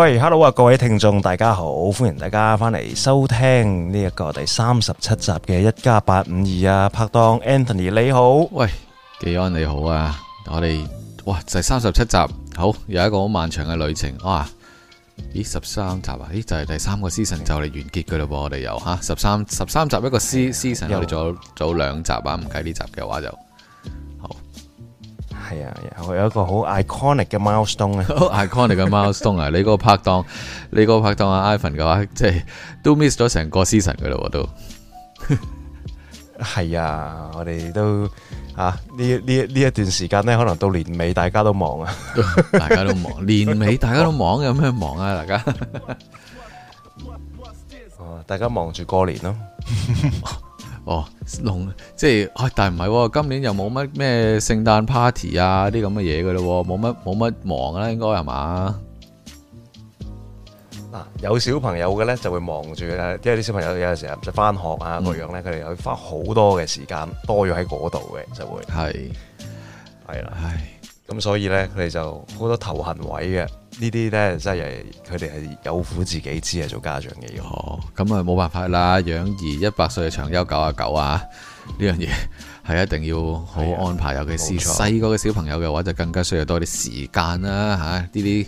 喂，Hello 啊，各位聽眾，大家好，歡迎大家翻嚟收聽呢一個第三十七集嘅一家八五二啊，拍檔 Anthony 你好，喂，紀安你好啊，我哋哇，就係第三十七集好，有一個好漫長嘅旅程啊，咦十三集啊，咦就係第三個詩神就嚟完結噶啦噃，我哋又吓十三十三集一個詩詩神，我哋做做兩集啊，唔計呢集嘅話就。係啊，我有一個好 iconic 嘅 milestone 啊，好 iconic 嘅 milestone 啊，你嗰個拍檔，你嗰個拍檔啊，Ivan 嘅話，即係都 miss 咗成個 season 噶啦，都係啊，我哋都啊呢呢呢一段時間咧，可能到年尾大家都忙啊，大家都忙，年尾大家都忙，有咩忙啊，大家？哦，大家忙住過年咯。哦，即係、哎，但係唔係，今年又冇乜咩聖誕 party 啊，啲咁嘅嘢噶咯，冇乜冇乜忙啦，應該係嘛？嗱、啊，有小朋友嘅咧，就會忙住咧，即係啲小朋友有嘅時候就翻學啊，各樣咧，佢哋又會花好多嘅時間，多咗喺嗰度嘅，就會係係啦，唉。咁所以咧，佢哋就好多頭痕位嘅呢啲咧，真係佢哋係有苦自己知係，做家長嘅，哦，咁啊冇辦法啦，養兒一百歲，長休九十九啊，呢樣嘢係一定要好好安排，尤其是細個嘅小朋友嘅話，就更加需要多啲時間啦，吓呢啲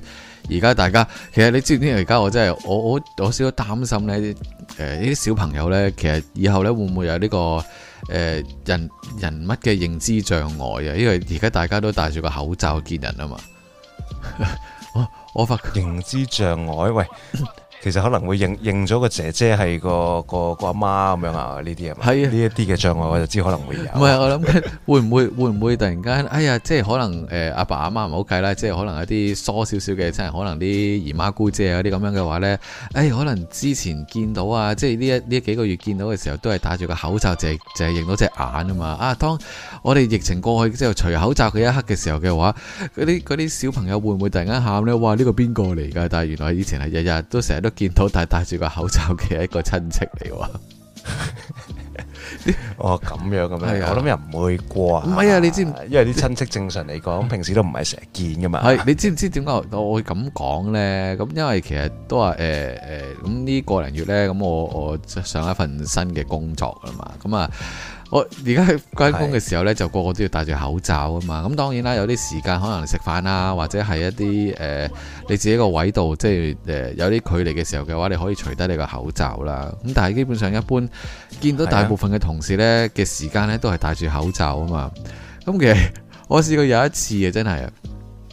而家大家，其實你知唔知而家我真係我我我少少擔心咧，誒，呢啲小朋友咧，其實以後咧會唔會有呢個？呃、人人物嘅認知障礙啊，因為而家大家都戴住個口罩見人啊嘛，我、 啊、我發覺認知障礙喂。 其實可能會認認咗個姐姐係個個個阿媽咁樣啊，呢啲係嘛？係啊，呢一啲嘅障礙我就知可能會有。唔係，我諗會唔會 會唔會,會,會突然間，哎呀，即係可能誒阿、呃、爸阿媽唔好計啦，即係可能有啲疏少少嘅親人，可能啲姨媽姑姐啊啲咁樣嘅話咧，誒、哎、可能之前見到啊，即係呢一呢幾個月見到嘅時候都係戴住個口罩，淨係淨認到隻眼啊嘛。啊，當我哋疫情過去之後除口罩嗰一刻嘅時候嘅話，嗰啲啲小朋友會唔會突然間喊咧？哇！呢、這個邊個嚟㗎？但係原來以前係日日都成日都。日日都日日都見到但係戴住個口罩嘅一個親戚嚟喎， 哦，咁樣嘅咩、啊？我諗人唔會過啊，唔係啊？你知唔？因為啲親戚正常嚟講、嗯，平時都唔係成日見噶嘛。係。你知唔知點解我會咁講呢？咁因為其實都話誒誒、咁、呃、呢個零月呢，咁我我上一份新嘅工作㗎嘛，咁啊。我而家返工嘅時候呢，就個個都要戴住口罩啊嘛。咁當然啦，有啲時間可能你食飯啦，或者係一啲誒、呃、你自己個位度，即係、呃、有啲距離嘅時候嘅話，你可以除低你個口罩啦。咁但係基本上一般見到大部分嘅同事呢嘅、啊、時間呢，都係戴住口罩啊嘛。咁其實我試過有一次啊，真係啊！誒、呃、誒，嗰、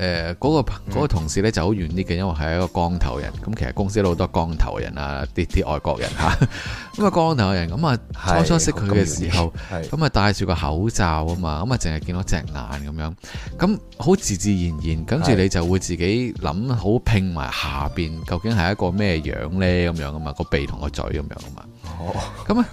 呃嗰個嗰個同事咧就好遠啲嘅，因為係一個光頭人。咁其實公司好多光頭人啊，啲啲外國人嚇。咁啊，嗰個、光頭人咁啊，初初識佢嘅時候，咁啊戴住個口罩啊嘛，咁啊淨係見到隻眼咁樣。咁好自自然然，跟住你就會自己諗好拼埋下邊，究竟係一個咩樣咧？咁樣啊嘛，個鼻同個嘴咁樣啊嘛。咁、oh. 啊。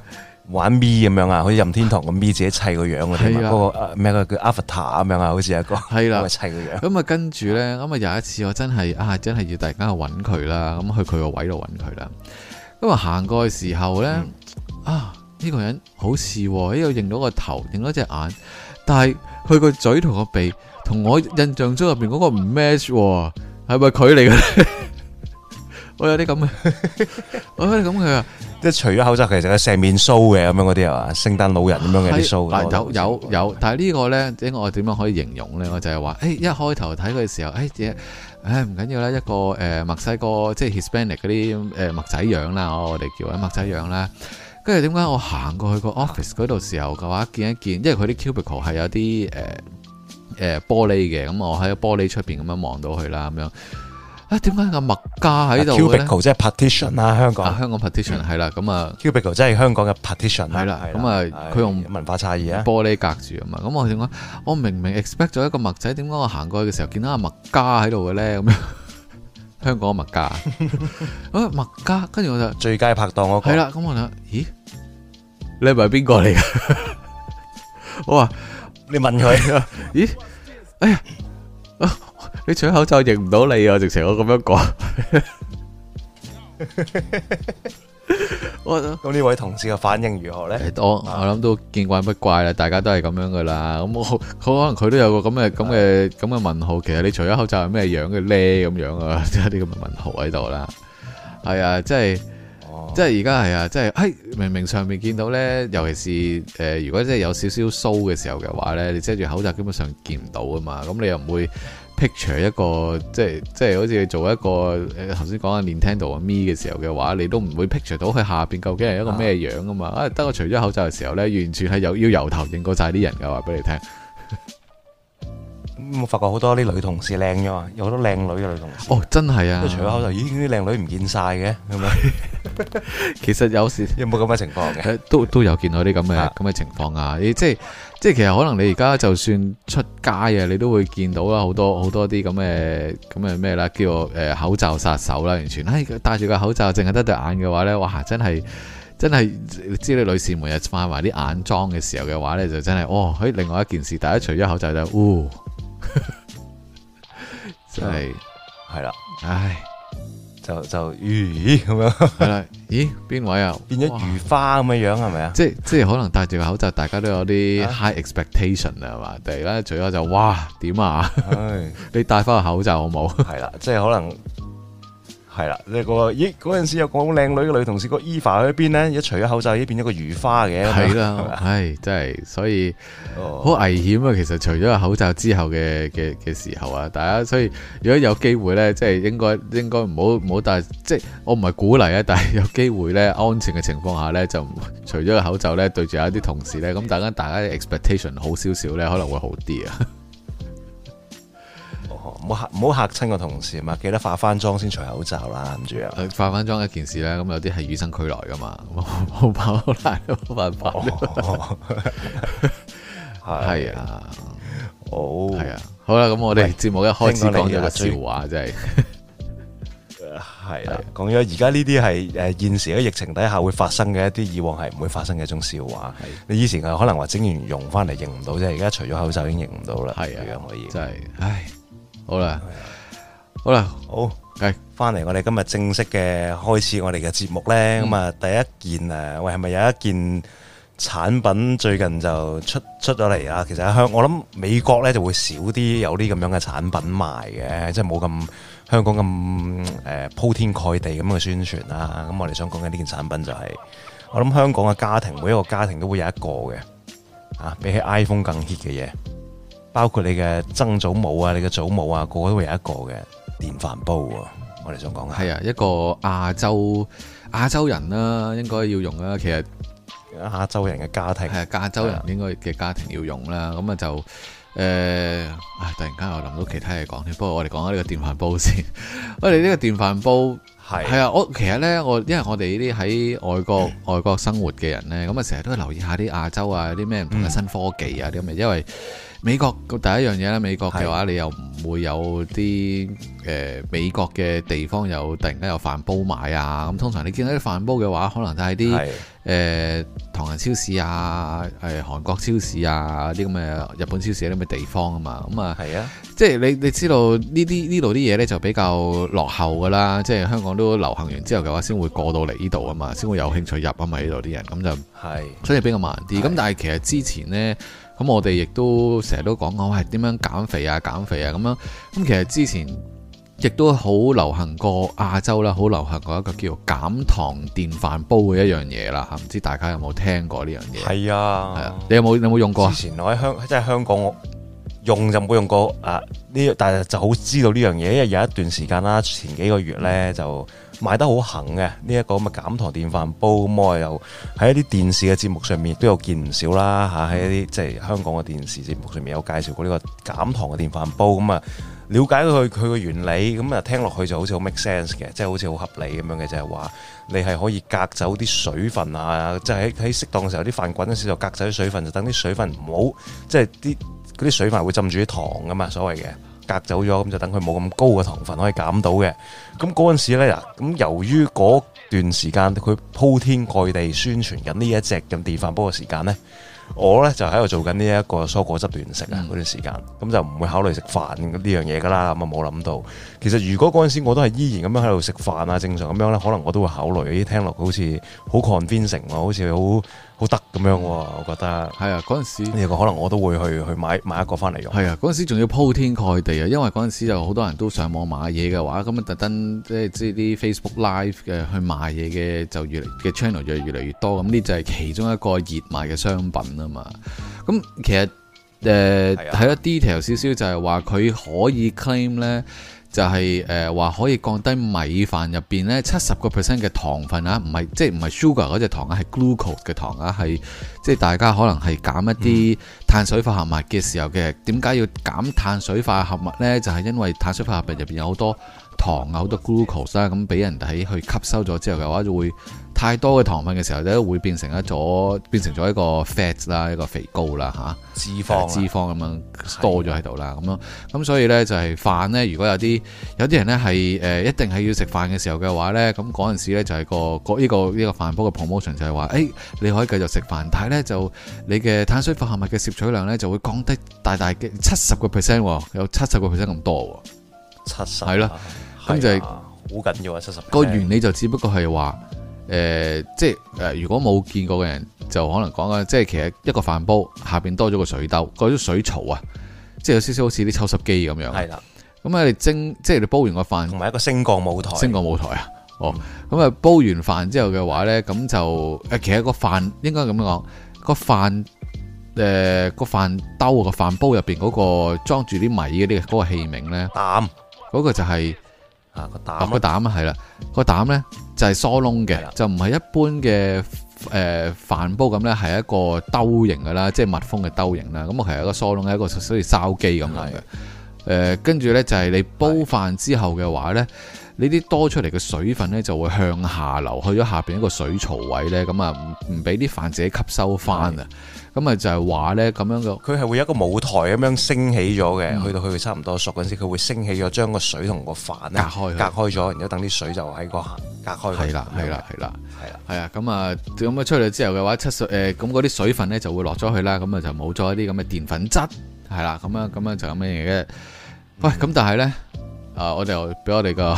玩咪咁樣啊，好似任天堂咁咪 自己砌個樣嗰啲，嗰、啊嗰個咩叫 Avatar 咁樣啊，好似係個咁樣砌個樣。咁啊跟住咧，咁啊有一次我真係啊，真係要突然間去搵佢啦，咁去佢個位度搵佢啦。因為行過嘅時候咧、嗯，啊呢、呢個人好似呢、哦、度、這個、認到個頭，認到隻眼，但係佢個嘴同個鼻同我印象中入邊嗰個唔 match，係咪佢嚟嘅？咧 我有啲咁嘅，我有啲咁嘅，即係除咗口罩，其實有成面鬚嘅，咁樣嗰啲係嘛？聖誕老人咁樣嘅啲鬚，有有有。但係呢個咧，點我點樣可以形容咧？我就係話，誒，一開頭睇佢嘅時候，誒，誒，唔緊要啦，一個誒墨西哥，即係 Hispanic 嗰啲誒墨仔樣啦，我我哋叫啊墨仔樣啦。跟住點解我行過去個 office 嗰度時候嘅話，見一見，因為佢啲 cubicle 係有啲誒誒玻璃嘅，咁我喺個玻璃出邊咁樣望到佢啦，咁樣。啊！點解個麥家喺度咧？Cubicle 即係 partition 啦，香港。啊，香港 partition 係啦，咁啊。Cubicle 即係香港嘅 partition 係啦，咁啊，佢用文化差異啊，玻璃隔住啊嘛。咁我點講？我明明 expect 咗一個麥仔，點解我行過去嘅時候見到阿麥家喺度嘅咧？咁樣香港嘅麥家，啊麥家，跟住我就最佳拍檔我係啦。咁我諗咦，你係咪邊個嚟㗎？我話你問佢咦？哎呀啊！你除咗口罩認唔到你啊？直情，我咁樣講，我咁呢 位同事嘅反應如何咧、欸？我我諗到見怪不怪啦，大家都係咁樣噶啦。咁我好可能佢都有個咁嘅咁嘅咁嘅問號。其實你除咗口罩係咩樣嘅呢？咁 樣啊，即係啲咁嘅問號喺度啦。係啊，即係、哦，即係而家係啊，即係、哎，明明上面見到咧，尤其是誒、呃，如果即係有少少鬚嘅時候嘅話咧，你遮住口罩，基本上見唔到啊嘛。咁你又唔會？picture 一個即係即係好似你做一個誒，頭先講啊 Nintendo 咪嘅時候嘅話，你都唔會 picture 到佢下面究竟係一個咩樣啊嘛！啊，得我除咗口罩嘅時候咧，完全係有要由頭認過晒啲人嘅話俾你聽。冇發覺好多啲女同事靚咗嘛，有好多靚女嘅女同事。哦，真係啊！除咗口罩，咦，啲靚女唔見晒嘅，係咪？ 其實有時有冇咁嘅情況嘅？都都有見到啲咁嘅咁嘅情況啊！啊即係即係其實可能你而家就算出街啊，你都會見到啦，好多好多啲咁嘅咁嘅咩啦，叫做誒口罩殺手啦，完全唉戴住個口罩，淨係得對眼嘅話咧，哇！真係真係知你女士每日化埋啲眼妝嘅時候嘅話咧，就真係哦。喺另外一件事，大家除咗口罩就係。呃真係係啦，唉，就就魚咁樣。咦？邊位啊？變咗魚花咁樣樣係咪啊？即即可能戴住個口罩，大家都有啲 high expectation 啊嘛。突然間除咗就是，哇，點啊？ 你戴翻個口罩好冇？係啦，即可能。係啦，即個咦？嗰陣時有講靚女嘅女同事，個 Eva 喺邊呢，而家除咗口罩，已經變咗個如花嘅。係啦，係真係，所以好、oh. 危險啊！其實除咗個口罩之後嘅嘅嘅時候啊，大家所以如果有機會呢，即係應該應該唔好唔好戴即係我唔係鼓勵啊，但係有機會呢，安全嘅情況下呢，就除咗個口罩呢，對住一啲同事呢。咁大家大家嘅 expectation 好少少呢，可能會好啲啊。唔好嚇唔好嚇親個同事啊嘛！記得化翻妝先除口罩啦，住、嗯、啊！化翻妝一件事咧，咁有啲係與生俱來噶嘛、哦啊哦啊，好，冇辦法，冇辦法。係啊，好係啊，好啦，咁我哋節目一開始講咗個笑話，真係係啊，講咗而家呢啲係誒，現，現時喺疫情底下會發生嘅一啲以往係唔會發生嘅一種笑話、啊。你以前可能話整完容翻嚟認唔到啫，而家除咗口罩已經認唔到啦。係啊，可以真係，唉。好啦，好啦，好，係翻嚟，我哋今日正式嘅開始我哋嘅節目咧。咁、嗯、啊，第一件誒，喂，係咪有一件產品最近就出出咗嚟啊？其實阿香，我諗美國咧就會少啲有啲咁樣嘅產品賣嘅，即係冇咁香港咁誒鋪天蓋地咁嘅宣傳啊。咁我哋想講緊呢件產品就係、是，我諗香港嘅家庭每一個家庭都會有一個嘅，啊，比起 iPhone 更 hit 嘅嘢。包括你嘅曾祖母啊，你嘅祖母啊，個個都會有一個嘅電飯煲啊。我哋想講下，係啊，一個亞洲亞洲人啦、啊，應該要用啦、啊。其實亞洲人嘅家庭係啊，亞洲人應該嘅家庭要用啦、啊。咁啊那就誒、呃，突然間我諗到其他嘢講。不過我哋講下呢個電飯煲先。喂，我哋呢個電飯煲係係啊，啊。我其實咧，我因為我哋呢啲喺外國外國生活嘅人咧，咁啊成日都要留意下啲亞洲啊啲咩唔同嘅新科技啊啲咁啊，因為。美國第一樣嘢咧，美國嘅話的你又唔會有啲誒、呃、美國嘅地方有突然間有飯煲買啊！咁通常你見到啲飯煲嘅話，可能都係啲誒唐人超市啊、誒韓國超市啊啲咁嘅、日本超市啲咁嘅地方啊嘛。咁啊，係啊，即係你你知道呢啲呢度啲嘢呢，這些這些東西就比較落後噶啦，即係香港都流行完之後嘅話，先會過到嚟呢度啊嘛，先會有興趣入啊嘛呢度啲人，咁就係所以比較慢啲。咁但係其實之前呢。咁我哋亦都成日都講講係點樣，減肥啊減肥啊咁樣。咁其實之前亦都好流行過亞洲啦，好流行過一個叫減醣電飯煲嘅一樣嘢啦嚇，唔知大家有冇聽過呢樣嘢？係啊，係啊，你有冇有冇用過？之前我喺香即係香港，香港我用就冇用過啊呢，但係就好知道呢樣嘢，因為有一段時間啦，前幾個月咧就。買得好行嘅呢一個咁嘅減醣電飯煲，咁我又喺一啲電視嘅節目上面都有見唔少啦，吓，喺一啲即係香港嘅電視節目上面有介紹過呢個減醣嘅電飯煲咁啊，了解佢佢嘅原理咁啊，聽落去就好似好 make sense 嘅，即係好似好合理咁樣嘅，就係話你係可以隔走啲水分啊，即係喺喺適當嘅時候啲飯滾嗰陣時隔走啲水分，就等啲水分唔好，即係啲啲水分會浸住啲糖噶嘛，所謂嘅。隔走咗咁就等佢冇咁高嘅糖分可以減到嘅。咁嗰陣時呢，嗱，咁由於嗰段時間佢鋪天蓋地宣傳緊呢一隻咁電飯煲嘅時間呢，我呢就喺度做緊呢一個蔬果汁斷食啊，嗰段時間，咁就唔會考慮食飯呢樣嘢噶啦。咁啊冇諗到，其實如果嗰陣時我都係依然咁樣喺度食飯啊，正常咁樣呢，可能我都會考慮。啲聽落好似好 convincing 喎，好似好。好得咁樣喎，我覺得係啊！嗰陣時，你可能我都會去去買買一個翻嚟用。係啊！嗰陣時仲要鋪天蓋地啊，因為嗰陣時就好多人都上網買嘢嘅話，咁啊特登即係即係啲 Facebook Live 嘅去賣嘢嘅就越嚟嘅 channel 就越嚟越多，咁呢就係其中一個熱賣嘅商品啊嘛。咁其實誒睇咗 detail 少少就係話佢可以 claim 咧。就係誒話可以降低米飯入邊呢七十個 percent 嘅糖分啊，唔係即係唔係 sugar 嗰隻糖啊，係 glucose 嘅糖啊，係即係大家可能係減一啲碳水化合物嘅時候嘅，點解要減碳水化合物呢？就係因為碳水化合物入邊有好多。糖啊，好多 glucose 啦，咁俾人體去吸收咗之後嘅話，就會太多嘅糖分嘅時候咧，會變成一組變成咗一個 fat 啦，一個肥膏啦嚇，脂肪、啊、脂肪咁樣多咗喺度啦，咁咯，咁所以咧就係飯咧，如果有啲有啲人咧係誒一定係要食飯嘅時候嘅話咧，咁嗰陣時咧就係個呢、這個呢、這個飯煲嘅 promotion 就係話，誒、哎、你可以繼續食飯，但咧就你嘅碳水化合物嘅攝取量咧就會降低大大嘅七十個 percent，有七十個 percent 咁多喎，七十係咯。咁就係好緊要啊！七十個原理就只不過係話、呃，即、呃、如果冇見過嘅人就可能講緊，即係其實一個飯煲下面多咗個水兜，個啲水槽啊，即係有少少好似啲抽濕機咁樣。係啦，咁啊你蒸，即係你煲完個飯同埋一個升降舞台，升降舞台啊，哦，咁啊煲完飯之後嘅話咧，咁就、呃、其實個飯應該咁樣講，個飯誒個飯兜個飯煲入面嗰、嗰個裝住啲米嘅啲嗰個器皿咧，嗰、嗰個就係、係。啊膽、個膽、個膽啊係啦個膽咧就係疏窿嘅，就唔、是、係一般嘅誒飯煲咁咧，係一個兜形嘅啦，即係密封嘅兜形啦。咁啊其實一個疏窿係一個所以燒機咁樣嘅。誒，跟住咧就係、是、你煲飯之後嘅話咧，呢啲多出嚟嘅水分咧就會向下流去咗下邊一個水槽位咧，咁啊唔唔俾啲飯自己吸收翻啊。咁啊，就係話咧，咁樣嘅，佢係會有一個舞台咁樣升起咗嘅、嗯，去到去差唔多熟嗰陣時，佢會升起咗，將個水同個飯隔開，隔開咗，然之後等啲水就喺個隔開。係啦，係啦，係啦，係啦，係啊！咁啊，咁啊，出嚟之後嘅話，七水誒，咁嗰啲水分咧就會落咗去啦，咁啊就冇咗一啲咁嘅澱粉質，係啦，咁啊，咁啊就咁嘅嘢嘅。喂、嗯，咁但係咧，啊、呃，我哋又俾我哋個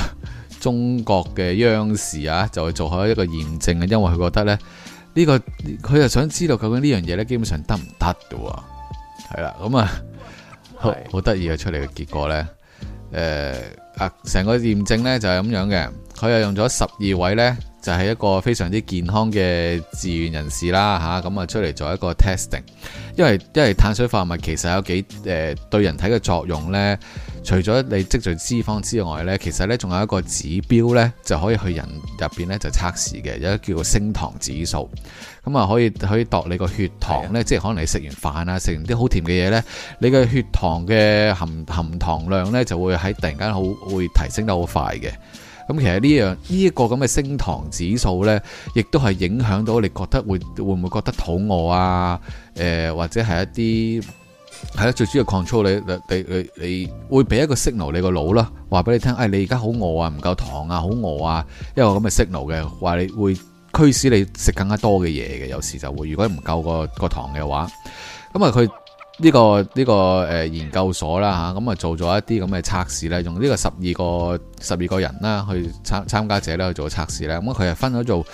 中國嘅央視啊，就去做開一個驗證啊，因為佢覺得咧。呢個佢又想知道究竟呢樣嘢咧，基本上得唔得嘅喎？係啦，咁啊，好好得意嘅出嚟嘅結果咧，誒啊！成個驗證咧就係咁樣嘅。佢又用咗十二位呢，就係、是、一個非常之健康嘅志願人士啦，吓咁啊出嚟做一個 testing，因為因為碳水化合物其實有幾誒、呃、對人體嘅作用呢，除咗你積聚脂肪之外呢，其實呢，仲有一個指標呢，就可以去人入邊呢就測試嘅，有啲叫做升糖指數，咁啊可以可以度你個血糖呢，即係可能你食完飯啊，食完啲好甜嘅嘢呢，你嘅血糖嘅含含糖量呢，就會喺突然間好會提升得好快嘅。咁其實呢、這個這個、樣呢一個咁嘅升糖指數呢，亦都係影響到你覺得會會唔會覺得肚餓啊、呃？或者係一啲係啦，最主要 control 你你你你會俾一個 signal 你個腦啦，話俾你聽，誒、哎、你而家好餓啊，唔夠糖啊，好餓啊，一個咁嘅 signal 嘅話，你會驅使你食更加多嘅嘢嘅。有時就會如果唔夠個,個糖嘅話，咁啊佢。呢、這個呢、這個誒研究所啦吓咁啊做咗一啲咁嘅測試咧，用呢個十二個十二個人啦去參參加者咧去做測試咧，咁佢係分咗做誒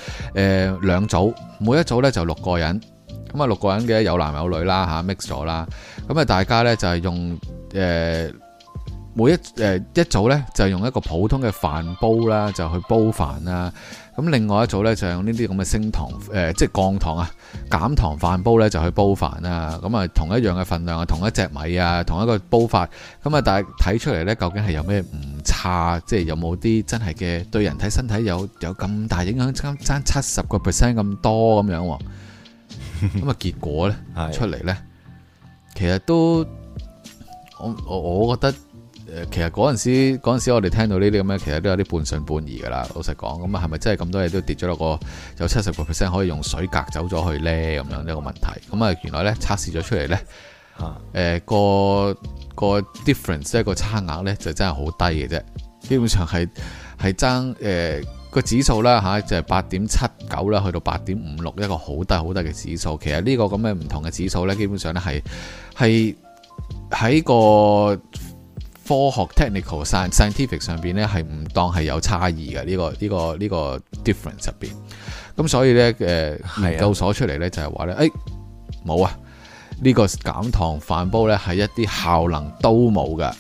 兩、呃、組，每一組咧就六個人，咁啊六個人嘅有男有女啦吓 mix 咗啦，咁啊大家咧就係用誒、呃、每一、呃、一組咧就用一個普通嘅飯煲啦，就去煲飯啦。咁另外一組咧，就用呢啲咁嘅升糖，誒、呃，即係降糖啊，減糖飯煲咧，就去煲飯啊。咁啊，同一樣嘅份量啊，同一隻米啊，同一個煲法，咁啊，但係睇出嚟咧，究竟係有咩唔差，即係有冇啲真係嘅對人體身體有有咁大影響，爭爭七十個 percent 咁多咁樣，咁 啊結果咧出嚟咧，其實都，我我我覺得。誒，其實嗰陣時嗰陣時我哋聽到呢啲咁樣，其實都有啲半信半疑噶啦。老實講，咁啊，係咪真係咁多嘢都跌咗落個有七十個 percent 可以用水隔走咗去呢？咁樣呢個問題咁啊，原來呢，測試咗出嚟咧，誒、啊呃嗰個、嗰個 difference 即係個差額呢，就真係好低嘅啫。基本上係係爭誒個指數啦嚇，就係八點七九啦，去到八點五六一個好低好低嘅指數。其實呢個咁嘅唔同嘅指數呢，基本上呢係係喺個。科學 technical、scientific 上邊咧係唔當係有差異嘅呢、這個呢個呢、呢個呢、呢個 difference 入邊，咁所以咧誒、呃啊、研究所出嚟咧就係話咧，誒、哎、冇啊，呢、呢個減糖飯煲咧係一啲效能都冇嘅。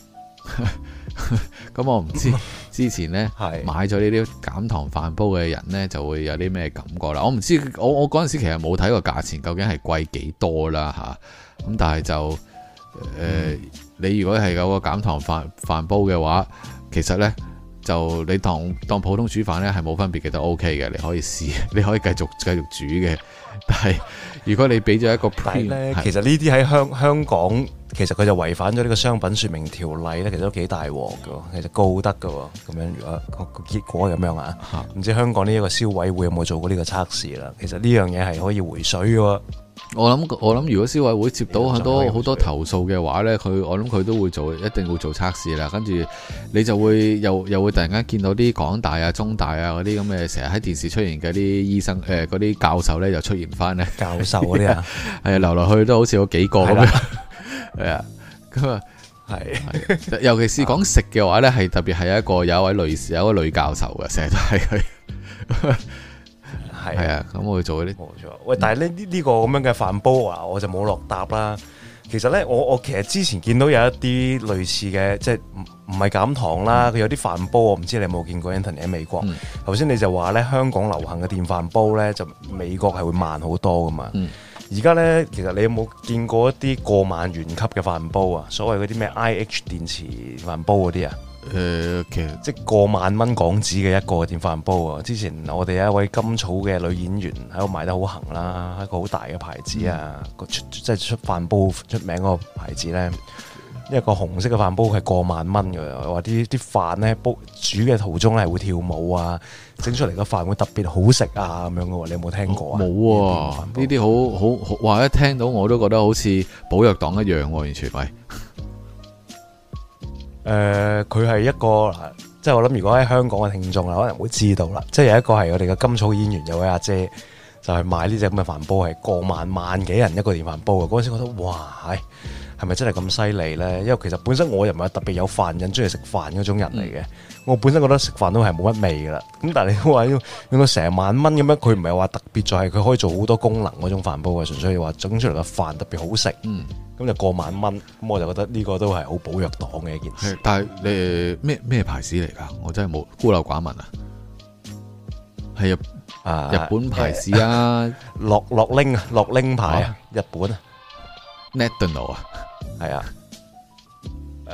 咁、 嗯、我唔知之前咧係、 啊、買咗呢啲減糖飯煲嘅人咧就會有啲咩感覺啦。我唔知我我嗰陣時其實冇睇過價錢究竟係貴幾多啦吓，咁、啊、但係就誒。呃嗯你如果係有個減醣飯飯煲嘅話，其實呢，就你當當普通煮飯呢係冇分別嘅都 OK 嘅，你可以試，你可以繼續繼續煮嘅。但係如果你俾咗一個 plan，但係咧其實呢啲喺香香港其實佢就違反咗呢個商品説明條例呢，其實都幾大鑊㗎，其實告得㗎喎。咁樣如果個結果咁樣啊，唔知香港呢一個消委會有冇做過呢個測試啦？其實呢樣嘢係可以回水嘅。我諗我諗，如果消委會接到好多好多投訴嘅話呢，佢我諗佢都會做，一定會做測試啦。跟住你就會又又會突然間見到啲港大啊、中大啊嗰啲咁嘅，成日喺電視出現嘅啲醫生誒，嗰、呃、啲教授呢又出現翻呢。教授嗰啲啊，係 啊，來來去去都好似有幾個咁樣。係啊，咁 啊，係。 尤其是講食嘅話呢，係特別係一個有一位女有一位女教授嘅，成日都係佢 係啊，咁我去做嗰啲冇錯。喂、嗯嗯，但係呢呢個咁樣嘅飯煲啊，我就冇落搭啦。其實咧，我我其實之前見到有一啲類似嘅，即係唔唔係減醣啦。佢、嗯、有啲飯煲，我唔知你有冇見過。Anthony 喺美國頭先、嗯、你就話咧，香港流行嘅電飯煲咧，就美國係會慢好多噶嘛。而家咧，其實你有冇見過一啲過萬元級嘅飯煲啊？所謂嗰啲咩 IH 電池飯煲嗰啲啊？誒，其實即係過萬蚊港紙嘅一個電飯煲啊！之前我哋有一位甘草嘅女演員喺度賣得好行啦，一個好大嘅牌子啊、嗯，即係出飯煲出名嗰個牌子咧，一個紅色嘅飯煲係過萬蚊嘅，話啲啲飯咧煲煮嘅途中咧係會跳舞啊，整出嚟個飯會特別好食啊咁樣嘅，你有冇聽過？哦、沒有啊？冇啊！呢啲好好話一聽到我都覺得好似寶藥黨一樣，完全喂。哎誒、呃，佢係一個，即係我諗，如果喺香港嘅聽眾啦，可能會知道啦。即係有一個係我哋嘅甘草演員，有位阿姐就係、是、買呢隻咁嘅飯煲，係過萬萬幾人一個電飯煲嘅。嗰陣時覺得，哇，係咪真係咁犀利呢？因為其實本身我又唔係特別有飯癮，中意食飯嗰種人嚟嘅。我本身覺得食飯都係冇乜味噶啦，咁但係你話用到成萬蚊咁樣，佢唔係話特別，就係佢可以做好多功能嗰種飯煲嘅，純粹要話整出嚟嘅飯特別好食。咁、嗯、就過萬蚊，咁我就覺得呢個都係好保藥黨嘅一件事。嗯、但係你咩咩牌子嚟㗎？我真係冇孤陋寡聞啊。係啊，日本牌子啊，樂樂聲？啊，樂、啊、聲牌啊，日本啊，National 啊，係啊。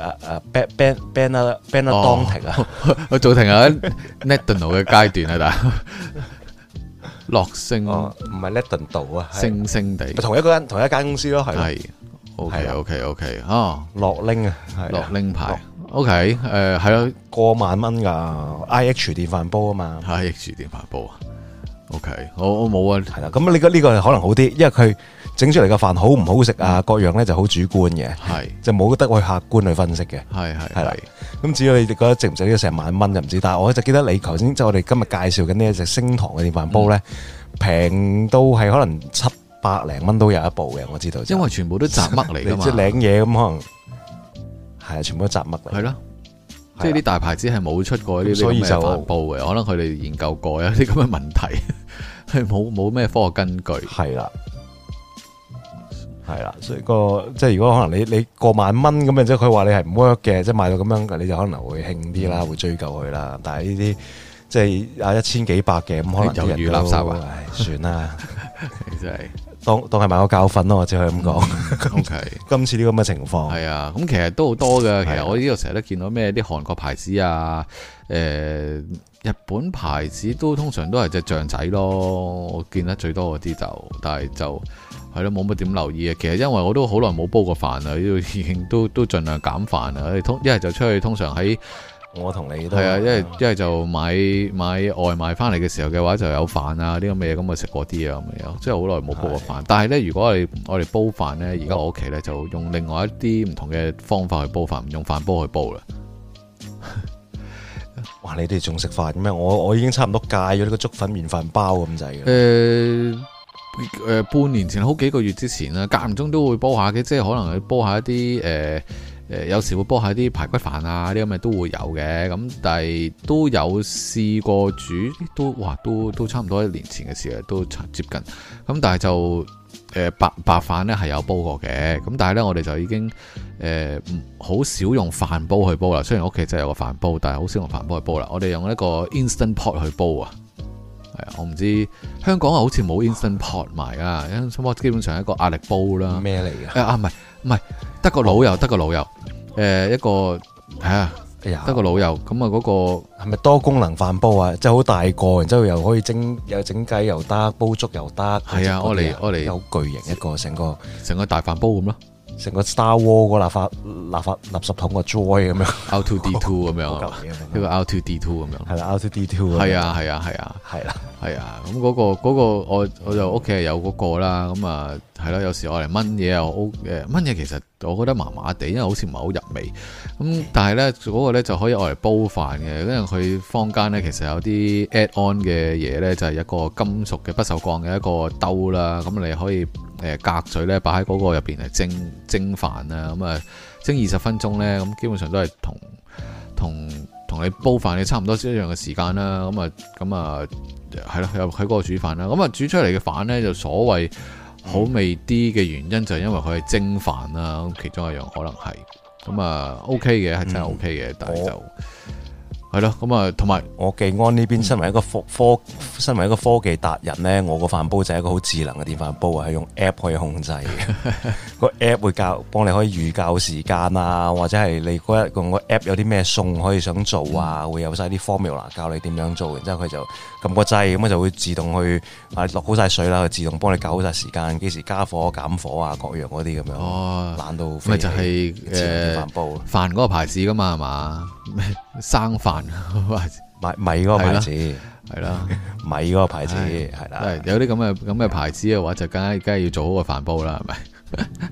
誒誒，ban ban ban 啦，ban 到當停啊！我做停啊，喺 National 度嘅階段啊，但樂聲唔係 National 啊，聲聲地同一個間同一間公司咯，係，OK OK OK，哦，樂鈴啊，樂鈴牌，OK，誒，係啊，過萬蚊噶，IH 電飯煲啊嘛，IH 電飯煲啊，OK，我我冇啊，係啦，咁呢個呢個可能好啲，因為佢。整出嚟嘅飯好唔好食啊？各樣咧就好主觀嘅，係就冇得去客觀去分析嘅，係係係啦。咁至於你哋覺得值唔值呢？成萬蚊就唔知。但係我就記得你頭先，即係我哋今日介紹緊呢一隻減醣嘅電飯煲咧，平到係可能七百零蚊都有一部嘅。我知道，因為全部都雜乜嚟噶嘛，即係領嘢咁可能係啊，全部都雜乜嚟？係咯，即係啲大牌子係冇出過呢啲所以就咁嘅飯煲嘅，可能佢哋研究過有啲咁嘅問題，係冇冇咩科學根據。係啦。係啦，所以、個即係如果可能你你過萬蚊咁樣，即係佢話你係唔 work 嘅，即係買到咁樣，你就可能會興啲啦，嗯、會追究佢啦。但係呢啲即係啊一千幾百嘅，咁可能有人要垃圾了算啦。你真係當當係買個教訓咯，我只可以咁講、嗯 okay。今次呢咁嘅情況係啊，咁其實都好多嘅。其實我呢度成日都見到咩啲韓國牌子啊，誒、呃，日本牌子都通常都係隻象仔咯。我見得最多嗰啲就，但係就。係咯，冇乜點留意啊！其實因為我都好耐冇煲過飯啦，已經都都盡量減飯啊！通一係就出去，通常喺我同你都係啊！一係一係就買買外賣翻嚟嘅時候嘅話就飯、啊這個就，就有飯啊呢咁嘅嘢咁啊食嗰啲啊咁樣，即係好耐冇煲過飯。但係咧，如果係我哋煲飯咧，而家我屋企咧就用另外一啲唔同嘅方法去煲飯，唔用飯煲去煲啦。 哇！你哋仲食飯嘅咩？我我已經差唔多戒咗呢個粥粉麵飯包咁滯嘅。誒、欸。誒、呃，半年前好幾個月之前啦，間唔中都會煲下嘅，即係可能去煲下一啲誒誒，有時會煲下一啲排骨飯啊，啲咁嘅都會有嘅。咁但係都有試過煮，都哇，都都差唔多一年前嘅事啊，都接近。咁但係就誒、呃、白白飯咧係有煲過嘅。咁但係咧我哋就已經誒好、呃、少用飯煲去煲啦。雖然屋企就有個飯煲，但係好少用飯煲去煲啦。我哋用一個 Instant Pot 去煲啊。我唔知香港啊，好似冇 Instant Pot 埋啊，Instant Pot 基本上係一個壓力煲啦。咩嚟噶？啊，唔係唔係，得個老友得個老友。誒、呃，一個吓，得、啊、個、哎、老友。咁啊、嗰個，嗰個係咪多功能飯煲啊？即係好大個，然之後又可以蒸，雞又整雞又得，煲粥又得。係啊，嗰個、我嚟我嚟有巨型一個成個成個大飯煲咁咯。成個 Star Wars 個垃圾垃圾垃圾桶個 droid 咁樣，R2-D2 咁樣，一個 R2-D2 咁樣，係啦，R2-D2，係啊，係啊，係啊，係啦，係啊，咁、啊、嗰、啊啊啊啊啊啊啊那個嗰、那個我我就屋企係有嗰、那個啦，咁、嗯 嗯、啊係啦，有時我嚟燜嘢又 O 誒燜嘢其實我覺得麻麻地，因為好似唔係好入味。咁、嗯、但係咧嗰個咧就可以我嚟煲飯嘅，因為佢坊間咧其實有啲 add on 嘅嘢咧，就係、是、一個金屬嘅不鏽鋼嘅一個兜啦，咁、嗯、你可以。誒隔水咧，擺喺嗰個入邊嚟蒸蒸飯啊，咁啊蒸二十分鐘咧，咁基本上都係同同同你煲飯嘅差唔多一樣嘅時間啦。咁啊，咁啊，係咯，又喺嗰個煮飯啦。咁啊，煮出嚟嘅飯咧，就所謂好味啲嘅原因就係因為佢係蒸飯啦，其中一樣可能係咁啊。O K 嘅係真係 O K 嘅，但係就。係咯，咁啊，同埋我技安呢邊，身為一個科科，身為一個科技達人呢、嗯。我個飯煲就係一個好智能嘅電飯煲啊，係用 app 可以控制嘅， 個 app 會教幫你可以預教時間啊，或者係你嗰用個 app 有啲咩餸可以想做啊，嗯、會有晒啲 formula 教你點樣做，然之後佢就。撳個掣咁就會自動去啊落好晒水啦、哦就是，自動幫你搞好晒時間，幾時加火減火啊，各樣嗰啲咁樣。哦，懶到飛起就係誒飯煲，飯嗰個牌子噶嘛，係嘛？生飯，米嗰個牌子，係啦，米嗰個牌子，係啦。 有啲咁嘅咁嘅牌子嘅話，就梗係梗係要做好個飯煲啦，係咪？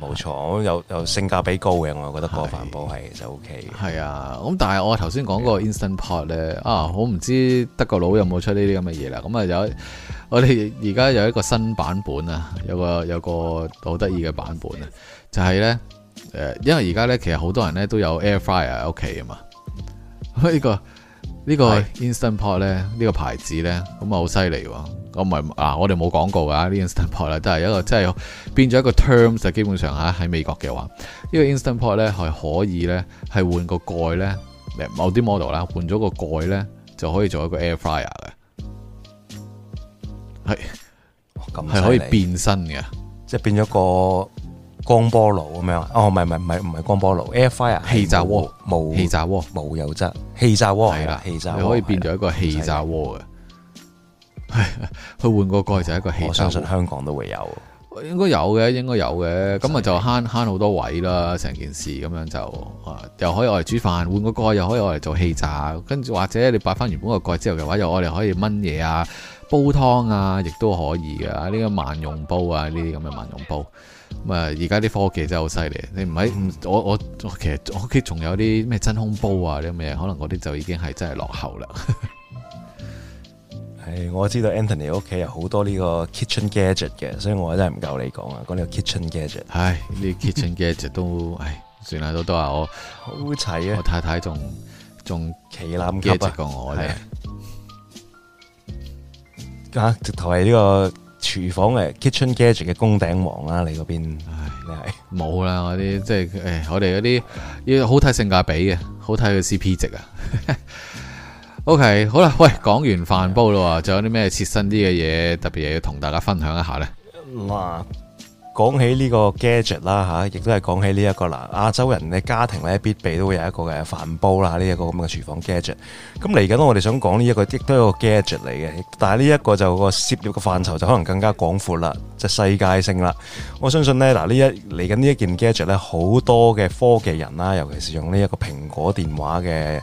冇錯，我有有性價比高嘅，我覺得個飯煲係就 O K 嘅。係啊，咁但係我頭先講個 Instant Pot 咧，啊，我唔知德國佬有冇出呢啲咁嘅嘢啦。咁啊有，我哋而家有一個新版本啊，有個有個好得意嘅版本啊，就係咧誒，因為而家咧其實好多人咧都有 Air Fryer 喺屋企啊嘛，呢個呢個 Instant Pot 咧，呢個牌子咧，咁啊好犀利喎。我唔係，啊、我哋冇廣告㗎，呢、這個 Instant Pot 咧都係一個真係變咗一個 terms 啊！基本上嚇喺美國嘅話，呢、這個 Instant Pot 咧係可以咧係換個蓋咧，某啲 model 啦，換咗個蓋咧就可以做一個 air fryer 嘅，係咁係可以變身嘅，即係變咗個光波爐咁樣哦，唔係唔係唔係唔係光波爐 air fryer 氣炸鍋，冇氣炸鍋，冇油質氣炸鍋係啦，氣炸鍋，你可以變咗一個氣炸鍋嘅。係，去換個蓋就一個氣炸鍋。我相信香港都會有，應該有嘅，應該有嘅。咁啊就慳慳好多位啦，成件事咁樣就，又可以我嚟煮飯，換個蓋又可以我嚟做氣炸。跟住或者你擺翻原本個蓋之後嘅話，又我哋可以炆嘢啊，煲湯啊，亦都可以嘅。呢個萬用煲啊，呢啲咁嘅萬用煲。咁啊，而家啲科技真係好犀利。你唔係、嗯，我我其實我屋企仲有啲咩真空煲啊，啲咩可能嗰啲就已經係真係落後啦。係我知道 Anthony 屋企有好多呢個 kitchen gadget 嘅，所以我真係唔夠你講啊，講呢個 kitchen gadget, 唉、這個 kitchen gadget。 唉，呢個 kitchen gadget 都唉，算啦，都都話我好齊啊，我太太仲仲旗艦 gadget 過我咧。家直頭係呢個廚房嘅 kitchen gadget 嘅工頂王啦，你嗰邊唉，你係冇啦，我啲即係誒，我哋嗰啲要好睇性價比嘅，好睇佢 C P 值啊。 O、okay, K，好啦，喂，講完飯煲啦，仲有啲咩切身啲嘅嘢，特別嘢要同大家分享一下呢？嗱，講起呢個 gadget 啦、這個，吓，亦都係講起呢一個嗱，亞洲人嘅家庭咧，必備都會有一個嘅飯煲啦，呢、這、一個咁嘅廚房 gadget。咁嚟緊，我哋想講呢一個亦都係一個 gadget 嚟嘅，但係呢一個就個涉獵嘅範疇就可能更加廣闊啦，就是、世界性啦。我相信呢，嗱，呢一嚟緊呢一件 gadget 咧，好多嘅科技人啦，尤其是用呢一個蘋果電話嘅。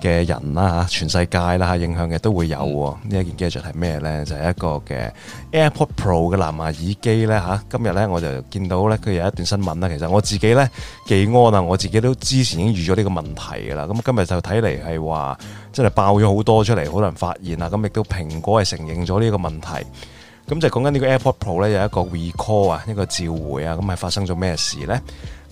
嘅人啦、啊、嚇，全世界啦、啊、嚇，影響嘅都會有喎、啊。呢、嗯、一件 gadget 係咩呢？就係、是、一個嘅 AirPod Pro 嘅藍牙耳機呢。嚇。今日呢，我就見到呢，佢有一段新聞啦、啊。其實我自己呢，幾安啊，我自己都之前已經遇咗呢個問題㗎啦。咁今日就睇嚟係話真係爆咗好多出嚟，好多人發現啦、啊。咁亦都蘋果係承認咗呢個問題。咁就講緊呢個 AirPod Pro 呢，有一個 recall 啊，一個召回啊。咁係發生咗咩事呢？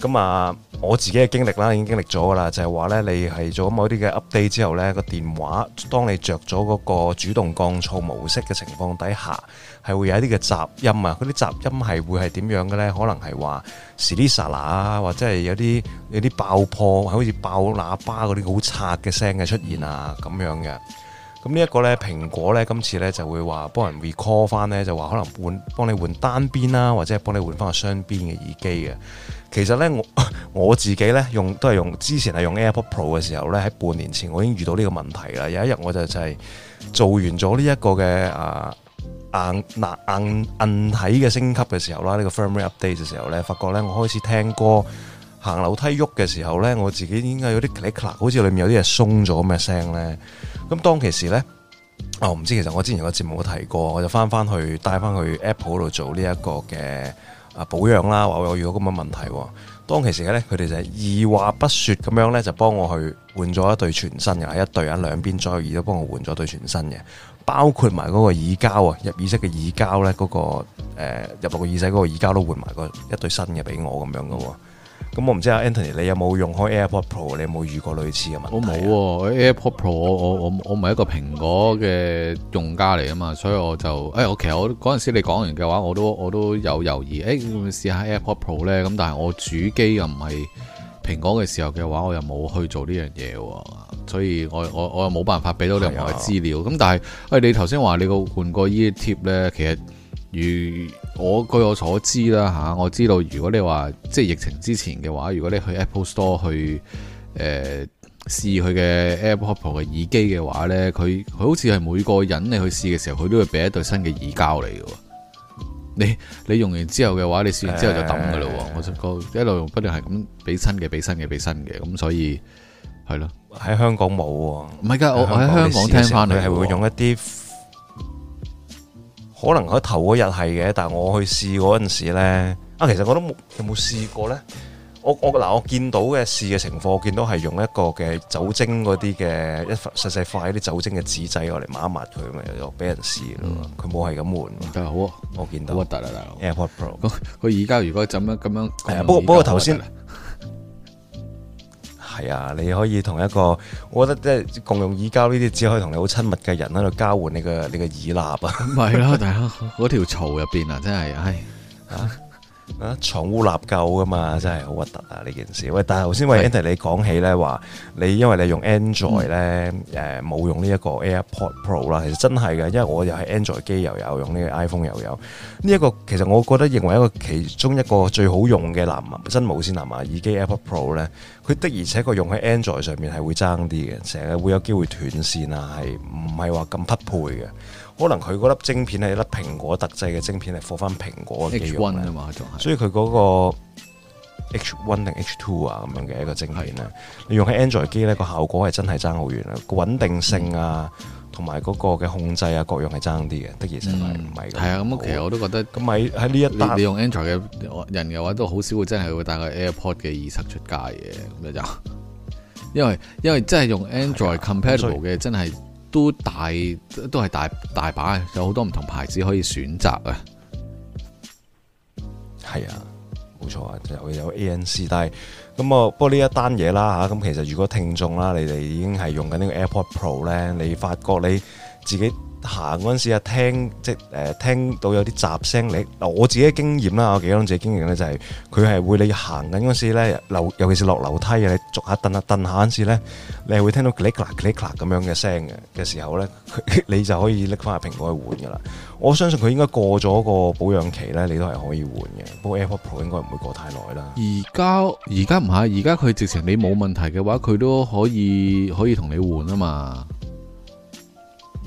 咁啊，我自己嘅經歷啦，已經經歷咗噶啦，就係話呢，你係做某啲嘅 update 之後呢，個電話當你着咗嗰個主動降噪模式嘅情況底下，係會有一啲嘅雜音啊，嗰啲雜音係會係點樣嘅呢？可能係話嘶啲沙嗱啊，或者係有啲有啲爆破，好似爆喇叭嗰啲好差嘅聲嘅出現啊，咁樣嘅。咁、這個、呢一個咧，蘋果咧，今次咧就會話幫人 recall 翻咧，就話可能換幫你換單邊啦，或者幫你換翻個雙邊嘅耳機嘅。其實咧，我我自己咧用都係用，之前係用 AirPod Pro 嘅時候咧，喺半年前我已經遇到呢個問題啦。有一日我就就係做完咗呢一個嘅啊硬硬硬，硬體嘅升級嘅時候啦，呢、這個 firmware update 嘅時候咧，發覺咧我開始聽歌行樓梯喐嘅時候咧，我自己應該有啲 click click 好似裏面有啲嘢鬆咗咁嘅聲咧。咁當其時咧，我、哦、唔知其實我之前個節目都提過，我就翻翻去帶翻去 Apple 度做呢一個嘅啊保養啦，話我遇到咁樣問題。當其時咧，佢哋就係二話不說咁樣咧，就幫我去換咗一對全新嘅，一對喺兩邊左右耳都幫我換咗對全新嘅，包括埋嗰個耳膠啊，入耳式嘅耳膠咧、那個，嗰個誒入落個耳仔嗰個耳膠都換埋個一對新嘅俾我咁樣喎。咁我唔知啊，Anthony，你有冇用開 AirPod Pro？你有冇遇過類似嘅問題？我冇喎，AirPod Pro，我我我我唔係一個蘋果嘅用家嚟啊嘛，所以我就，誒、哎，我其實我嗰陣時你講完嘅話，我都我都有猶豫，誒、哎，會唔會試下 AirPod Pro 咧？咁但係我主機又唔係蘋果嘅時候嘅話，我又冇去做呢樣嘢，所以我我我又冇辦法俾到你任何資料。咁但係，誒、哎，你頭先話你個換過呢啲 tip 咧，其實遇。我據我所知啦，嚇、啊，我知道如果你話即係疫情之前嘅話，如果你去 Apple Store 去，誒、呃、試佢嘅 AirPods 嘅耳機嘅話呢，佢好似係每個人你去試嘅時候，佢都會俾一對新嘅耳膠你㗎。你你用完之後嘅話，你試完之後就抌㗎咯。我覺得一路用不斷係咁俾新嘅，俾新嘅，俾新嘅，咁所以係咯。喺香港冇喎，唔係㗎，我喺香港聽翻嚟係會用一啲。可能喺頭嗰日係嘅，但係我去試嗰陣時咧，啊，其實我都冇有冇試過咧。我我嗱，我見到嘅試嘅情況，見到係用一個嘅酒精嗰啲嘅一細細塊啲酒精嘅紙仔我嚟抹一抹佢，咪又俾人試。佢冇係咁換，但係好啊，我見到 AirPod Pro。佢佢而家如果咁樣咁樣，不過不過頭先。係啊，你可以同一個，我覺得即係共用耳膠呢啲，只可以同你好親密嘅人喺度交換你嘅你嘅耳蠟啊。唔係咯，但係嗰條槽入邊啊，真係，唉啊。 啊！藏污納垢噶嘛，真係好核突啊！呢件事喂，但係頭先喂為 Andy 你講起咧，話你因為你用 Android 咧，誒、嗯、冇用呢一個 AirPod Pro 啦，其實真係嘅，因為我又係 Android 機又有用呢個 iPhone 又有呢一、這個，其實我覺得認為一個其中一個最好用嘅藍牙真無線藍牙耳機 AirPod Pro 咧，佢的而且確用喺 Android 上面係會爭啲嘅，成日會有機會斷線啊，係唔係話咁匹配嘅？可能佢嗰粒晶片係一粒蘋果特製嘅晶片，係放翻蘋果嘅機用咧。所以佢嗰個 H One 定 H Two 啊咁樣嘅一個晶片咧，你用喺 Android 機呢個效果係真係爭好遠啦，個穩定性啊同埋嗰個嘅控制啊各樣係爭啲嘅，的而且係。係啊，咁其實我都覺得。咁咪喺呢一單？你用 Android 嘅人嘅話，都好少會真係會帶個 AirPod 嘅耳塞出街嘅咁就。因為因為真係用 Android compatible 嘅真係。都大都係大大把，有好多唔同牌子可以選擇啊。係啊，冇錯啊，有有 ANC，但係咁啊，不過呢一單嘢啦吓，咁其實如果聽眾啦，你哋已經係用緊呢個 AirPod Pro 咧，你發覺你自己。行嗰陣時啊，聽即誒，聽到有啲雜聲嚟嗱，我自己的經驗啦，我幾多自己的經驗咧、就是，就係佢係會你行緊嗰陣時咧，樓尤其是落樓梯啊，你逐下蹬下蹬下嗰陣時咧，你係會聽到 click click click click 咁樣嘅聲嘅嘅時候咧，你就可以拎翻去蘋果去換噶啦。我相信佢應該過咗個保養期咧，你都係可以換嘅。不過 AirPods Pro 應該唔會過太耐啦。而家而家唔係，而家佢直情你冇問題嘅話，佢都可以可以同你換啊嘛。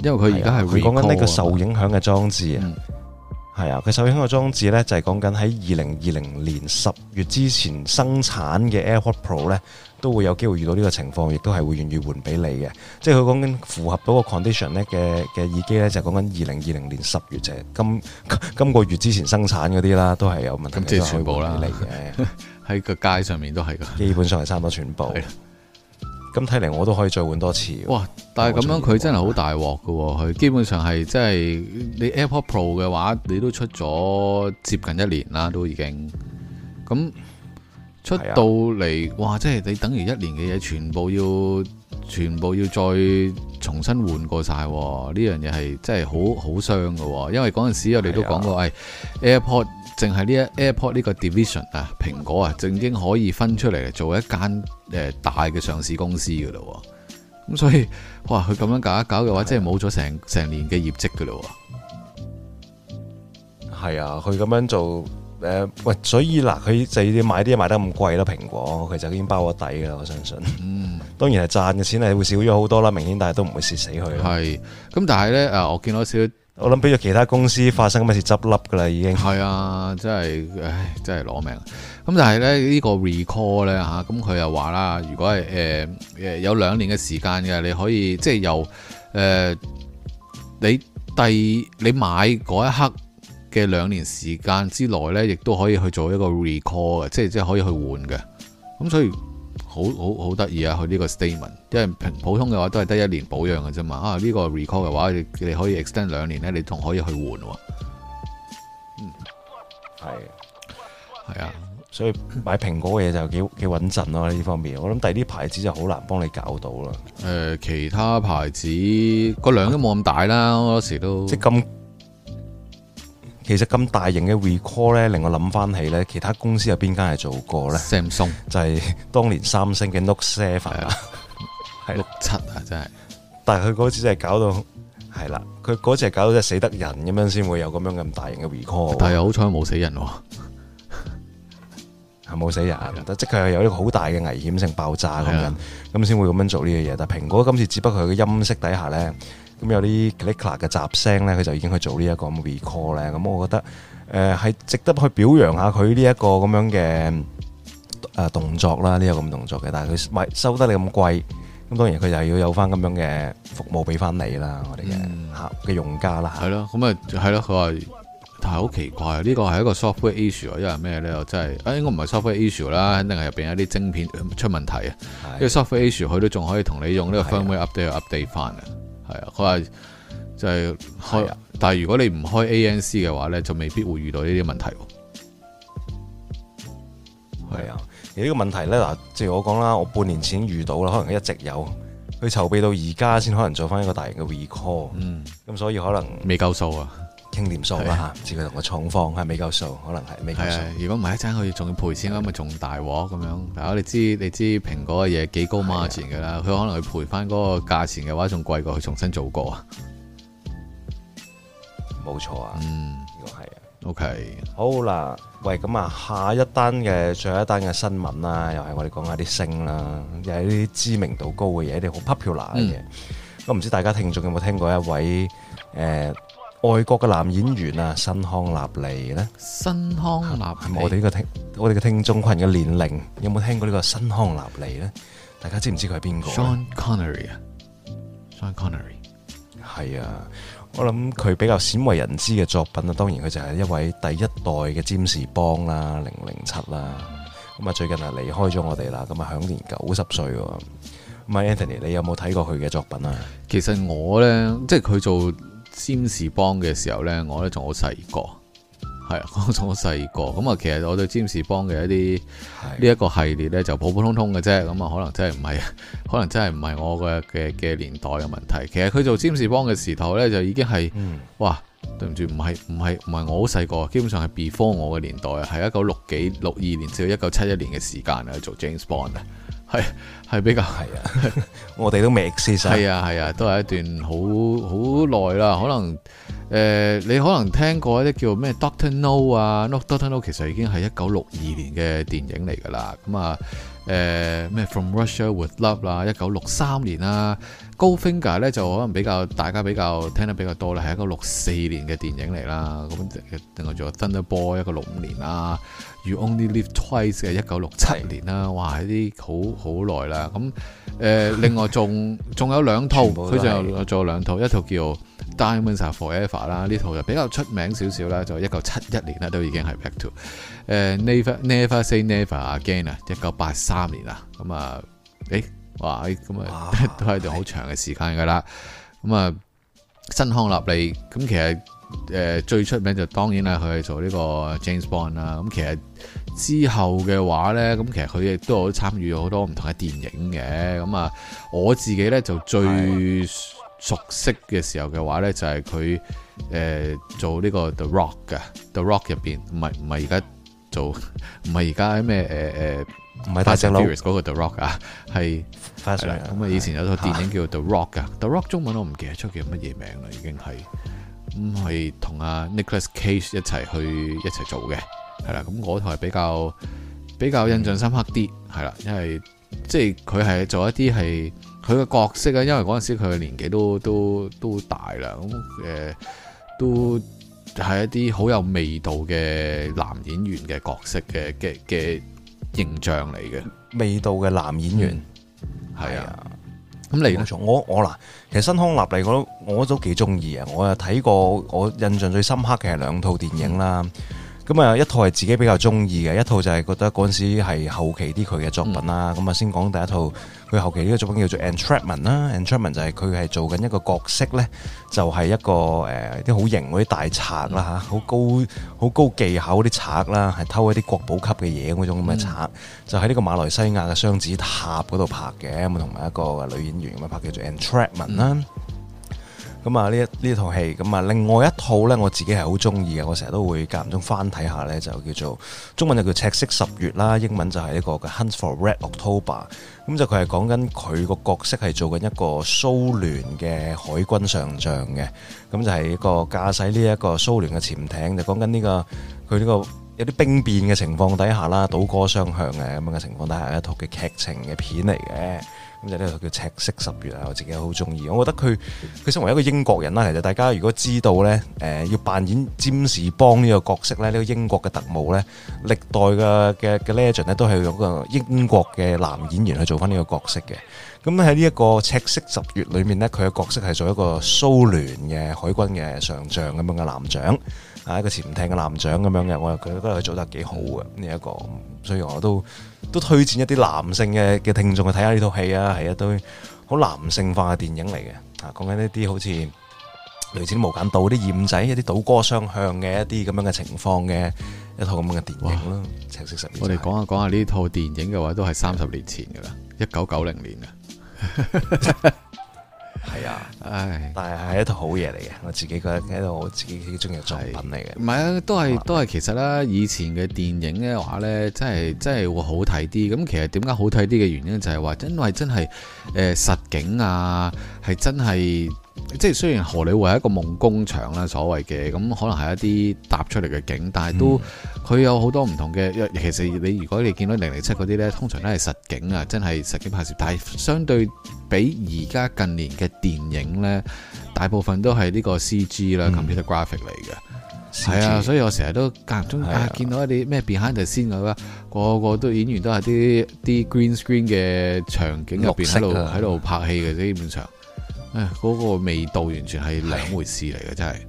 因為佢而家係會講緊呢個受影響嘅裝置，係、嗯、啊，佢受影響嘅裝置咧就係講緊喺二零二零年十月之前生產嘅 AirPod Pro 咧，都會有機會遇到呢個情況，亦都係會願意換俾你嘅。即係佢講緊符合嗰個 condition 咧嘅嘅耳機咧，就係講緊二零二零年十月啫。就是、今今個月之前生產嗰啲啦，都係有問題你全部啦，係嚟嘅。喺個街上面都係噶，基本上係差唔多全部。咁睇嚟，我都可以再換多次。哇！但係咁樣佢真係好大鑊喎、啊。佢 基本上係真係你 AirPod Pro 嘅話，你都出咗接近一年啦，都已經咁。出到嚟、啊，哇！即係你等於一年嘅嘢，全部要全部要再重新換過晒，呢樣嘢係真係好好傷噶。因為嗰陣時我哋都講過，誒、啊哎、，AirPod 淨係呢一 AirPod Division 啊，蘋果啊，正經可以分出嚟做一間誒、呃、大嘅上市公司噶啦。咁、啊、所以，哇，佢咁樣搞一搞嘅話，是啊、即係冇咗成成年嘅業績噶啦。係啊，佢咁樣做。誒，喂，所以嗱，佢就要買啲嘢買得咁貴啦，蘋果其實已經包咗底噶啦，我相信。嗯，當然係賺嘅錢係會少咗好多啦，明顯，但係都唔會蝕死佢。係，咁但係咧，誒，我見到少，我諗畀咗其他公司發生咩事執笠噶啦，已經。係啊，真係，唉，真係攞命、啊。咁但係咧，呢、呢個 recall 咧吓，咁佢又話啦，如果係誒誒有兩年嘅時間嘅，你可以即係由誒、呃、你第你買嗰一刻。嘅兩年時間之內咧，亦都可以去做一個 recall 嘅，即係即係可以去換嘅。咁所以好好好得意啊！佢、這、呢個 statement，因為平普通嘅話都係得一年保養嘅啫嘛。啊，呢、這個 recall 嘅話，你你可以 extend 兩年咧，你仲可以去換。嗯，係，係啊。所以買蘋果嘅嘢就幾幾穩陣咯、啊。呢方面，我諗第二啲牌子就好難幫你搞到啦。誒、呃，其他牌子個量都冇咁大啦。好多時都即咁。其實咁大型嘅 recall 咧，令我諗翻起咧，其他公司有邊間係做過咧？Samsung 就係、是、當年三星嘅 Note 7係 六七啊，真係。但係佢嗰次真係搞到係啦，佢嗰次係搞到真係死得人咁樣，先會有咁樣咁大型嘅 recall。但係又好彩冇死、啊、 死人，係冇死人，但即係佢係有一個好大嘅危險性爆炸咁樣，咁先會咁樣做呢樣嘢。但係蘋果今次只不過佢嘅音色底下咧。咁、嗯、有啲 click-clack 嘅雜聲咧，佢就已經去做呢一個 recall 咧。咁、嗯、我覺得，誒、呃、係值得去表揚下佢呢一個咁樣嘅誒動作啦，呢個咁動作嘅。但係佢賣收得你咁貴，咁、嗯、當然佢就要有翻咁樣嘅服務俾翻你啦，我哋嘅嚇嘅用家啦。係、嗯、咯，咁啊係咯，佢話但係好奇怪，呢個係一個 software issue，因為咩咧？又真係啊，應該唔係 software issue 啦，肯定係入邊有啲晶片出問題啊。因為 software issue 佢都仲可以同你用呢個 firmware update update 翻嘅。係啊，佢話就係開，但係如果你唔開 ANC 嘅話咧，就未必會遇到呢啲問題。係啊，啊，而呢個問題咧，嗱，即係我講啦，我半年前遇到啦，可能一直有，佢籌備到而家先可能做翻一個大型嘅 recall。嗯，咁所以可能未夠數啊。傾掂數啦嚇，唔、啊、知佢同個廠方係未夠數，可能係未夠數。如果唔係一陣，佢仲要賠錢嘅話，咪仲、啊、大鑊咁樣。嗱，你知你知蘋果嘅嘢幾高 Margin 啦，佢、啊、可能佢賠翻嗰個價錢嘅話，仲貴過佢重新做過啊。冇錯啊，嗯，係啊，OK。好嗱，喂，咁啊，下一單嘅最後一單嘅新聞啦、啊，又係我哋講下啲星啦，又係啲知名度高嘅嘢，啲好 popular 嘅嘢。咁、嗯、唔知大家聽眾有冇聽過一位誒，呃外國嘅男演員啊，辛康納利咧，辛康納，是是我哋呢個聽，我哋嘅聽眾群嘅年齡有冇聽過呢個辛康納利咧？大家知唔知佢係邊個？Sean Connery 啊 Sean Connery 係啊，我諗佢比較鮮為人知嘅作品啊，當然佢就係一位第一代嘅占士邦啦，零零七啦，咁啊最近啊離開咗我哋啦，咁啊享年九十歲喎。My Anthony，你有冇睇過佢嘅作品啊？其實我咧，即係佢做。詹士邦嘅時候呢，我呢仲好細個，係啊，我仲好細個。咁啊，其實我對詹士邦嘅一啲呢一個系列呢，就普普通通嘅啫。咁啊，可能真係唔係，可能真係唔係我嘅嘅嘅年代嘅問題。其實佢做詹士邦嘅時候呢，就已經係，嗯、哇！對唔住，唔係唔係唔係，我好細個，基本上係 before 我嘅年代，係一九六幾六二年至到一九七一年嘅時間啊，做 James Bond 啊。係係比較係啊，我哋都 mix，死晒。係啊係啊，都係一段好好耐啦。可能誒、呃，你可能聽過一啲叫咩 Doctor No 啊，Doctor No、no、其實已經係一九六二年嘅電影嚟噶啦。咁啊。誒、呃、咩？From Russia with Love 啦、啊，一九六三年啦。Goldfinger 咧就可能比較大家比較聽得比較多是啦，係一個六四年嘅電影嚟啦。咁另外仲有 Thunderball 一個六五年啦。You Only Live Twice 係一九六七年啦、啊。哇！呢啲好好耐啦。咁誒、呃，另外仲仲有， 有兩套，佢就做兩套，一套叫 Diamonds Forever 啦。呢套就比較出名少少啦，就一九七一年啦，都已經係 Back to 誒、uh, never never say never again 啊，驚啊！一九八三年啊，咁啊，誒，哇，咁啊，都係一段好長嘅時間㗎啦。咁啊，辛康納利咁其實誒、uh, 最出名就當然啦，佢係做呢個 James Bond 啦。咁其實之後嘅話咧，咁其實佢亦都有參與咗好多唔同嘅電影嘅。咁啊，我自己咧就最熟悉嘅時候嘅話咧，就係佢誒做呢個 The Rock 嘅 The Rock 入邊，唔係唔係而家。做唔係而家咩？誒誒，唔係大隻佬嗰個 The Rock 啊，係。係。咁啊、嗯，以前有套電影叫做 The Rock 噶，The Rock 中文我唔記得出叫乜嘢名啦，已經係咁係、嗯、同阿、啊、Nicholas Cage 一齊去一齊做嘅，係啦。咁我同係比較比較印象深刻啲，係啦，因為即係佢係做一啲係佢嘅角色啊，因為嗰陣時佢嘅年紀都都都大啦，咁、呃、誒都。係一啲好有味道嘅男演員嘅角色嘅嘅嘅形象嚟嘅，味道嘅男演員係、嗯、啊，啊，咁你冇錯，我我嗱，其實辛康納利我都我都幾中意啊，我有睇過，我印象最深刻嘅係兩套電影啦。咁啊，一套係自己比較中意嘅，一套就係覺得嗰陣時係後期啲佢嘅作品啦。咁、嗯、啊，先講第一套，佢後期呢個作品叫做、嗯《Entrapment》啦，《Entrapment》就係佢係做緊一個角色呢，就係一個誒啲好型嗰啲大賊啦嚇好、嗯、高好高技巧嗰啲賊啦，係偷一啲國寶級嘅嘢嗰種咁嘅賊，嗯、就喺呢個馬來西亞嘅雙子塔嗰度拍嘅，咁啊同埋一個女演員咁啊拍叫做、《Entrapment》啦。咁啊，呢一呢套戲，咁啊，另外一套呢，我自己係好中意嘅，我成日都會間唔中翻睇下呢，就叫做中文就叫《赤色十月》啦，英文就係呢個《Hunt for Red October》。咁就佢係講緊佢個角色係做緊一個蘇聯嘅海軍上將嘅，咁、嗯、就係、是、一個駕駛呢一個蘇聯嘅潛艇，就講緊呢個佢呢個有啲兵變嘅情況底下啦，倒戈雙向嘅咁樣嘅情況底下一套嘅劇情嘅片嚟嘅。咁就呢個叫《赤色十月》啊，我自己好中意。我覺得佢佢身為一個英國人啦，其實大家如果知道咧，誒要扮演占士邦呢個角色咧，呢個英國嘅特務咧，歷代嘅嘅嘅 legend 咧，都係用一個英國嘅男演員去做翻呢個角色嘅。咁喺呢一個《赤色十月》裏面咧，佢嘅角色係做一個蘇聯嘅海軍嘅上將咁樣嘅艦長。啊，一個潛艇嘅男長咁樣嘅，我又覺得佢做得幾好嘅呢一個，所以我都都推薦一啲男性嘅嘅聽眾去睇下呢套戲啊，係一堆好男性化嘅電影嚟嘅。啊，講緊一啲好似類似啲無間道啲艷仔一啲倒戈相向嘅一啲咁樣嘅情況嘅一套咁樣嘅電影咯。情色實，我哋講下講下呢套電影嘅話，都係三十年前噶啦，一九九零年噶。 係啊，唉，但係係一套好嘢嚟嘅，我自己覺得係一套我自己幾中意嘅作品嚟嘅。唔係啊，都係都係，其實咧以前嘅電影嘅話咧，真係真係會好睇啲。咁其實點解好睇啲嘅原因就係話，因為真係誒實景啊，係真係。即係雖然荷里活係一個夢工場啦，所謂嘅，咁可能係一啲搭出嚟嘅景，但係都佢有好多唔同嘅。其實你如果你見到零零七嗰啲咧，通常都係實景啊，真係實景拍攝。但係相對比而家近年嘅電影咧，大部分都係呢個 CG 啦、嗯、，computer graphic 嚟嘅。係、嗯、啊，CG? 所以我成日都間中啊見到一啲咩 behind 先咁啦，個個都演員都係啲啲 green screen 嘅場景入邊喺度喺度拍戲嘅，基本上。唉，嗰、那個味道完全係兩回事嚟嘅，真係，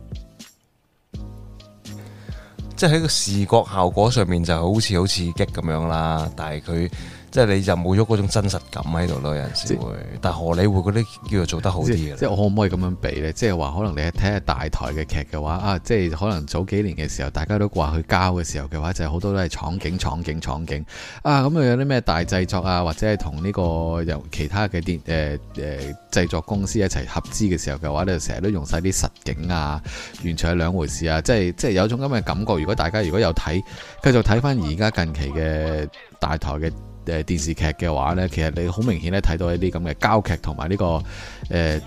即係喺個視覺效果上面就好似好刺激咁樣啦，但係佢。即係你就冇咗嗰種真實感喺度咯，有陣時會。但何你會覺得叫做做得好啲？即係我可唔可以咁樣比咧？即係話可能你睇下大台嘅劇嘅話啊，即係可能早幾年嘅時候，大家都話去交嘅時候嘅話，就好多都係廠景、廠景、廠景啊。咁啊，有啲咩大製作啊，或者係同呢個由其他嘅電誒誒、呃呃、製作公司一齊合資嘅時候嘅話咧，你成日都用晒啲實景啊，完全係兩回事啊。即係即係有種咁嘅感覺。如果大家如果有睇，繼續睇翻而家近期嘅大台嘅。誒，電視劇嘅話呢，其實你好明顯咧睇到一啲咁嘅交劇同埋呢個誒，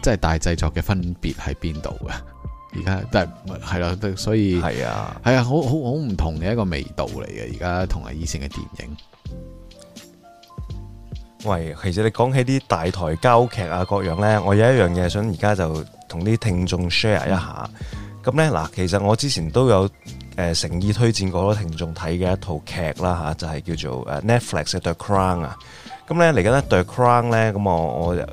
即係大製作嘅分別喺邊度嘅？而家但係係啦，所以係啊，係啊，好好好唔同嘅一個味道嚟嘅，而家同啊以前嘅電影。喂，其實你講起啲大台交劇啊各樣呢，我有一樣嘢想而家就同啲聽眾 share 一下。嗯咁咧嗱，其實我之前都有誒誠意推薦過好多聽眾睇嘅一套劇啦嚇，就係叫做誒 Netflix 嘅《The Crown》啊。咁咧嚟緊咧《The Crown》咧，咁我我誒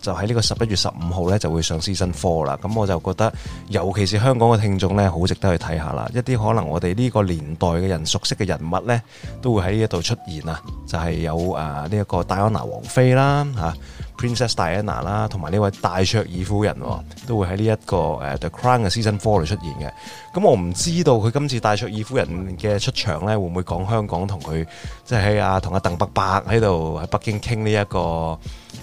就喺呢個十一月十五號咧就會上 Season 4啦。咁我就覺得，尤其是香港嘅聽眾咧，好值得去睇下啦。一啲可能我哋呢個年代嘅人熟悉嘅人物咧，都會喺呢一度出現啊。就係有誒呢一個戴安娜王妃啦嚇。Princess Diana 啦，同埋呢位戴卓爾夫人，都會喺呢一個誒 The Crown 嘅 season four 裡出現嘅。咁我唔知道佢今次戴卓爾夫人嘅出場咧，會唔會講香港同佢即係喺啊同阿鄧伯伯喺度喺北京傾呢一個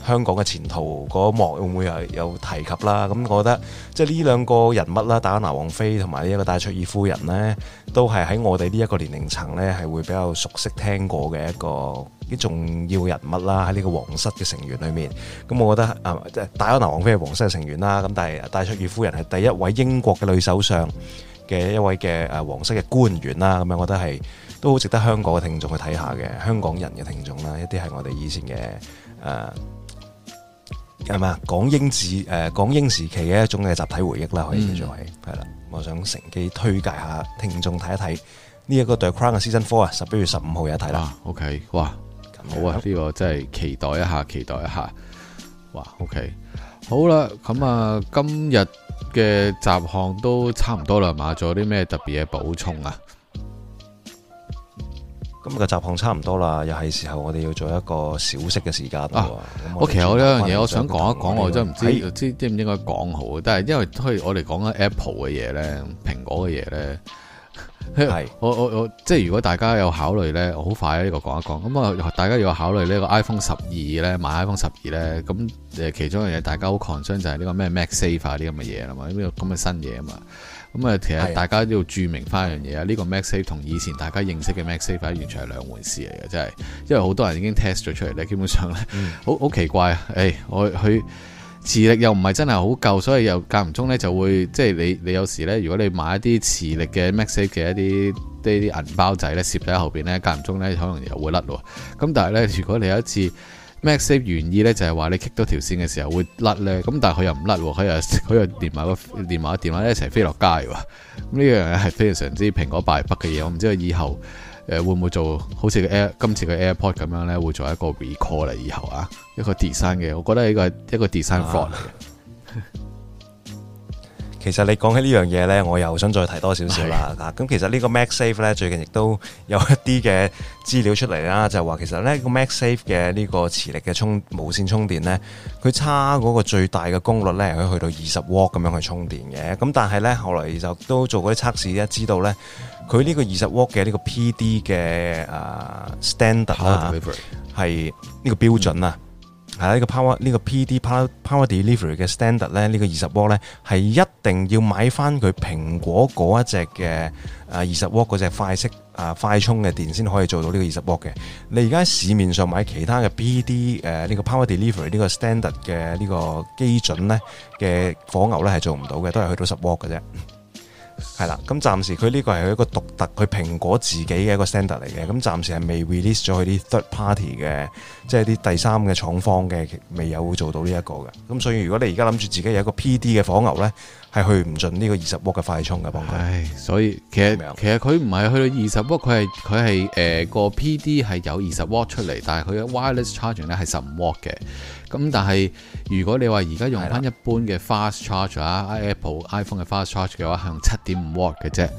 香港嘅前途嗰一幕會唔會係有提及啦？咁我覺得即係呢兩個人物啦，戴安娜王妃同埋呢一個戴卓爾夫人呢，都係喺我哋呢一個年齡層呢係會比較熟悉聽過嘅一個。啲重要人物啦，喺呢個皇室嘅成員裏面，咁我覺得啊、呃，戴安娜王妃係皇室嘅成員啦。咁但係戴卓爾夫人係第一位英國嘅女首相嘅一位嘅誒皇室嘅官員啦。咁樣我覺得係都好值得香港嘅聽眾去睇下嘅，香港人嘅聽眾啦。一啲係我哋以前嘅誒係咪啊？港英治誒、呃、港英時期嘅一種嘅集體回憶啦，可以叫做係係啦。我想乘機推介一下聽眾睇一睇呢一個《The Crown》嘅《Season Four》啊，十一月十五號有得睇啦。OK，哇！好啊！呢個真係期待一下，期待一下。哇，OK，好啦，咁啊，今日嘅集項都差唔多啦，係嘛？仲有啲咩特別嘅補充啊？今日嘅集項差唔多啦，又係時候我哋要做一個小息嘅時間啊，我講講啊，OK，其實有呢樣嘢我想講一講，我真係唔知，知應唔應該講好？但係因為推我哋講緊 Apple 嘅嘢咧，蘋果嘅嘢咧。係，我我我即係如果大家有考慮咧，我好快呢個講一講。咁啊，大家有考慮呢個 iPhone 十二咧，買 iPhone 十二咧，咁誒其中一樣嘢，大家好 concern 就係呢個咩 MagSafe 呢啲咁嘅嘢啦嘛，呢個咁嘅新嘢啊嘛。咁啊，其實大家都要注明翻一樣嘢啊，呢、這個 MagSafe 同以前大家認識嘅 MagSafe 完全係兩回事嚟嘅。真係，因為好多人已經 test 咗出嚟咧，基本上咧、嗯、好好奇怪啊，誒、欸，我去。嗯磁力又唔係真係好夠，所以又間唔中咧就會即係你你有時咧，如果你買一啲磁力嘅 MagSafe 嘅一啲啲啲銀包仔咧，攝喺後邊咧間唔中咧，可能又會甩喎。咁但係咧，如果你有一次 MagSafe 原意咧，就係話你棘到條線嘅時候會甩咧，咁但係佢又唔甩，佢又佢又連埋個連埋個電話一齊飛落街喎。咁呢樣係非常之蘋果敗筆嘅嘢，我唔知佢以後。誒，會唔會做好似個 Air 今次嘅 AirPod 咁樣呢？會做一個 recall 嚟以後啊，一個 design 嘅，我覺得呢個係一個 design fraud 嚟嘅。其實你講起呢樣嘢呢，我又想再提多少少啦。咁其實呢個 MagSafe 呢，最近亦都有一啲嘅資料出嚟啦，就係話其實呢個 MagSafe 嘅呢個磁力嘅充無線充電呢，佢差嗰個最大嘅功率呢，可以去到二十 W 咁樣去充電嘅。咁但係呢，後來就都做過啲測試，一知道呢。佢呢個二十 W 嘅呢個 PD 嘅誒 standard 啦、啊，係呢個標準啊，係呢個 power 呢個 PD power delivery 嘅 standard 咧，這個、20W 呢個二十 W 咧，係一定要買翻佢蘋果嗰一隻嘅誒二十 W 嗰隻快速啊快充嘅電先可以做到呢個二十 W 嘅。你而家市面上買其他嘅 PD 誒、啊、呢、這個 power delivery 呢個 standard 嘅呢個基準咧嘅火牛咧係做唔到嘅，都係去到十 W 嘅啫。係啦，咁暫時佢呢個係一個獨特，佢蘋果自己嘅一個 standard 嚟嘅，咁暫時係未 release 咗佢啲 third party 嘅，即係啲第三嘅廠方嘅，未有會做到呢一個嘅。咁所以如果你而家諗住自己有一個 PD 嘅火牛咧，係去唔盡呢個二十 W 嘅快充嘅。幫佢，所以其實其實佢唔係去到二十 W，佢係佢係誒個 PD 係有二十 W 出嚟，但係佢嘅 wireless charging 咧係十五 W 嘅。咁但係如果你話而家用翻一般嘅 fast charge 啊，Apple iPhone 嘅 fast charge 嘅話係用七點五瓦嘅啫。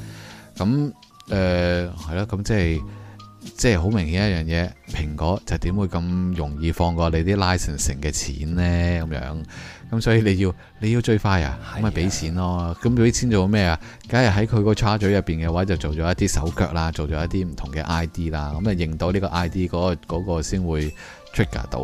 咁誒係咯，咁即係即係好明顯一樣嘢，蘋果就點會咁容易放過你啲 licensing 嘅錢呢？咁樣咁所以你要你要追快啊，咁咪俾錢咯。咁嗰啲錢做咩啊？梗係喺佢個 charge 嘴入邊嘅話就做咗一啲手腳啦，做咗一啲唔同嘅 ID 啦。咁啊認到呢個 ID 嗰個嗰個先會 trigger 到。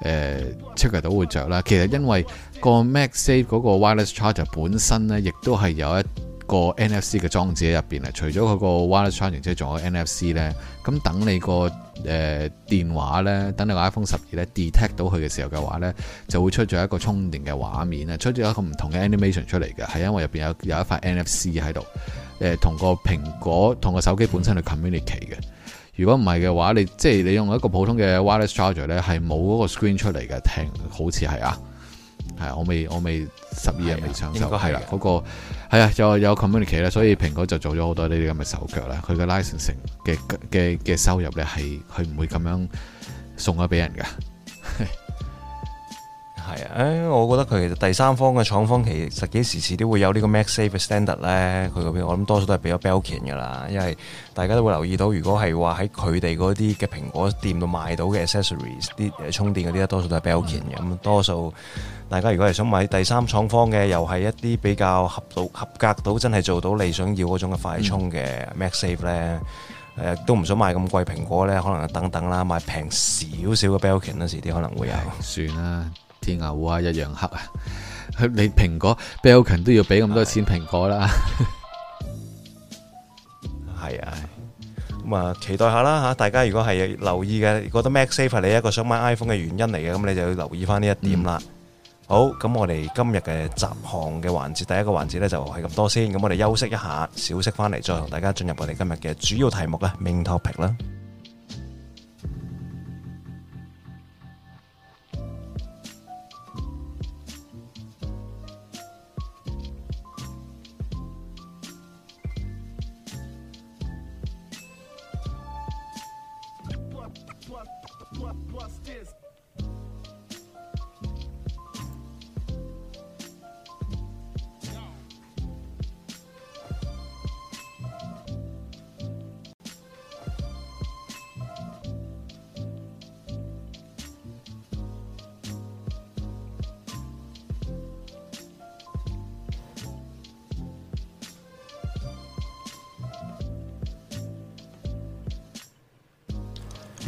誒、uh, check 到會着啦，其實因為個 MagSafe 嗰個 wireless charger 本身呢，亦都係有一個 NFC 嘅裝置喺入邊。啊。除咗佢個 wireless charger，即係仲有 NFC 呢，咁等你個誒、呃、電話呢，等你 iPhone 十二呢 detect 到佢嘅時候嘅話呢，就會出咗一個充電嘅畫面啊，出咗一個唔同嘅 animation 出嚟嘅，係因為入邊有有一塊 NFC 喺度，同、呃、個蘋果同個手機本身去 communicate 嘅。如果唔係嘅話，你即係你用一個普通嘅 wireless charger 咧，係冇嗰個 screen 出嚟嘅，聽好似係啊，係啊，我未我未十二日未上手，係啦，嗰個係啊，那個、有有 communicate 啦，所以蘋果就做咗好多呢啲咁嘅手腳啦，佢嘅 license 嘅嘅嘅收入咧係佢唔會咁樣送咗俾人嘅。係啊，我覺得佢第三方嘅廠方，其實幾時時都會有呢個 MagSafe 呢個 MagSafe Standard 咧。佢嗰邊我諗多數都係俾咗 Belkin 噶啦，因為大家都會留意到，如果係話喺佢哋嗰啲嘅蘋果店度賣到嘅 accessories，啲充電嗰啲多數都係 Belkin 嘅。咁、嗯、多數大家如果係想買第三廠方嘅，又係一啲比較合到合格到真係做到你想要嗰種嘅快充嘅 MagSafe 咧，誒、嗯呃、都唔想買咁貴蘋果咧，可能等等啦，買平少少嘅 Belkin 嗰時啲可能會有算了。算啦。天牛啊，一樣黑啊！你蘋果 Belkin 都要俾咁多錢蘋果啦，係啊！咁 啊，期待下啦，大家如果係留意嘅，覺得 MagSafe 係你一個想買 iPhone 嘅原因嚟嘅，咁你就要留意翻呢一點啦。嗯、好，咁我哋今日嘅集行嘅環節，第一個環節呢就係咁多先。咁我哋休息一下，小息翻嚟再同大家進入我哋今日嘅主要題目啊，Main Topic 啦。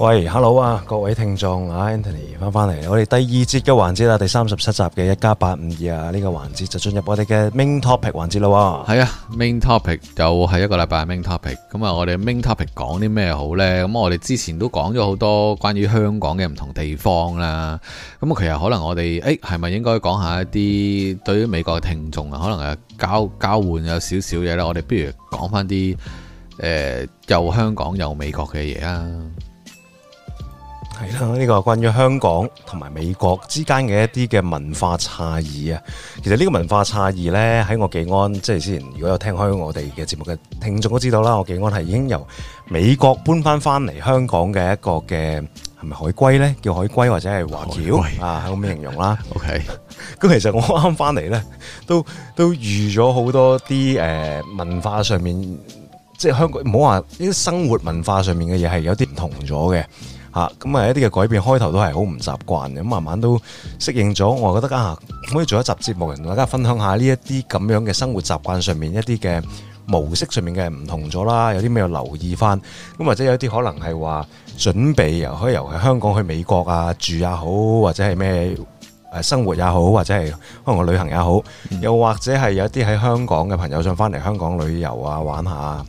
喂，Hello 啊，各位聽眾啊，Anthony 翻翻嚟，我哋第二節嘅環節啦，第三十七集嘅一家八五二啊，呢個環節就進入我哋嘅 Main Topic 環節啦。係啊，Main Topic 又係一個禮拜 Main Topic。咁啊，我哋 Main Topic 講啲咩好呢？咁我哋之前都講咗好多關於香港嘅唔同地方啦。咁其實可能我哋誒，係咪應該講下一啲對於美國嘅聽眾啊，可能係交交換有少少嘢咧。我哋不如講翻啲誒又香港又美國嘅嘢啊。係啦，呢個關於香港同埋美國之間嘅一啲嘅文化差異啊，其實呢個文化差異呢，喺我紀安，即係之前如果有聽開我哋嘅節目嘅聽眾都知道啦，我紀安係已經由美國搬翻翻嚟香港嘅一個嘅係咪海歸呢？叫海歸或者係華僑啊，咁樣形容啦。OK，咁其實我啱翻嚟呢，都都預咗好多啲誒文化上面，即係香港唔好話啲生活文化上面嘅嘢係有啲唔同咗嘅。咁、嗯、啊一啲嘅改變，開頭都係好唔習慣，咁慢慢都適應咗。我覺得啊，可以做一集節目，同大家分享下呢一啲咁樣嘅生活習慣上面一啲嘅模式上面嘅唔同咗啦，有啲咩要留意翻。咁或者有啲可能係話準備由，可以由香港去美國啊住也好，或者係咩生活也好，或者係可能去旅行也好，又或者係有啲喺香港嘅朋友想翻嚟香港旅遊啊玩下。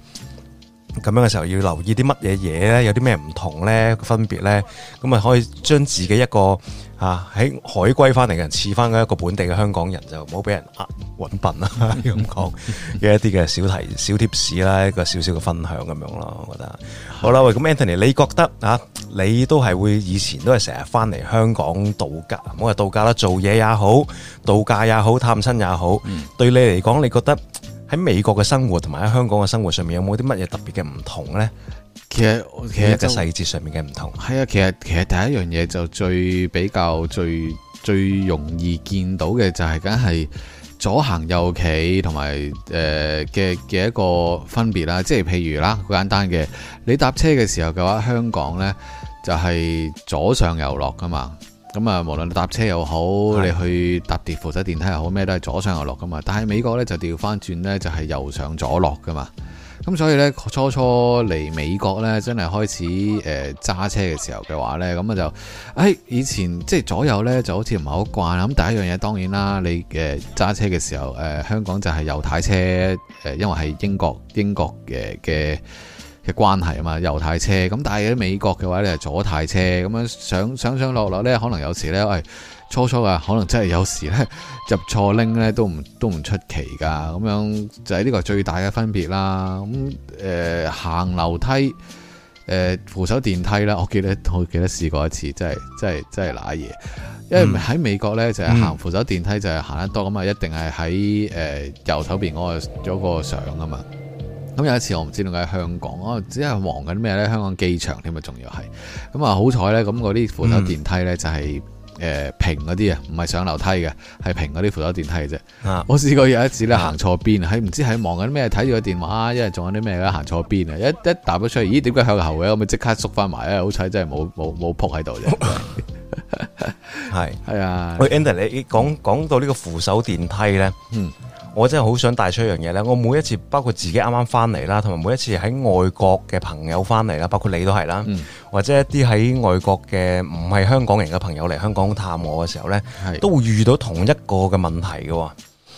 咁樣嘅時候要留意啲乜嘢嘢咧？有啲咩唔同咧？分別咧？咁啊可以將自己一個啊喺海歸翻嚟嘅人似翻一個本地嘅香港人，就人，就唔好俾人呃搵笨啦，咁講嘅一啲嘅小提示小貼士啦，一個小小嘅分享咁樣咯，我覺得好啦。喂，咁 Anthony，你覺得啊？你都係會以前都係成日翻嚟香港度假，唔好話度假啦，做嘢也好，度假也好，探親也好，嗯、對你嚟講，你覺得？喺美國嘅生活同埋喺香港嘅生活上面有冇啲乜嘢特別嘅唔同呢？其實其實一個細節上面嘅唔同係啊。其實其實，其實第一樣嘢就最比較最最容易見到嘅就係梗係左行右企同埋誒嘅嘅一個分別啦。即係譬如啦，好簡單嘅，你搭車嘅時候嘅話，香港呢就係、是、左上右落噶嘛。咁啊，無論搭車又好，你去搭跌扶手電梯又好，咩都係左上右落噶嘛。但係美國呢，就調翻轉呢，就係右上左落噶嘛。咁所以呢，初初嚟美國呢，真係開始誒揸、呃、車嘅時候嘅話呢，咁啊就，誒、哎、以前即係左右呢，就好似唔係好慣。咁第一樣嘢當然啦，你誒揸、呃、車嘅時候、呃，香港就係右軚車、呃，因為係英國英國嘅嘅。嘅關係啊嘛，右軚車咁，但係喺美國嘅話咧係左軚車咁樣上，上上落落咧，可能有時咧，喂、哎、初初啊，可能真係有時咧入錯拎咧都唔都唔出奇㗎，咁樣就係、是、呢個最大嘅分別啦。咁、嗯呃、行樓梯誒、呃、扶手電梯咧，我記得我記得試過一次，真係真係真係瀨嘢，因為喺美國咧就係行扶手電梯就係行得多咁啊、嗯，一定係喺、呃、右手邊嗰、嗰個左、嗰個上啊嘛。咁、嗯、有一次我唔知點解喺香港，我只係望緊咩咧？香港機場添啊，仲要係咁啊！好彩咧，咁嗰啲扶手電梯咧就係、是、誒、呃、平嗰啲啊，唔係上樓梯嘅，係平嗰啲扶手電梯嘅啫、啊。我試過有一次咧行錯邊，喺唔知喺望緊咩，睇住個電話，因為仲有啲咩咧行錯邊啊！一一踏咗出嚟，咦？點解向後嘅？咁咪即刻縮翻埋啊！好彩，真係冇冇冇仆喺度啫。係係啊喂 Andy 你講講、嗯、到呢個扶手電梯咧，嗯。我真係好想帶出一樣嘢咧，我每一次包括自己啱啱翻嚟啦，同埋每一次喺外國嘅朋友翻嚟啦，包括你都係啦，或者一啲喺外國嘅唔係香港人嘅朋友嚟香港探我嘅時候呢，都會遇到同一個嘅問題嘅，喎、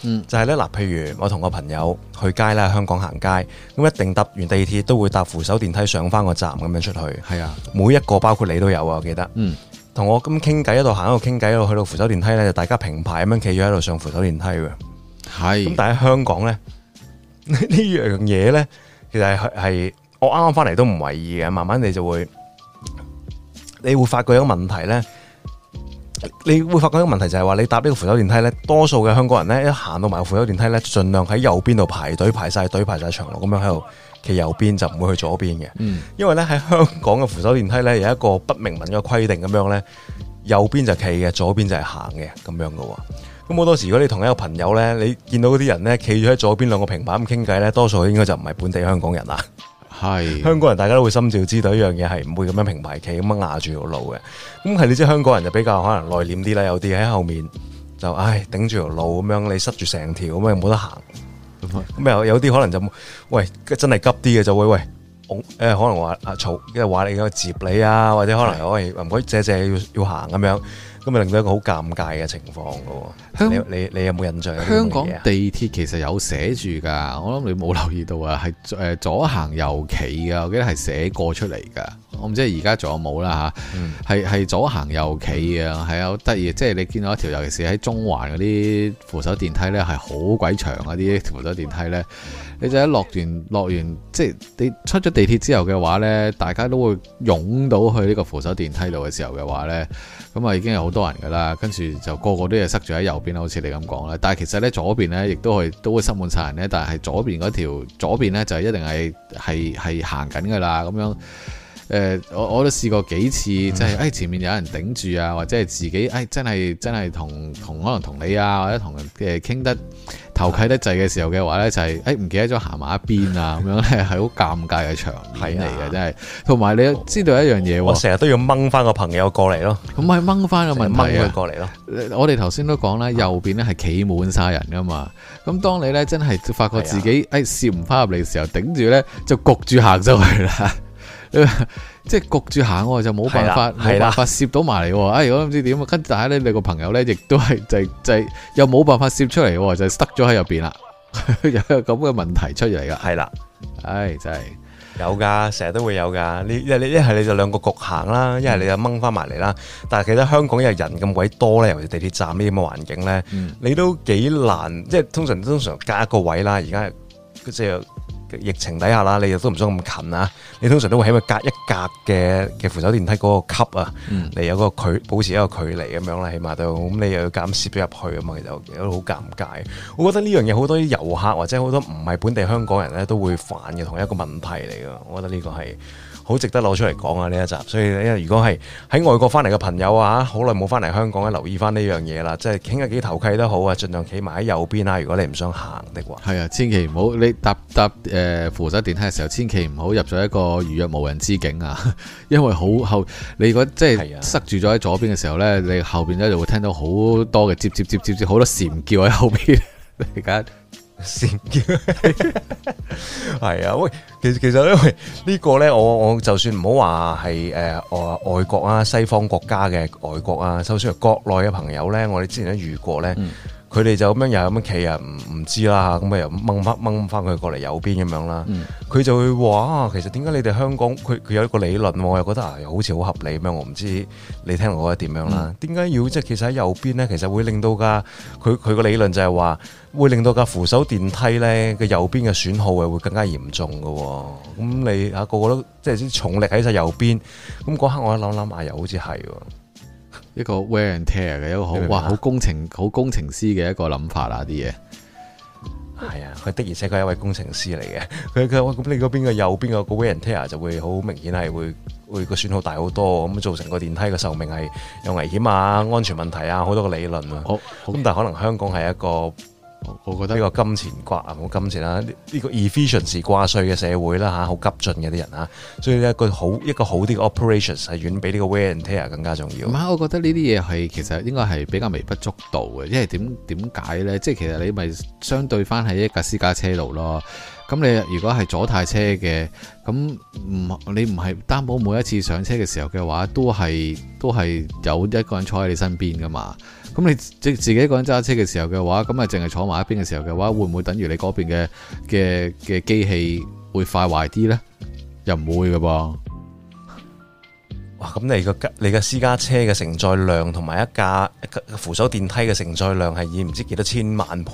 嗯。就係呢，嗱，譬如我同個朋友去街啦，香港行街，咁一定搭完地鐵都會搭扶手電梯上翻個站咁樣出去，係啊，每一個包括你都有啊，我記得，同、嗯、我咁傾偈，一路行一路傾偈，一路去到扶手電梯呢，就大家平排咁樣企咗喺度上扶手電梯係咁，但係香港咧，呢呢樣嘢咧，其實係係我啱啱翻嚟都唔為意嘅。慢慢你就會，你會發覺一個問題咧，你會發覺一個問題就係話你搭呢個扶手電梯咧，多數嘅香港人咧，一行到埋扶手電梯咧，盡量喺右邊度排隊排晒隊排晒長龍，咁樣喺度，企右邊就唔會去左邊嘅。嗯，因為咧喺香港嘅扶手電梯咧有一個不明文嘅規定，咁樣咧，右邊就企嘅，左邊就係行嘅，咁樣噶。咁好多時，如果你同一個朋友咧，你見到嗰啲人咧，企住喺左邊兩個平排咁傾偈咧，多數應該就唔係本地香港人啦。係香港人，大家都會心照知道一樣嘢，係唔會咁樣平排企咁樣壓住條路嘅。咁係你知香港人就比較可能內斂啲啦，有啲喺後面就唉頂住條路咁樣，你塞住成條咁樣冇得行。咁有有啲可能就喂真係急啲嘅就會喂、呃，可能話阿、啊、曹，因為話你而家接你啊，或者可能可唔可以借借要要行咁樣。咁咪令到一個好尷尬嘅情況咯。你你，你有冇印象？香港地鐵其實有寫住㗎，我諗你冇留意到啊，係左行右企㗎。我記得係寫過出嚟㗎。我唔知而家仲有冇啦吓。係係左行右企啊，係啊，好得意。即係你見到一條，尤其是喺中環嗰啲扶手電梯咧，係好鬼長嗰啲扶手電梯咧。你就喺落完落完，即係你出咗地鐵之後嘅話呢，大家都會湧到去呢個扶手電梯度嘅時候嘅話呢。咁啊已經有好多人噶啦，跟住就個個都係塞住喺右邊啦，好似你咁講啦。但係其實呢，左邊呢亦都係都會塞滿晒人呢，但係左邊嗰條，左邊呢就一定係係係行緊噶啦，咁樣。誒、呃，我我都試過幾次，就係誒前面有人頂住啊，或者係自己誒、哎，真係真係同同可能同你啊，或者同人誒傾得投契得滯嘅時候嘅話咧，就係誒唔記得咗行埋一邊啊，咁樣咧係好尷尬嘅場睇嚟嘅，真係。同埋你知道一樣嘢，我成日都要掹翻個朋友過嚟咯，咁咪掹翻個朋掹佢過嚟咯。我哋頭先都講啦，右邊咧係企滿晒人噶嘛，咁、嗯、當你咧真係發覺自己誒攝唔翻入嚟嘅時候，頂住咧就焗住行咗去啦。即係焗住行，我就冇辦法，冇辦法攝到埋嚟。哎，我都唔知點啊！跟住大家咧，你個朋友咧，亦都係就就又冇辦法攝出嚟，就塞咗喺入邊啦。有咁嘅問題出嚟噶，係啦，唉，真係有噶，成日都會有噶。你一你一係你就兩個焗行啦，一係你就掹翻埋嚟啦。但係其實香港又人咁鬼多咧，尤其是地鐵站呢啲咁嘅環境咧，你都幾難。即係通常通常隔一個位啦，而家即係。疫情底下啦，你亦都唔想咁近啊！你通常都會喺個隔一隔嘅，嘅扶手電梯嗰個級啊，嚟，有個距，保持一個距離，咁樣你起碼都，咁你又要咁攝入去啊嘛，其實都好尷尬。我覺得呢樣嘢好多啲遊客或者好多唔係本地香港人咧，都會犯嘅同一個問題嚟噶我覺得呢個係。好值得攞出嚟講啊！呢一集，所以咧，如果係喺外國翻嚟嘅朋友啊，好耐冇翻嚟香港咧，留意翻呢樣嘢啦，即係傾一幾頭契都好啊，盡量企埋喺右邊啊。如果你唔想行的話，係啊，千祈唔好你搭搭誒、呃、扶手電梯嘅時候，千祈唔好入咗一個如若無人之境啊，因為好後你如果即係塞住咗喺左邊嘅時候呢、啊，你後邊咧就會聽到好多嘅接接接接接好多蟬叫喺後邊，你 覺先叫係啊喂，其實其實因為呢個咧，我我就算唔好話係誒外外國啊，西方國家嘅外國啊，就算係國內嘅朋友咧，我哋之前都遇過咧。嗯佢哋就咁樣又咁樣企、嗯、啊，唔唔知啦咁啊又掹忽掹翻佢過嚟右邊咁樣啦。佢就會話其實點解你哋香港佢佢有一個理論，我又覺得、啊、好似好合理咩？我唔知你聽我覺得點樣啦。點、嗯、解要即係其實喺右邊咧，其實會令到㗎。佢佢個理論就係話會令到架扶手電梯咧嘅右邊嘅損耗又會更加嚴重喎。咁你啊個個都即係啲重力喺晒右邊，咁嗰刻我一諗諗啊，又好似係喎。一個 wear and tear 嘅一個好，哇，好工程，好工程師嘅一個諗法啦，啲嘢。係啊，佢的而且確係一位工程師嚟嘅。佢佢，咁你嗰邊嘅右邊嘅個 wear and tear 就會好明顯係會會個損耗大好多，咁造成個電梯嘅壽命係有危險啊，安全問題啊，好多嘅理論啊。好，咁但係可能香港係一個。我覺得呢個金錢掛啊，冇金錢啦，呢個 efficiency 是掛帥嘅社會啦，吓，好急進嘅啲人啊，所以一個好一個好啲嘅 operations 係遠比呢個 wear and tear 更加重要。唔係，我覺得呢啲嘢係其實應該係比較微不足道嘅，因為點點解呢？即係其實你咪相對翻喺一架私家車度咯，咁你如果係左太車嘅，咁唔你唔係擔保每一次上車嘅時候嘅話，都係都係有一個人坐喺你身邊噶嘛。咁你即自己一個人揸車嘅時候嘅話，咁啊淨係坐埋一邊嘅時候嘅話，會唔會等於你嗰邊嘅嘅嘅機器會快壞啲呢？又唔會㗎噃。哇！咁你個你個私家車嘅承載量，同埋一架一架扶手電梯嘅承載量，係以唔知幾多千萬倍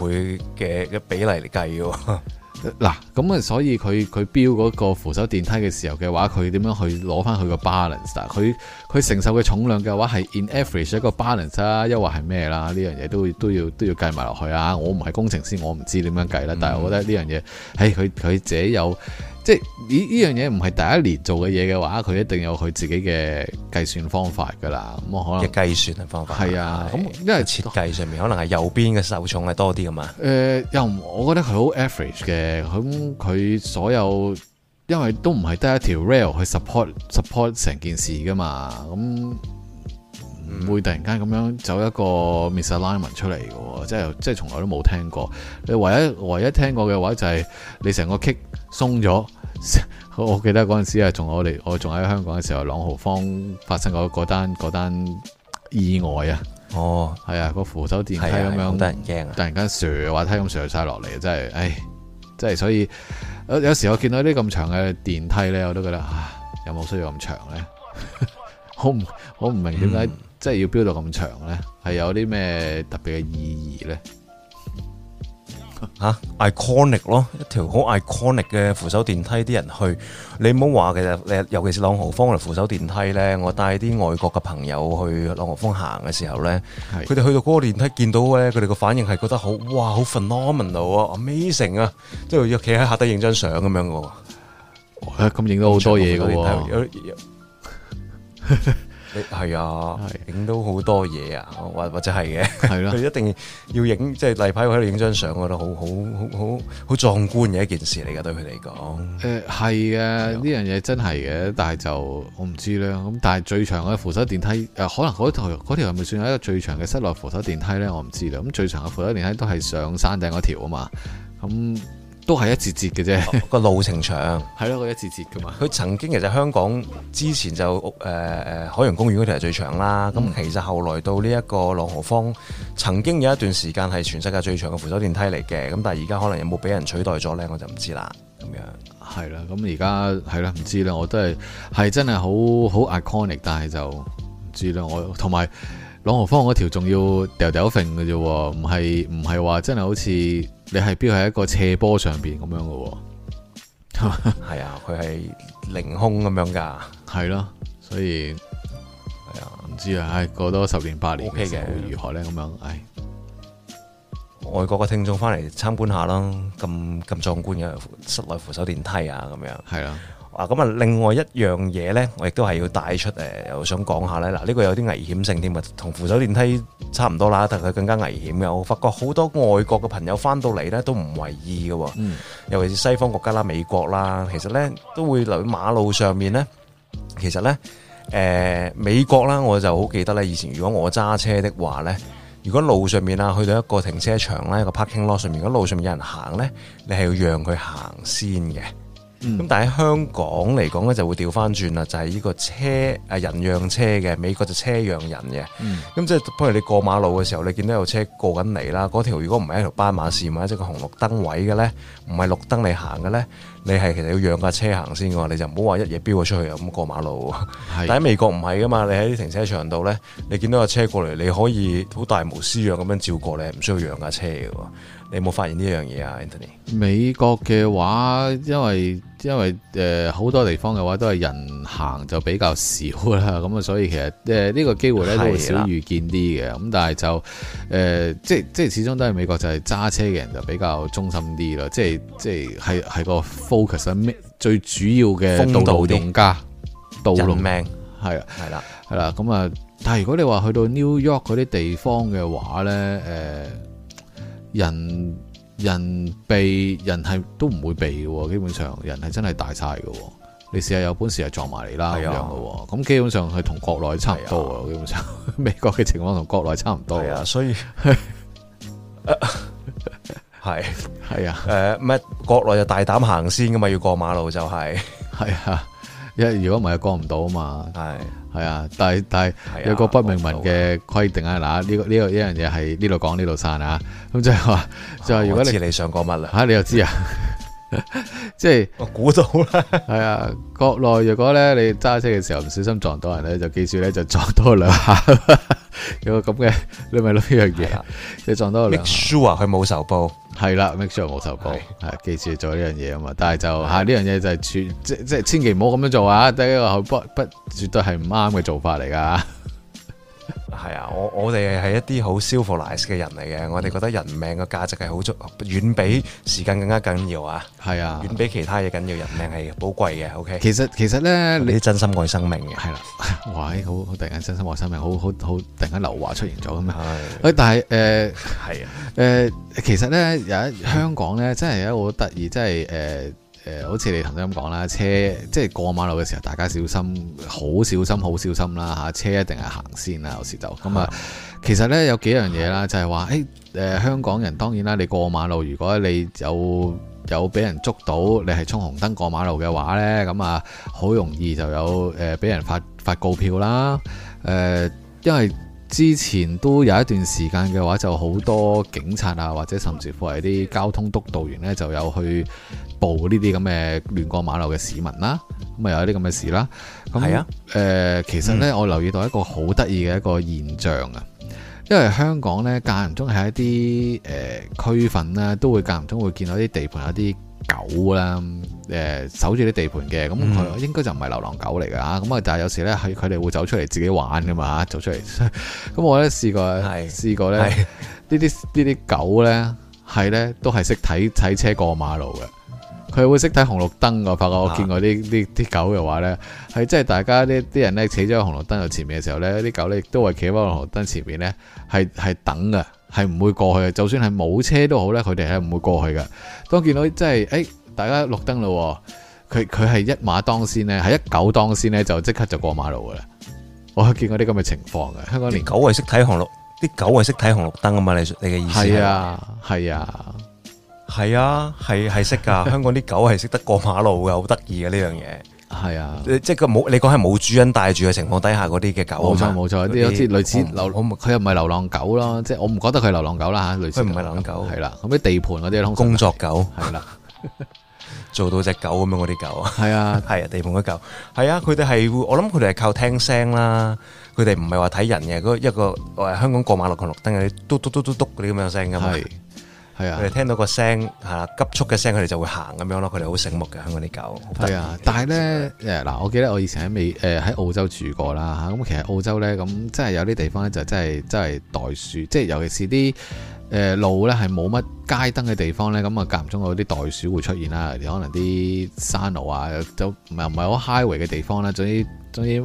嘅嘅比例嚟計嘅。 嗱，咁啊，所以佢佢標嗰個扶手電梯嘅時候嘅話，佢點樣去攞翻佢個 balance？佢佢承受嘅重量嘅話係 in average 一個 balance 啦，又或係咩啦？呢樣嘢都都要都要計埋落去啊！我唔係工程師，我唔知點樣計啦。但係我覺得呢樣嘢喺佢佢自己有。即係呢呢樣嘢唔係第一年做嘅嘢嘅話，佢一定有佢自己嘅計算方法噶啦。咁、嗯、可能嘅計算嘅方法係啊。咁因為設計上面可能係右邊嘅受重係多啲噶嘛。誒、呃，又我覺得佢好 average 嘅。咁佢所有因為都唔係得一條 rail 去 support support 成件事噶嘛。咁、嗯、唔會突然間咁樣走一個 misalignment 出嚟嘅，即係即係從來都冇聽過。你唯一唯一聽過嘅話就係你成個 kick 鬆咗，我記得嗰陣時啊，仲我哋我仲喺香港嘅時候，朗豪坊發生過嗰單嗰單意外啊。哦，係啊，個扶手電梯咁樣，啊、突然間瀡滑梯咁瀡晒落嚟，真係，唉，真係，所以有時我見到啲咁長嘅電梯咧，我都覺得啊，有冇需要咁長咧？好唔好？唔明點解真係要標到咁長咧？係有啲咩特別嘅意義咧？吓、啊、iconic 咯，一條好 iconic 嘅扶手電梯，啲人去，你唔好話，其實你尤其是朗豪坊嚟扶手電梯咧，我帶啲外國嘅朋友去朗豪坊行嘅時候咧，佢哋去到嗰個電梯見到咧，佢哋個反應係覺得好哇，好 phenomenal 啊，amazing 啊，即係要企喺下低影張相咁樣嘅，咁影咗好多嘢嘅。 係啊，影到好多嘢啊，或或者係嘅，佢、啊、一定要影，即係例牌，我喺度影張相，我覺得好好好好好壯觀嘅一件事嚟噶，對佢嚟講。誒、呃，係嘅，呢樣嘢真係嘅，但係就我唔知啦。咁但係最長嘅扶手電梯誒、呃，可能嗰台嗰條係咪算係一個最長嘅室內扶手電梯咧？我唔知啦。咁、嗯、最長嘅扶手電梯都係上山頂嗰條啊嘛，咁、嗯。都係一節節嘅啫，個路程長係 咯，佢一節節噶嘛。佢曾經其實香港之前就誒誒、呃、海洋公園嗰條係最長啦。咁、嗯、其實後來到呢一個朗豪坊，曾經有一段時間係全世界最長嘅扶手電梯嚟嘅。咁但係而家可能有冇俾人取代咗咧，我就唔知啦。咁樣係啦、啊，咁而家係啦，唔、啊、知啦，我都係係真係好好 iconic，但係就唔知啦。我同埋朗豪坊嗰條仲要掉掉揈嘅啫，唔係唔係話真係好似。你係標喺一個斜坡上邊咁樣嘅喎，係 啊，佢係凌空咁樣噶，係咯、啊，所以係啊，唔知啊，唉，過多十年八年嘅時候會如何咧？咁樣唉，外國嘅聽眾翻嚟參觀一下啦，咁咁壯觀嘅室內扶手電梯啊，咁樣係啦。啊咁啊！另外一樣嘢咧，我亦都係要帶出誒，我、呃、想講下咧。嗱，呢個有啲危險性添啊，同扶手電梯差唔多啦，但係更加危險嘅。我發覺好多外國嘅朋友翻到嚟咧，都唔為意嘅。嗯。尤其是西方國家啦、美國啦，其實咧都會留喺馬路上面咧，其實咧誒、呃、美國啦，我就好記得咧，以前如果我揸車的話咧，如果路上面啊去到一個停車場咧，一個 parking lot 上面，如果路上面有人行咧，你係要讓佢行先嘅。咁、嗯、但喺香港嚟講咧，就會調翻轉啦，就係、是、呢個車人讓車嘅，美國就車讓人嘅。咁、嗯、即係譬如你過馬路嘅時候，你見到有車過緊嚟啦，嗰條如果唔係一條斑馬線或者個紅綠燈位嘅咧，唔係綠燈你行嘅咧，你係其實要讓架車行先嘅，你就唔好話一嘢飆咗出去咁過馬路。但喺美國唔係噶嘛，你喺啲停車場度咧，你見到架車過嚟，你可以好大無私樣咁樣照過，你唔需要讓架車嘅。你有冇發現呢樣嘢啊？Anthony，美國嘅話，因為因為誒好、呃、多地方嘅話都係人行就比較少啦，咁、嗯、啊，所以其實誒呢、呃呢個機會咧都會少遇見啲嘅。咁但係就誒、呃，即即係始終都係美國就係、是、揸車嘅人就比較中心啲啦。即即係係個 focus 最主要嘅道路用家道、道路命係啊，係啦，係啦。咁啊、嗯，但係如果你話去到 New York 嗰啲地方嘅話咧，誒、呃。人人避人係都唔會避嘅，基本上人係真係大晒嘅，你試下有本事就撞埋嚟啦咁樣嘅，咁基本上係同國內差唔多喎、啊，基本上美國嘅情況同國內差唔多，係啊，所以係係 啊，誒咩、啊呃？國內就大膽行先噶嘛，要過馬路就係、是、係 啊，因為如果唔係過唔到啊嘛，係、啊。係啊，但係但係有個不明文嘅規定啊，嗱呢個呢個呢樣嘢係呢度講呢度散啊，咁即係話，這個這個啊、就係如果你，你上過乜啦，吓你又知啊，即係、 就是、我估到啦，係啊，國內若果咧你揸車嘅時候唔小心撞到人咧，就記住咧就撞多兩下， 有個咁嘅，你咪諗呢樣嘢，你撞多兩。Make sure 佢冇仇報。係啦，make sure 冇受過，係記住要做呢樣嘢啊嘛。但係就嚇呢樣嘢就係全即即千祈唔好咁樣做啊！第一個不不，不絕對係唔啱嘅做法嚟噶。係啊，我我哋係一啲好 civilised 嘅人嚟嘅，我哋覺得人命嘅價值係好足，遠比時間更加緊要啊！係啊，遠比其他嘢緊要，人命係寶貴嘅。OK，其實其實咧，你真心愛生命嘅係啦，哇！好好突然間真心愛生命，好好好突然間劉華出現咗咁樣。誒、啊，但係誒，係啊，誒、呃啊呃，其實咧，有一、啊、香港咧，真係有一好得意真係誒。誒，好似你頭先咁講啦，車即係過馬路嘅時候，大家小心，好小心，好小心啦嚇，車一定係行先啦，有時就咁啊。其實呢，有幾樣嘢啦，就係話，呃，香港人當然啦，你過馬路，如果你有有俾人捉到，你係衝紅燈過馬路嘅話呢，咁啊，好容易就有誒俾人發發告票啦，呃，因為之前都有一段時間嘅話，就好多警察啊，或者甚至乎係啲交通督導員呢，就有去。暴呢啲咁嘅亂過馬路嘅市民啦，咁啊有啲咁嘅事啦。咁、呃、誒，其實呢，我留意到一個好得意嘅一個現象啊，因為香港呢間唔中係一啲誒、呃、區份啦，都會間唔中會見到啲地盤有啲狗啦、呃，守住啲地盤嘅咁佢應該就唔係流浪狗嚟㗎咁啊，但係有時呢，佢佢哋會走出嚟自己玩㗎嘛，走出嚟咁我呢試過試過呢呢啲呢啲狗呢，係呢都係識睇踩車過馬路嘅。佢會識睇紅綠燈，我發覺我見過啲啲啲狗嘅話呢係、啊、真係大家啲啲人呢，企咗喺紅綠燈前面嘅時候呢，啲狗呢亦都會企喺紅綠燈前面呢，係係等嘅，係唔會過去嘅。就算係冇車都好呢，佢哋係唔會過去嘅。當見到真係、哎，大家綠燈嘞，佢佢係一馬當先呢，係一狗當先呢，就即刻就過馬路噶啦。我見過啲咁嘅情況嘅，香港連狗係識睇紅綠，啲狗係識睇紅綠燈啊嘛！你你嘅意思係啊，係啊。係啊，係係識噶，香港啲狗係識得過馬路噶，好得意嘅呢樣嘢。係啊，即係佢冇，你講係冇主人帶住嘅情況底下嗰啲嘅狗。冇錯冇錯，啲好似類似流，佢又唔係流浪狗啦，即係我唔覺得佢係流浪狗啦吓，類似。佢唔係流浪狗。係啦，咁、啊、啲、嗯、地盤嗰啲咯。工作狗係啦， 做到隻狗咁樣嗰啲狗。係啊係 啊，地盤嗰狗。係啊，佢哋係，我諗佢哋係靠聽聲啦。佢哋唔係話睇人嘅，一個香港過馬路同綠燈嗰嘟嘟嘟嘟嘟、嘟、嘟聲，咁樣聲噶嘛。佢哋、啊、聽到個聲嚇、啊、急速嘅聲，佢哋就會行咁樣咯。佢哋好醒目嘅，香港啲狗。係啊，但係咧誒嗱，我記得我以前喺美誒喺澳洲住過啦嚇。咁、啊、其實澳洲咧咁，即係有啲地方咧就真係真係袋鼠，即、就、係、是、尤其是啲誒、呃、路咧係冇乜街燈嘅地方咧，咁啊間唔中嗰啲袋鼠會出現啦。可能啲山路啊，就唔係唔係好 highway 嘅地方咧。總之總之。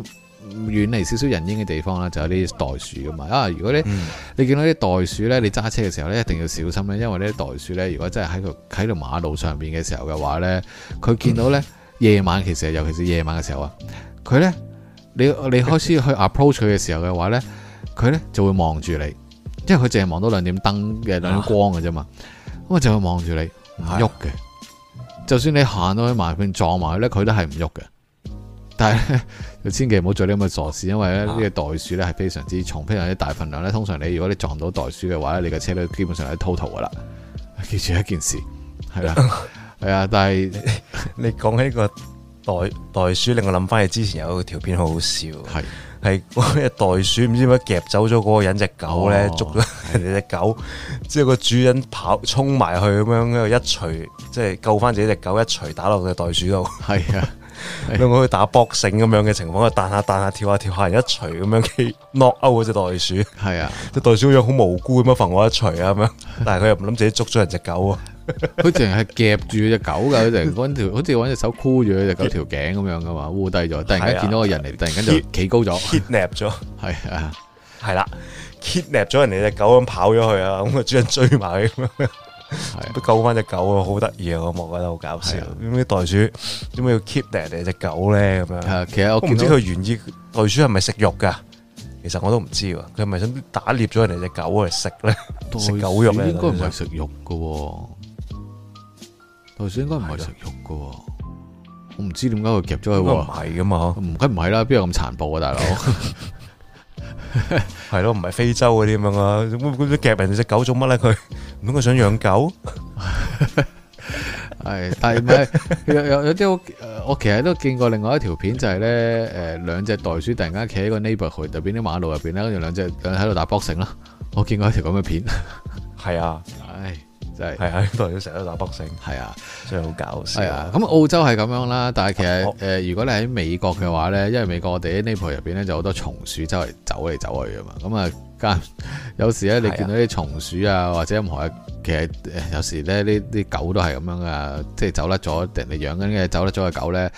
遠離少少人煙嘅地方啦，就有啲袋鼠噶嘛啊！如果你、嗯，你見到啲袋鼠咧，你揸車嘅時候咧，一定要小心咧，因為呢啲袋鼠咧，如果真係喺個喺條馬路上邊嘅時候嘅話咧，佢見到咧夜晚，其實尤其是夜晚嘅時候啊，佢咧，你你開始去 approach 佢嘅時候嘅話咧，佢咧就會望住你，因為佢淨係望到兩點燈嘅兩點光嘅啫嘛，咁啊就會望住你唔喐嘅，就算你行到去埋佢撞埋佢咧，佢都係唔喐嘅，但係。啊 千祈唔好做呢啲咁嘅傻事，因為咧呢個袋鼠咧係非常之重，非常之大份量咧。通常你如果你撞到袋鼠嘅話咧，你嘅車咧基本上係 total 噶啦。記住一件事，係啦，係 啊，但係你講起呢個袋袋鼠，令我諗翻起之前有一個條片好好笑，係係嗰袋鼠唔知點解夾走咗嗰個人隻狗咧，哦，捉咗人哋隻狗，之後個主人跑衝埋去咁樣，一錘即係救翻自己隻狗，一錘打落隻袋鼠度，係啊。兩個去打搏繩咁樣嘅情況，彈下彈下跳下跳下，人一錘咁樣 knock out 嗰隻袋鼠，係啊，隻袋鼠好似好無辜咁樣，伏我一錘啊咁樣，但係佢又唔諗自己捉咗人隻狗啊，佢淨係夾住隻狗噶，佢成日搵條，好似搵隻手箍住隻狗條頸咁樣噶嘛，烏低咗，突然間見到個人嚟，突然間就企高咗 kidnap 咗，係啊，係啦 kidnap 咗人哋隻狗咁跑咗去啊，咁個主人追埋去。都救翻隻狗啊，好得意啊，我望覺得好搞笑。袋、啊、鼠點解要 keep 人哋隻狗咧？咁樣其實我唔知佢原意袋鼠係咪食肉噶。其實我都唔知喎，佢係咪想打獵咗人哋隻狗嚟食咧？食狗肉咧、啊？應該唔係食肉噶，袋鼠應該唔係食肉噶。我唔知點解佢夾咗佢。應該唔係噶嘛？唔唔係啦，邊有咁殘暴啊，大佬？ 係 咯，唔係非洲嗰啲咁樣啊！夾人哋隻狗做乜咧？佢唔通佢想養狗？係係咪有有有啲我其實都見過另外一條片就係咧誒兩隻袋鼠突然間企喺個 neighborhood 入邊啲馬路入邊咧，跟住兩隻喺度打 boxing 啦！我見過一條咁嘅片，係 是啊，唉、 哎。就係、是、係啊，度、啊、要成日都打 boxing 係啊，所以好搞笑啊！咁、嗯嗯嗯、澳洲係咁樣啦、嗯，但係其實誒、哦，如果你喺美國嘅話咧，因為美國我哋喺呢盤入邊咧就好多松鼠周圍走嚟走去㗎嘛，咁啊間有時咧你見到啲松鼠啊，或者任何嘅，其實有時咧啲啲狗都係咁樣噶，即、就、係、是、走甩咗，人哋養緊嘅走甩咗嘅狗咧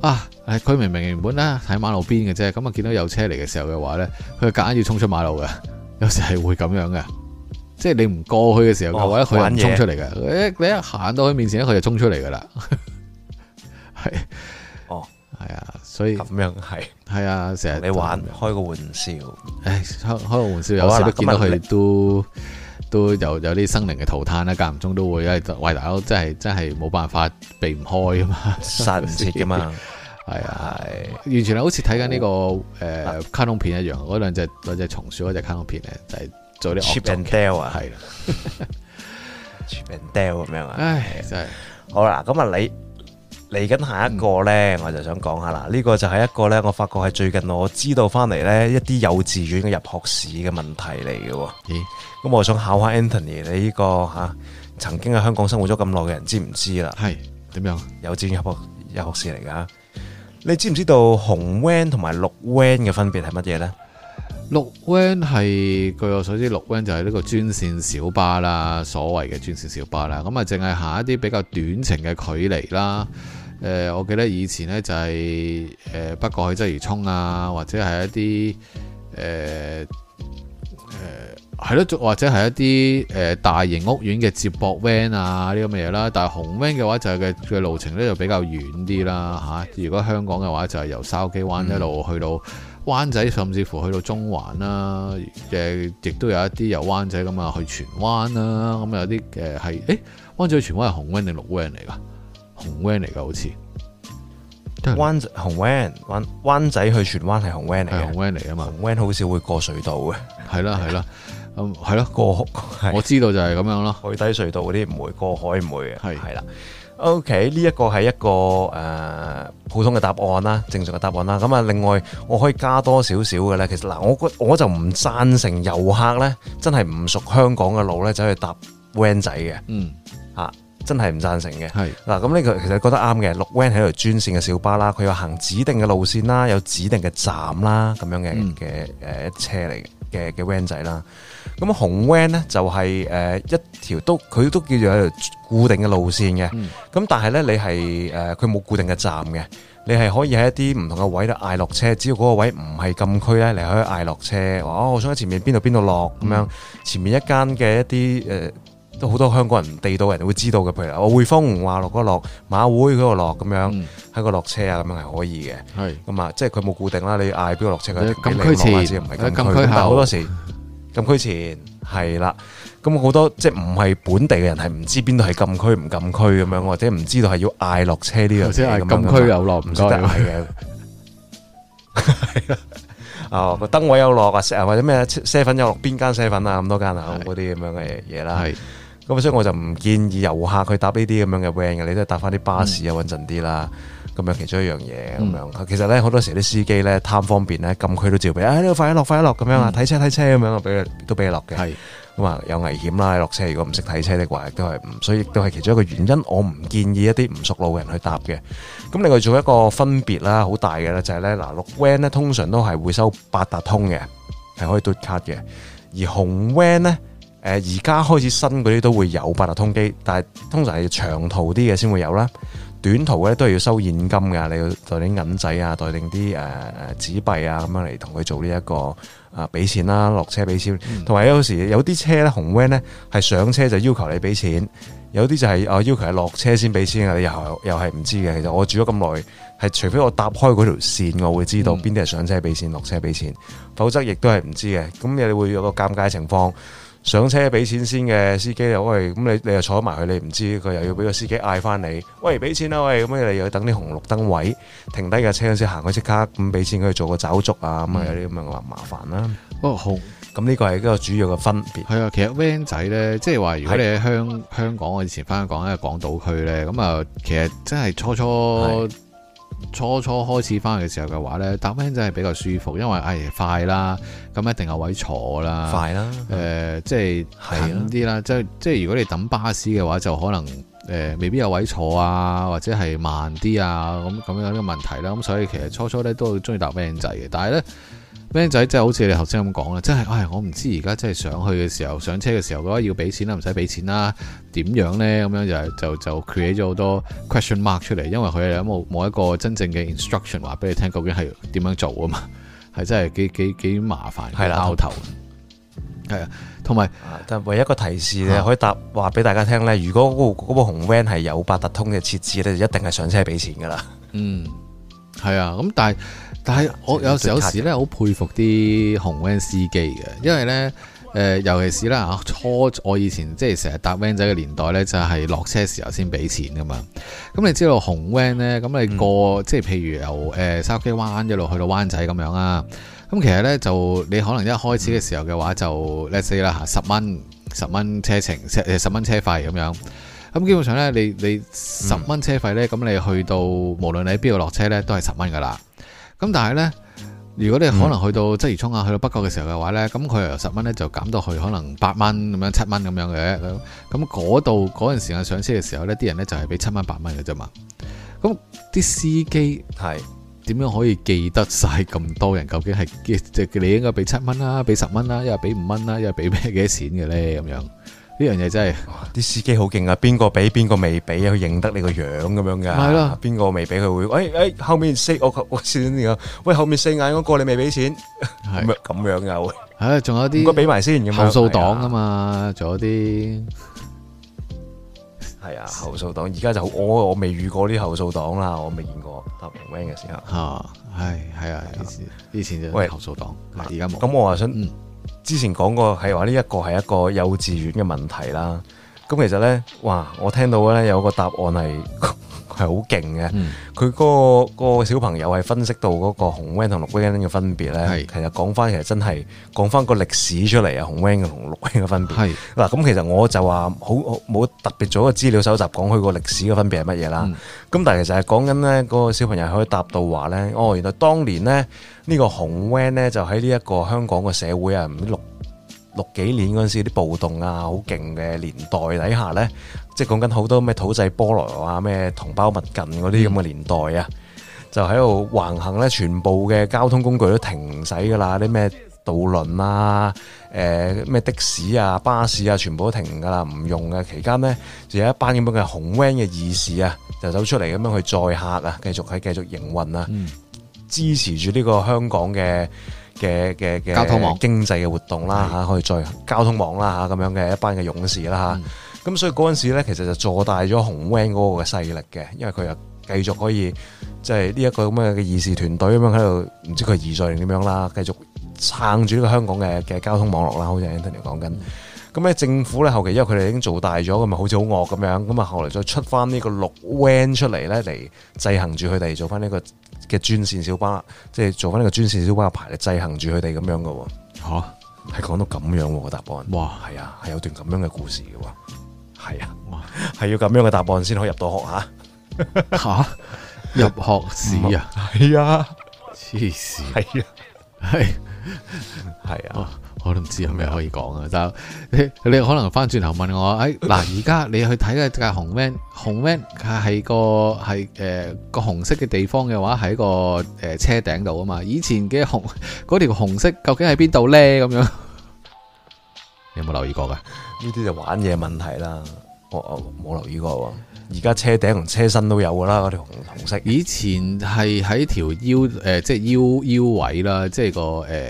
啊，佢明明原本咧喺馬路邊嘅啫，咁啊見到有車嚟嘅時候嘅話咧，佢夾硬要衝出馬路嘅，有時係會咁樣嘅。即係你唔過去嘅時候，為咗佢沖出嚟嘅，你一行到佢面前咧，佢就衝出嚟噶啦。係， 哦，係啊，所以咁樣係，係啊，成日你玩開個玩笑，唉，開個玩笑，哎玩笑啊、有時都見到佢都都，都有有啲生靈嘅塗炭啦，間唔中都會，喂大佬真係真係冇辦法避唔開啊嘛，殺唔切噶嘛，係 啊，係，完全係好似睇緊呢個誒卡通片一樣，嗰兩隻，隻松鼠嗰隻卡通片咧就係、是。做啲 Chip and Dale 啊，係 d Chip and Dale 咁樣啊，唉，真係好啦。咁啊，嚟嚟緊下一個咧、嗯，我就想講下啦。呢、這個就係一個咧，我發覺係最近我知道翻嚟咧一啲幼稚園嘅入學試嘅問題嚟嘅喎。咦、欸？咁我想考，考下 Anthony，你呢、這個嚇、啊、曾經喺香港生活咗咁耐嘅人，知唔知啦？係點樣幼稚園入學入學試嚟噶？你知唔知道紅 van 同埋綠 van 嘅分別係乜嘢咧？綠 van 係據我所知，綠 van 就係呢個專線小巴啦，所謂嘅專線小巴啦。咁啊，淨係行一啲比較短程嘅距離啦。誒、呃，我記得以前呢、就係，呃、過就係誒北角去鰂魚涌啊，或者係一啲誒誒係咯，或者係一啲誒、呃、大型屋苑嘅接駁 van 啊呢啲咁嘅嘢啦。但係紅 van 嘅話就係佢嘅路程呢就比較遠啲啦嚇。如果香港嘅話就係由筲箕灣一路去到。嗯灣仔甚至乎去到中環啦，誒，亦都有一啲由灣仔咁啊去荃灣啦，咁、嗯、有啲誒係，誒、欸，灣仔去荃灣係紅 van 定綠 van 嚟噶？紅 van 嚟噶，好似。灣紅 van，灣灣仔去荃灣係紅 van 嚟，係紅 van 嚟啊嘛。紅 van 好少會過隧道嘅，係啦係啦，咁係咯過，我知道就係咁樣咯。海底隧道嗰啲唔會過海，唔會嘅，係係啦。O K，呢一個係一個誒普通嘅答案啦，正常嘅答案啦。咁啊，另外我可以加多少少嘅咧？其實嗱，我我就唔贊成遊客咧，真係唔熟香港嘅路咧，走去搭 van 仔嘅。嗯，嚇、啊，真係唔贊成嘅。係嗱，咁、啊、呢個其實覺得啱嘅。綠 van 係一條專線嘅小巴啦，佢又行指定嘅路線啦，有指定嘅站啦，咁樣嘅嘅誒車嚟嘅嘅 van 仔啦。咁紅 van 咧就係誒一條都佢都叫做有固定嘅路線嘅，咁但係咧你係誒佢冇固定嘅站嘅，你係可以喺一啲唔同嘅位度嗌落車，只要嗰個位唔係禁區咧，你可以嗌落車。話哦，我想喺前面邊度邊度落咁樣，前面一間嘅一啲誒都好多香港人地道人會知道嘅譬如話，我匯豐話落嗰落馬會嗰度落咁樣喺個落車啊咁樣係可以嘅。係咁啊，即係佢冇固定啦，你嗌邊個落車啊？禁區前唔係禁區，但係好多時。禁區前係啦，咁好多即係唔係本地嘅人係唔知邊度係禁區唔禁區咁樣，或者唔知道係要嗌落車呢樣嘢咁樣，禁區有落唔得嘅。係啦，啊個燈位有落啊，或者咩車粉有落邊間車粉啊？咁多間啊，嗰啲咁樣嘅嘢啦。係，咁所以我就唔建議遊客去搭呢啲咁樣嘅 van 嘅，你都係搭翻啲巴士啊，穩陣啲啦。咁樣其中一樣嘢咁樣，其實咧好多時啲司機咧貪方便咧，禁區都照俾，呢、啊、你快一落快一落咁、嗯、樣啊，睇車睇車咁樣啊，俾佢都俾你落嘅。係咁啊、嗯，有危險啦，落車如果唔識睇車的話，都係唔，所以都係其中一個原因。我唔建議一啲唔熟路嘅人去搭嘅。咁另外做一個分別啦、就是，好大嘅咧，就係咧嗱，綠 van 咧通常都係會收八達通嘅，係可以嘟卡嘅。而紅 van 咧，而、呃、家開始新嗰啲都會有八達通機，但係通常係長途啲嘅先會有啦。短途咧都係要收現金噶，你要帶啲銀仔啊，帶定啲誒誒紙幣啊，咁樣嚟同佢做呢、這、一個啊俾錢啦，落車俾錢。同、嗯、埋有，有時有啲車咧紅 van 呢係上車就要求你俾錢，有啲就係啊要求係落車先俾錢嘅，你又又係唔知嘅。其實我住咗咁耐，係除非我搭開嗰條線，我會知道邊啲係上車俾錢，落車俾錢、嗯，否則亦都係唔知嘅。咁你會有個尷尬的情況。上車俾錢先嘅司機又喂，咁你你又坐埋去，你唔知佢又要俾個司機嗌翻你，喂俾錢啦、啊、喂，咁你又要等啲紅綠燈位停低架車先行，佢即刻咁俾錢佢做個走足啊，咁啊有啲咁樣話麻煩啦。哦好，咁呢個係一個主要嘅分別。係啊，其實 van 仔咧，即係話如果你喺香香港，我以前翻香港喺港島區咧，咁啊其實真係初初。初初開始翻去嘅時候嘅話呢，搭 van 仔係比較舒服，因為誒快啦，咁一定有位坐啦，快啦，誒即係近啲啦，即係即係如果你等巴士嘅話，就可能、呃、未必有位坐啊，或者係慢啲啊，咁咁樣嘅問題啦，咁所以其實初初呢都中意搭 van 仔嘅，但係呢。van 仔即係、就是、好似你頭先咁講啦，真係，唉、哎，我唔知而家即係上去嘅時候上車嘅時候，嗰個要俾錢啦，唔使俾錢啦，點樣呢？咁樣就就就 create 咗好多 question mark 出嚟，因為佢有冇冇一個真正嘅 instruction 話俾你聽，究竟係點樣做啊嘛？係真係幾幾幾麻煩，係啦，拗頭，頭，係啊，同埋，但唯一個個提示、啊、可以答話俾大家聽呢：如果嗰個紅個紅 van 係有八達通嘅設置咧，就一定係上車俾錢噶啦，嗯。係啊，咁但係但係我有時有時咧，好佩服啲紅 van 司機嘅，因為咧誒、呃，尤其是啦初我以前即係成日搭 van 仔嘅年代咧，就係、是、落車時候先俾錢噶嘛。咁你知道紅 van 咧，咁你過即係、嗯、譬如由誒筲箕灣一路去到灣仔咁樣啊。咁其實咧就你可能一開始嘅時候嘅話就 let's say 啦嚇，十蚊十蚊車程，十蚊車費咁樣。咁基本上咧，你你十蚊車費咧，咁你去到無論你喺邊度落車咧，都係十蚊噶啦。咁但係咧，如果你可能去到鰂魚涌啊，去到北角嘅時候嘅話咧，咁佢由十蚊咧就減到去可能八蚊咁樣、七蚊咁樣嘅。咁嗰度嗰陣時間上車嘅時候咧，啲人咧就係俾七蚊、八蚊嘅啫嘛。咁啲司機係點樣可以記得晒咁多人？究竟係即係你應該俾七蚊啦，俾十蚊啦，一係俾五蚊啦，一係俾咩幾多錢嘅咧？咁樣？呢樣嘢真係，啲司機好勁啊！邊個俾邊個未俾啊？佢認得你個樣咁樣噶，係咯？邊個未俾佢會？喂、欸、誒、欸，後面四我我試試喂，後面四眼嗰個你未俾錢？係咪咁樣噶會？仲有啲，應該俾埋先咁後數黨啊嘛，仲有啲係啊，後數黨而家就我我未遇過啲後數黨啦，我未見過。搭 v a 嘅時候，吓、啊，係係啊，以前以就後數黨，而家冇。咁我話想。嗯之前講過係話呢一個係一個幼稚園嘅問題啦，咁其實呢，哇，我聽到呢有一個答案係。 係好勁嘅，佢個個小朋友係分析到嗰個紅 van 同綠 van 嘅分別咧。係其實講翻，其實真係講翻個歷史出嚟啊！紅 van 同綠 van 嘅分別。係嗱，咁其實我就話好冇特別做一個資料搜集，講佢個歷史嘅分別係乜嘢啦。咁但係其實係講緊咧，個小朋友可以答到話咧，哦，原來當年咧呢個紅 van 咧就喺呢一個香港個社會啊，唔啲綠。六幾年嗰陣時啲暴動啊，好勁嘅年代底下咧，即係講緊好多咩土製菠蘿啊，咩同胞勿近嗰啲咁嘅年代啊，就喺度橫行咧，全部嘅交通工具都停駛噶啦，啲咩渡輪啊、誒、呃、咩的士啊、巴士啊，全部都停噶啦，唔用嘅期間呢，就有一班咁樣嘅紅 van 嘅義士啊，就走出嚟咁樣去載客啊，繼續喺繼續營運啊，嗯、支持住呢個香港嘅。嘅嘅嘅經濟嘅活動啦、啊、可以再交通網啦，嚇咁樣嘅一班嘅勇士啦，咁、嗯、所以嗰陣時咧，其實就坐大咗紅 van 嗰個嘅勢力嘅，因為佢又繼續可以即係呢一個咁嘅議事團隊咁樣喺度，唔知佢係二帥定點樣啦，繼續撐住呢個香港嘅嘅交通網絡啦，好似 Anthony 同你講緊。咁、嗯、咧政府咧後期因為佢哋已經做大咗，咁咪好似好惡咁樣，咁啊後嚟再出翻呢個綠 van 出嚟咧嚟制衡住佢哋做翻呢、這個。嘅專線小巴，即係做翻呢個專線小巴嘅牌嚟制衡住佢哋咁樣嘅，吓係講到咁樣個答案，哇，係啊，係有段咁樣嘅故事嘅，係啊，係要咁樣嘅答案先可以入到學吓，吓、啊、入學時啊，係啊，黐線，係啊，係係啊。我都唔知有咩可以講啊！就你你可能翻轉頭問我，誒、哎、嗱，而家你去睇下架紅 van，紅 van 係個係誒、呃、個紅色嘅地方嘅話，喺個誒、呃、車頂度啊嘛。以前嘅紅嗰條紅色究竟喺邊度呢？咁樣你有冇留意過噶？呢啲就玩嘢問題啦。我冇留意過。而家車頂同車身都有噶啦，嗰條紅,紅色。以前係喺條腰誒、呃，即係腰腰位啦，即係個誒。呃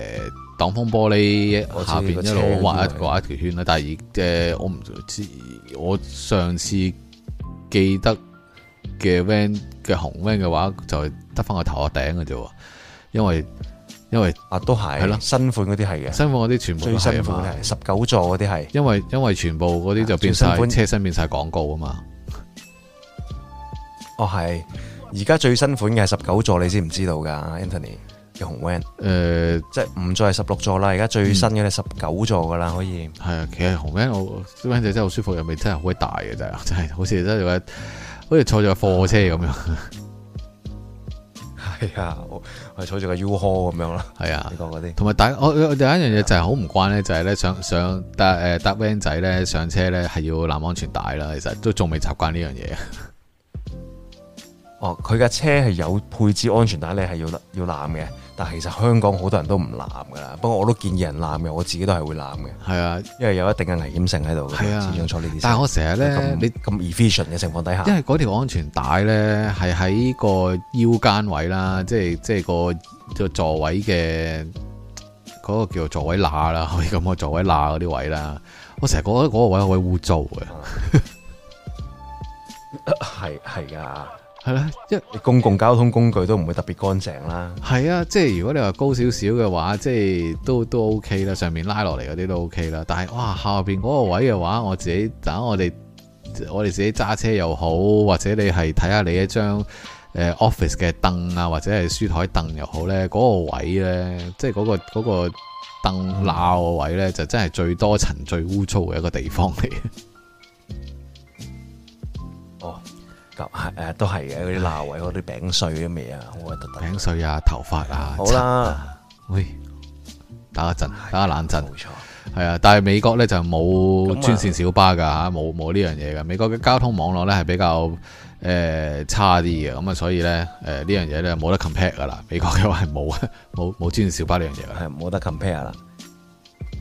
擋風玻璃我下邊一路畫一個畫一條圈啦，但係嘅、呃、我唔知，我上次記得嘅 van 嘅紅 van 嘅話就係得翻個頭殼頂嘅啫，因為因為啊都係係咯，新款嗰啲係嘅，新款嗰啲全、啊、全部係嘅、啊、最新款，十九座嗰啲係，因為因為全部嗰啲就變新款車身變晒廣告啊嘛，哦係，而家最新款嘅係十九座你知唔知道噶，Anthony？紅 van，誒、呃，即係唔再係十六座啦，而家最新嘅咧十九座噶啦、嗯，可以。係啊，其實紅 van 我啲 van 仔真係好舒服，入面真係好鬼大嘅，真係，真係好似真係好似坐住個貨車咁樣。係啊， 我係坐住個 U-Haul 咁樣啦。係啊，啲、這個。同埋，大我第一樣嘢就係好唔慣咧，就係、是、咧上上搭誒、呃、搭 van 仔咧上車咧係要攬安全帶啦。其實都仲未習慣呢樣嘢。哦，佢架車係有配置安全帶，你係要攬要攬嘅。但其實香港好多人都唔攬噶啦，不過我都建議人攬嘅，我自己都係會攬嘅。係啊，因為有一定嘅危險性喺度。係啊，始終坐呢啲。但係我成日咧，你咁 efficient 嘅情況底下，因為嗰條安全帶咧係喺個腰間位啦，即係即係個個座位嘅嗰個叫做座位罅啦，可以咁嘅座位罅嗰啲位啦。我成日覺得嗰個位好污糟嘅，係係㗎。係啦、啊，一公共交通工具都唔會特別乾淨啦。係啊，即係如果你話高少少嘅話，即係都都 OK 啦。上面拉落嚟嗰啲都 OK 啦。但係哇，下邊嗰個位嘅話，我自己等、啊、我哋我哋自己揸車又好，或者你係睇下你一張誒、呃、office 嘅凳啊，或者係書枱凳又好咧，嗰、那個位咧，即係嗰、那個、那個凳撈個位咧，就真係最多塵最污糟嘅一個地方嚟。誒，都係嘅嗰啲鬧位，嗰啲餅碎嘅味啊！我覺得餅碎啊，頭髮啊，好啦，喂、啊，打下陣，打下冷陣，冇錯，係啊。但係美國咧就冇專線小巴噶嚇，冇冇呢樣嘢嘅。美國嘅交通網絡咧係比較誒、呃、差啲嘅，咁啊，所以咧誒呢樣嘢咧冇得 compare 噶啦。美國又係冇冇冇專線小巴呢樣嘢啊，係冇得 compare 啦。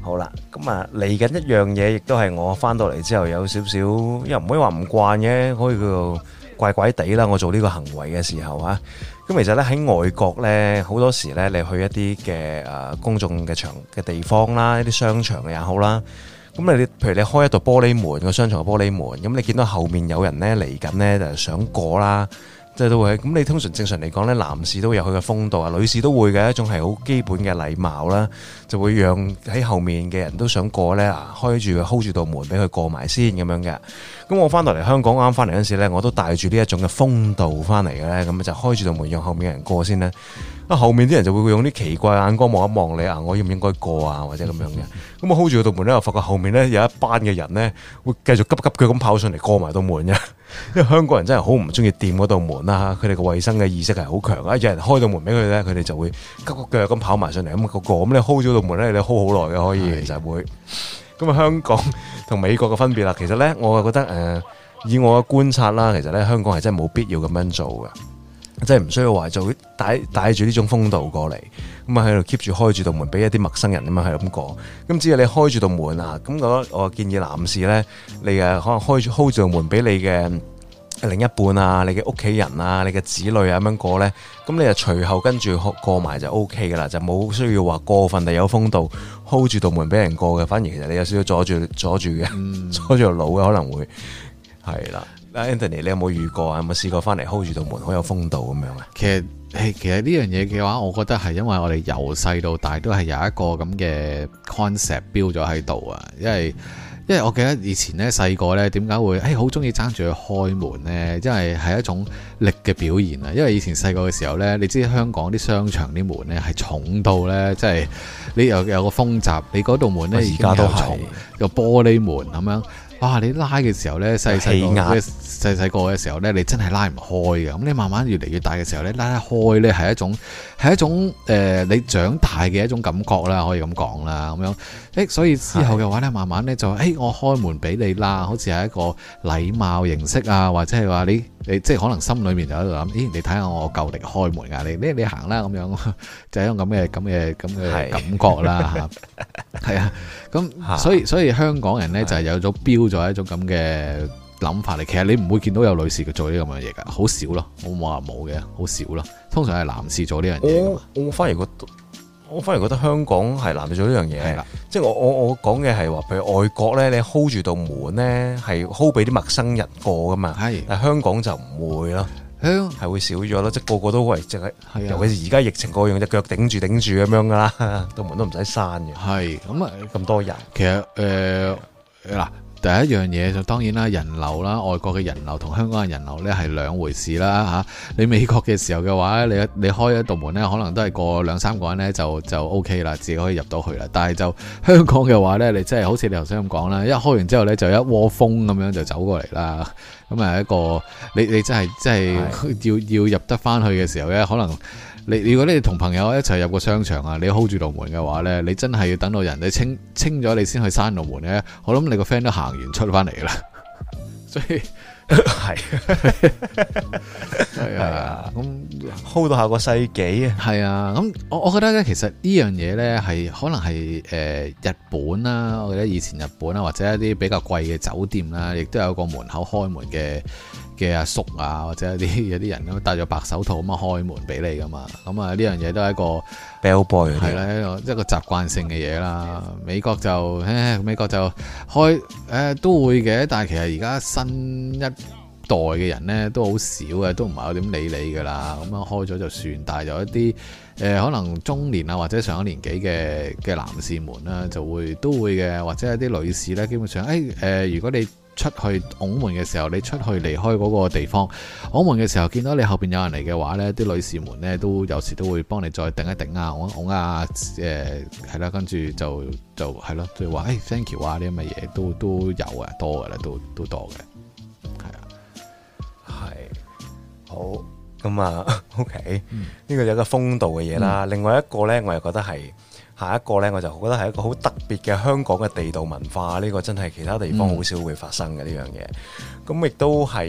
好啦，咁啊嚟緊一樣嘢，亦都係我翻到嚟之後有少少，因又唔可以話唔慣嘅，可以叫做。怪怪地啦，我做呢個行為嘅時候啊，咁其實咧喺外國呢，好多時呢，你去一啲嘅誒公眾嘅場嘅地方啦，一啲商場也好啦，咁你譬如你開一道玻璃門，個商場嘅玻璃門，咁你見到後面有人呢嚟緊呢，就想過啦。.即係都會咁，你通常正常嚟講咧，男士都有佢嘅風度啊，女士都會嘅一種係好基本嘅禮貌啦，就會讓喺後面嘅人都想過咧，開住、hold 住道門俾佢過埋先咁樣嘅。咁我翻到嚟香港啱翻嚟嗰陣時咧，我都帶住呢一種嘅風度翻嚟嘅咧，咁就開住道門讓後面嘅人過先咧。啊，後面啲人就會用啲奇怪眼光望一望你啊，我應唔應該過啊，或者咁樣嘅。咁我 hold 住個道門咧，我發覺後面咧有一班嘅人咧會繼續急急腳咁跑上嚟過埋道門嘅。因為香港人真係好唔中意掂嗰道門啦，佢哋個衛生嘅意識係好強啊！有人開到門俾佢咧，佢哋就會急腳咁跑埋上嚟，咁、咁個個咁你 hold 咗道門咧，你 hold 好耐嘅可以，其實會咁啊、呃。香港同美國嘅分別啦，其實咧我啊覺得誒，以我嘅觀察啦，其實咧香港係真係冇必要咁樣做嘅。即係唔需要話做帶帶住呢種風度過嚟，咁啊喺度 keep 住開住道門俾一啲陌生人咁啊喺度咁過，咁只要你開住道門啊，咁我建議男士呢，你啊可能開住 hold 住道門俾你嘅另一半啊、你嘅屋企人啊、你嘅子女啊咁樣過呢。咁你就隨後跟住過埋就 OK 噶啦，就冇需要話過分地有風度 hold 住道門俾人過嘅，反而其實你有少少阻住阻住嘅，阻住個腦嘅可能會係啦。嗯 Anthony，你有冇遇過啊？有冇試過翻嚟 hold 住道門好有風度咁樣啊？其實其實呢樣嘢嘅話，我覺得係因為我哋由細到大都係有一個咁嘅 concept 標咗喺度啊。因為因為我記得以前呢，細個呢點解會誒好中意爭住去開門呢，因為係一種力嘅表現啊。因為以前細個嘅時候呢，你知香港啲商場啲門呢係重到呢，即係你又有個風閘，你嗰道門呢，而家都重個玻璃門咁樣。哇、啊！你拉嘅時候呢，細細個嘅細細個嘅時候呢，你真係拉唔開嘅。咁你慢慢越嚟越大嘅時候呢，拉開呢係一種係一種誒、呃，你長大嘅一種感覺啦，可以咁講啦，咁樣誒，所以之後嘅話呢，慢慢呢就誒、欸，我開門俾你啦，好似係一個禮貌形式啊，或者係話你。你即係可能心裏面就喺度諗，咦、欸？你睇下我夠力開門㗎，你呢？你行啦咁樣，就係一種咁嘅咁嘅咁嘅感覺啦，嚇，係啊。咁所以所以香港人咧就係有咗標咗一種咁嘅諗法嚟。其實你唔會見到有女士嘅做呢咁嘅嘢㗎，好少咯。我冇話冇嘅，好少咯。通常係男士做呢樣嘢。我反而我反而覺得香港係難做咗呢樣嘢，即係我我我講嘅係話，譬如外國咧，你 hold 住道門咧，係 hold 俾啲陌生人過噶嘛，係，但香港就唔會咯，香係會少咗咯，即係個個都喂，即係尤其是而家疫情嗰樣，隻腳頂住頂住咁樣噶啦，道門都唔使閂嘅，係，咁啊咁多人，其實誒嗱。呃第一樣嘢就當然啦，人流啦，外國嘅人流同香港嘅人流呢係兩回事啦吓。你美國嘅時候嘅話，你你開一道門呢，可能都係過兩三個人呢，就就 O K 啦，自己可以入到去啦。但係就香港嘅話呢，你真係好似你頭先咁講啦，一開完之後呢，就一窩蜂咁樣就走過嚟啦。咁啊一個你你真係真係要要入得翻去嘅時候呢，可能。你如果你同朋友一齊入個商場啊，你 hold 住道門嘅話呢，你真係要等到人哋清清咗，你先去閂道門呢。我諗你個 friend 都行完出翻嚟啦。所以係 係 是啊，咁 hold 到下個世紀啊。係啊，咁我我覺得呢，其實呢樣嘢呢，係可能係誒、呃、日本啦，我記得以前日本啊，或者一啲比較貴嘅酒店啦，亦都有一個門口開門嘅。嘅阿叔啊，或者一啲有啲人咁戴咗白手套咁啊，開門俾你噶嘛。咁啊，呢樣嘢都係一個 bell boy 係啦，一個習慣性嘅嘢啦。美國就、唉美國就開、呃、都會嘅，但係其實而家新一代嘅人咧都好少嘅，都唔係有點理你噶啦。咁啊，開咗就算，但係有一啲、呃、可能中年啊或者上咗年紀嘅嘅男士們啦，就會都會嘅，或者一啲女士咧，基本上誒、呃，如果你出去拱門嘅時候，你出去離開嗰個地方拱門嘅時候，見到你後邊有人嚟嘅話呢，啲女士們呢都有時都會幫你再頂一頂啊，拱拱啊，誒係啦，跟住就就係咯，就話誒、欸、thank you 啊啲咁嘅嘢都都有啊，多噶啦，都都多嘅，係啊，係好，咁啊，OK，呢、嗯這個有一個風度嘅嘢啦，嗯，另外一個呢，我又覺得係。下一個呢，我就覺得係一個好特別嘅香港嘅地道文化，呢個真係其他地方好少會發生嘅呢樣嘢。咁亦都係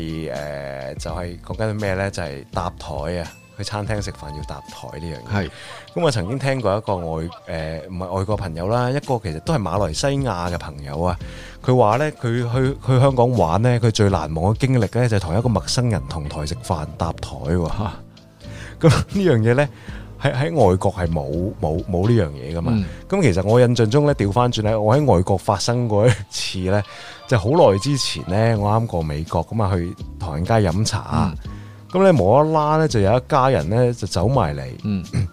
誒，就係講緊咩呢？就係搭台啊，去餐廳食飯要搭台呢樣嘢。咁我曾經聽過一個外誒，唔係外國朋友啦，一個其實都係馬來西亞嘅朋友啊。佢話呢，佢去去香港玩呢，佢最難忘嘅經歷呢，就係同一個陌生人同台食飯搭台喎。嚇！咁呢樣嘢呢。喺喺外國係冇冇冇呢樣嘢噶嘛？咁、嗯、其實我印象中咧，調翻轉咧，我喺外國發生過一次咧，就好耐之前咧，我啱過美國咁啊，去唐人街飲茶咁咧，冇啦啦咧就有一家人咧就走埋嚟，就、嗯、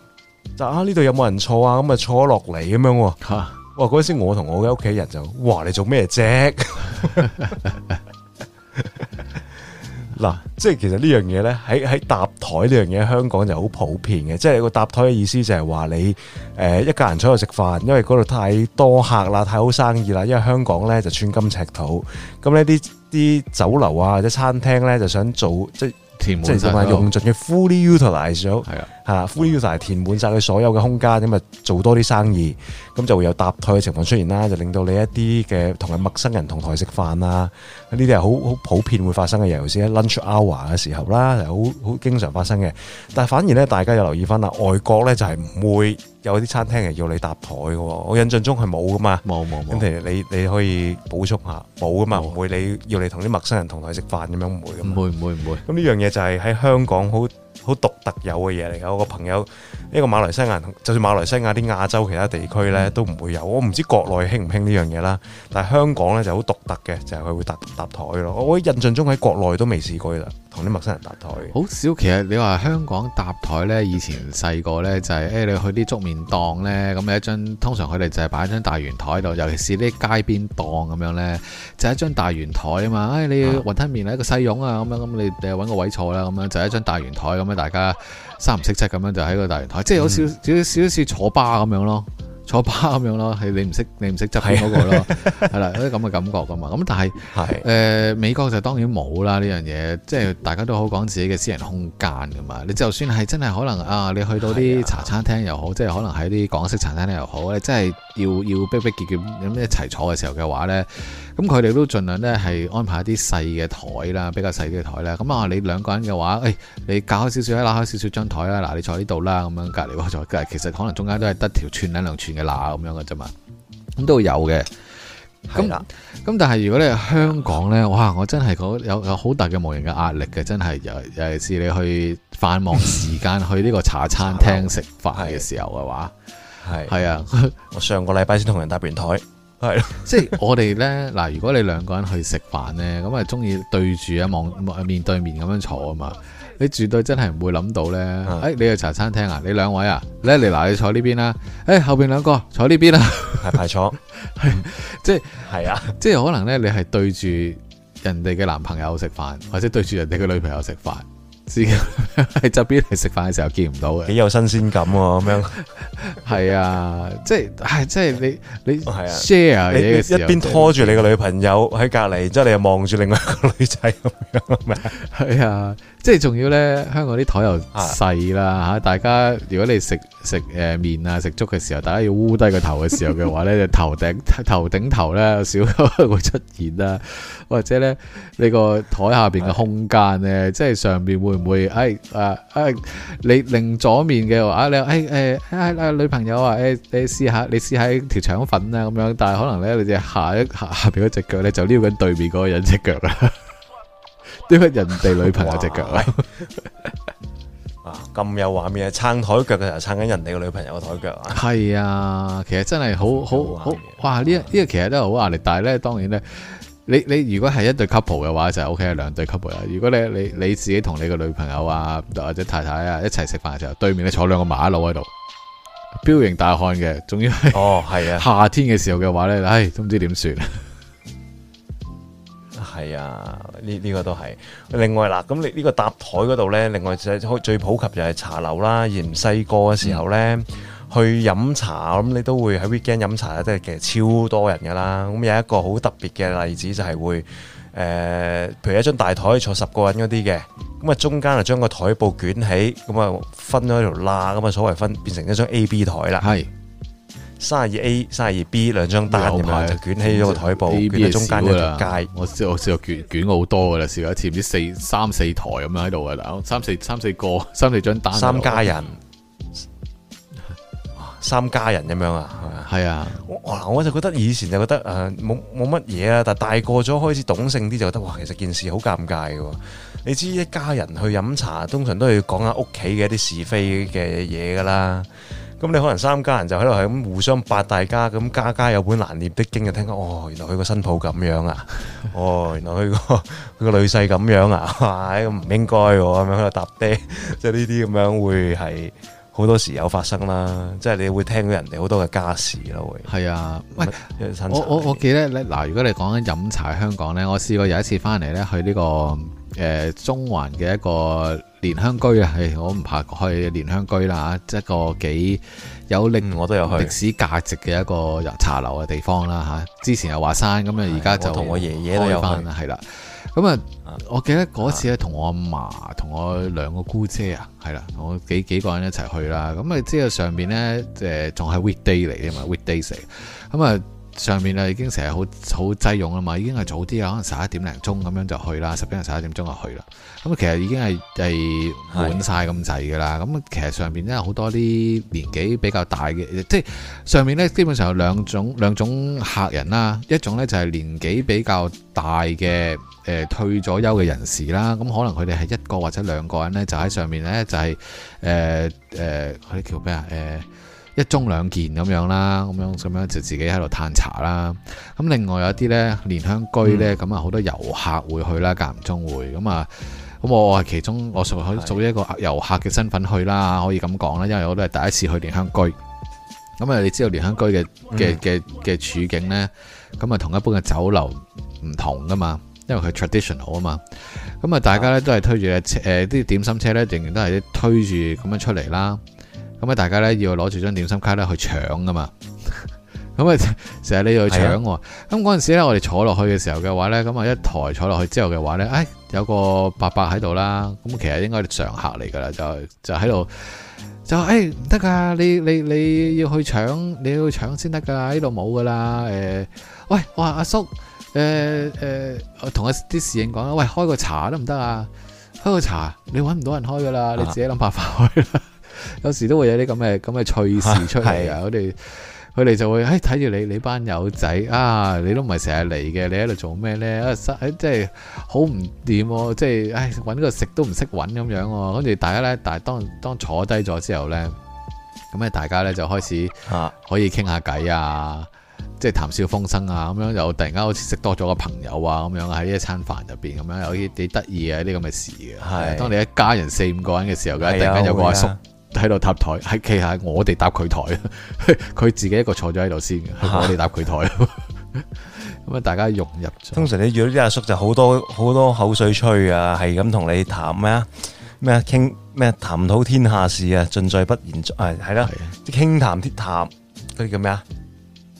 啊呢度有冇人坐啊？咁啊坐落嚟咁樣，啊、哇！嗰陣時我同我嘅屋企人就，哇！你做咩啫？ 嗱，即係其實呢樣嘢呢，喺喺搭台呢樣嘢，香港就好普遍嘅。即係個搭台嘅意思就係話你，誒，一家人坐喺度食飯，因為嗰度太多客啦，太好生意啦。因為香港呢就寸金尺土，咁呢啲啲酒樓啊或者餐廳呢，就想做即。那個、即係用盡嘅 fully utilise 咗，係啊吓，fully utilise 填滿晒佢所有嘅空間，咁啊做多啲生意，咁就會有搭台嘅情況出現啦，就令到你一啲嘅同陌生人同台食飯啊，呢啲係好好普遍會發生嘅嘢，尤其是 lunch hour 嘅時候啦，好好經常發生嘅。但係反而咧，大家又留意翻啦，外國咧就係唔會。有啲餐廳係要你搭台嘅，我印象中係冇嘅嘛。冇冇冇。咁其實你可以補充一下，冇嘅嘛，唔會你要你同啲陌生人同台食飯咁樣，唔會嘅。唔會唔會唔會。咁呢樣嘢就係喺香港好。好獨特有嘅嘢嚟㗎，我個朋友呢個馬來西亞人，就算馬來西亞啲亞洲其他地區呢，都唔會有，我唔知國內興唔興呢樣嘢啦。但係香港呢就好獨特嘅，就係、是、佢會搭搭台咯。我印象中喺國內都未試過㗎，同啲陌生人搭台。好少，其實你話香港搭台呢，以前細個呢就係、是、誒、 哎，你去啲粥麵檔呢，咁有一張通常佢哋就係擺一張大圓台度，尤其是啲街邊檔咁樣呢，就係、是、一張大圓台啊嘛。你要雲吞麵啊，一、那個細蓉啊咁樣，咁你你揾個位坐啦，咁樣就係、是、一張大圓台。咁大家三唔識七咁樣就喺個大圓台，即係有少少少似坐巴咁樣咯，坐巴咁樣咯，係你唔識你唔識執嗰個咯，係啦，有啲咁嘅感覺噶嘛。咁但係、 呃、美國就當然冇啦呢樣嘢，即係大家都好講自己嘅私人空間噶嘛。你就算係真係可能啊，你去到啲茶餐廳又好，啊、即係可能喺啲港式茶餐廳又好咧，真係。要要逼逼結結咁一齊坐嘅時候嘅話呢？咁佢哋都盡量呢係安排一啲細嘅台啦，比較細啲嘅台啦。咁啊，你兩個人嘅話，誒、哎，你搞開少少，拉開少少張台啦。嗱，你坐呢度啦，咁樣隔籬話坐，其實可能中間都係得條寸、兩兩寸嘅罅咁樣嘅啫嘛。咁都會有嘅。咁咁，但係如果你香港呢，哇，我真係有有好大嘅無形嘅壓力嘅，真係又尤其是你去繁忙時間 去呢個茶餐廳食飯嘅時候嘅話。係係啊！我上個禮拜先同人搭便枱，係即係我哋呢，嗱。如果你兩個人去食飯呢，咁係中意對住啊望面對面咁樣坐啊嘛。你絕對真係唔會諗到呢。誒、嗯哎，你去茶餐廳啊，你兩位啊，你嚟，嗱，你，你坐呢邊啦，誒、哎，後邊兩個坐呢邊啦，排排坐，即係係啊，即係可能呢，你係對住人哋嘅男朋友食飯，或者對住人哋嘅女朋友食飯。自己喺側邊嚟食飯嘅時候見唔到嘅，幾有新鮮感喎咁樣。係 啊，即、就、係、係，係即係你 你 share 嘢嘅時候，一邊拖住你個女朋友喺隔籬，之 後你又望住另外一個女仔咁樣，係 啊。即係仲要咧，香港啲台又細啦、啊、大家如果你食食誒麵啊食粥嘅時候，大家要烏低個頭嘅時候嘅話咧， 頭頂頭頂頭咧有少少會出現啦，或者咧呢個台下面嘅空間咧、啊，即係上面會唔會誒、哎、啊，啊你令左面嘅啊你誒誒誒女朋友啊誒、哎、你試下你試下條腸粉啊咁樣，但係可能咧你只下一下下邊嗰隻腳咧就撩緊對面嗰個人隻腳啦。點解人哋女朋友隻腳啊！咁有畫面啊！撐台腳嘅時候撐緊人哋個女朋友個台腳啊！係、哎、啊，其實真係好好好哇！呢呢、這個其實都係好壓力，但係咧，當然咧，你你如果係一對 couple 嘅話就是、OK，兩對 couple 啊！如果你你你自己同你個女朋友啊或者太太啊一齊食飯嘅時候，對面咧坐兩個馬路喺度，彪形大漢嘅，仲要係哦係啊，夏天嘅時候嘅話咧，唉都唔知點算。係啊，呢、這、呢個都係。另外啦，咁你呢個搭台嗰度呢，另外最最普及就係茶樓啦。以前細個嘅時候呢，嗯、去飲茶，我諗你都會喺 weekend 飲茶咧，即係其實超多人噶啦。咁有一個好特別嘅例子就係會誒、呃，譬如一張大台坐十個人嗰啲嘅，咁啊中間就將個台布捲起，咁啊分咗條罅，咁啊所謂分變成一張 A B 台啦，係。三十二 A、三十二 B 兩張單咁樣，就捲起咗個台布，捲中間 A，一條街。我我試過捲捲好多噶啦，試過一次唔知四三四台咁樣喺度啊，三四三四個三四張單。三家人，三家人咁樣啊？係啊我，我就覺得以前就覺得誒冇冇乜嘢啊，但大個咗開始懂性啲，就覺得其實件事好尷尬嘅。你知一家人去飲茶，通常都係講下屋企嘅一啲是非嘅嘢噶啦。咁你可能三家人就喺度係咁互相八大家，咁家家有本難念的經，就聽講哦，原來佢個新抱咁樣啊，哦，原來佢個佢個女婿咁樣啊，唉，唔應該咁樣喺度搭爹，即係呢啲咁樣會係。好多時有發生啦，即係你會聽到人哋好多嘅家事啦，會。係啊，喂，我我我記得咧，嗱，如果你講緊飲茶喺香港咧，我試過有一次翻嚟咧，去呢個誒中環嘅一個蓮香居啊，係我唔怕去蓮香居啦吓一個幾有令我都有歷史價值嘅一個茶樓嘅地方啦吓、嗯、之前又話山咁樣，而家就同我，我爺爺都有翻啦，係啦。咁啊，我記得嗰次呢，同、啊、我阿媽、同我兩個姑姐啊，係啦，我幾幾個人一齊去啦。咁啊，之後上面呢，誒，仲係 Weekday 嚟啊嘛，Weekdays 嚟。咁啊。上面啊，已經成日好好擠擁啊嘛，已經係早啲啊，可能十一點零鐘咁樣就去啦，十點十一點鐘就去啦。咁啊，其實已經係係滿晒咁滯噶啦。咁其實上面因好多啲年紀比較大嘅，即係上面咧基本上有兩種兩種客人啦。一種咧就係年紀比較大嘅誒退咗休嘅人士啦。咁可能佢哋係一個或者兩個人咧，就喺上面咧就係誒誒，佢叫咩啊誒？呃一盅兩件咁樣啦，咁樣咁樣就自己喺度歎茶啦。咁另外有啲呢蓮香居呢，咁、嗯、啊，好多遊客會去啦，間唔中會咁啊。咁我係其中，我仲可以做一個遊客嘅身份去啦，可以咁講啦，因為我都係第一次去蓮香居。咁啊，你知道蓮香居嘅嘅嘅嘅處境呢，咁啊同一般嘅酒樓唔同噶嘛，因為佢係 traditional 啊嘛。咁啊，大家呢都係推住誒啲點心車呢，仍然都係推住咁樣出嚟啦。咁啊！大家咧要攞住張點心卡咧去搶噶嘛，咁啊成日你要去搶。咁嗰陣時咧，我哋坐落去嘅時候嘅話咧，咁啊一台坐落去之後嘅話咧，哎，有個伯伯喺度啦，咁其實應該係常客嚟噶啦，就就喺度就哎唔得噶，你你你要去搶，你要搶先得噶，呢度冇噶啦。誒、欸，喂，我話阿叔，誒、欸、誒，同、呃、我啲侍應講啦，喂，開個茶得唔得啊？開個茶，你搵唔到人開噶啦，你自己諗辦法開啦。有時都會有啲咁嘅咁嘅趣事出嚟嘅，佢哋佢哋就會誒睇住你你呢班友仔啊，你都唔係成日嚟嘅，你喺度做咩咧？喺即係好唔掂，即係誒揾個食都唔識揾咁樣、啊。跟住大家咧，但係當當坐低咗之後咧，咁咧大家咧就開始可以傾下偈啊，啊即係談笑風生啊，咁樣又突然間好似識多咗個朋友啊，咁樣喺一餐飯入邊咁樣，有啲幾得意啊呢咁嘅事嘅、啊。係，當你一家人四五個人嘅時候，佢突然間有個阿叔。喺度搭台，喺企下我哋搭佢台，佢自己一個坐咗喺度先，我哋搭佢台。咁啊， 大家融入。通常你遇到啲阿叔，就好多好多口水吹啊，係咁同你談咩啊？咩啊？傾咩？談討天下事啊，盡在不言。誒，係啦，啲傾談啲談，嗰啲叫咩啊？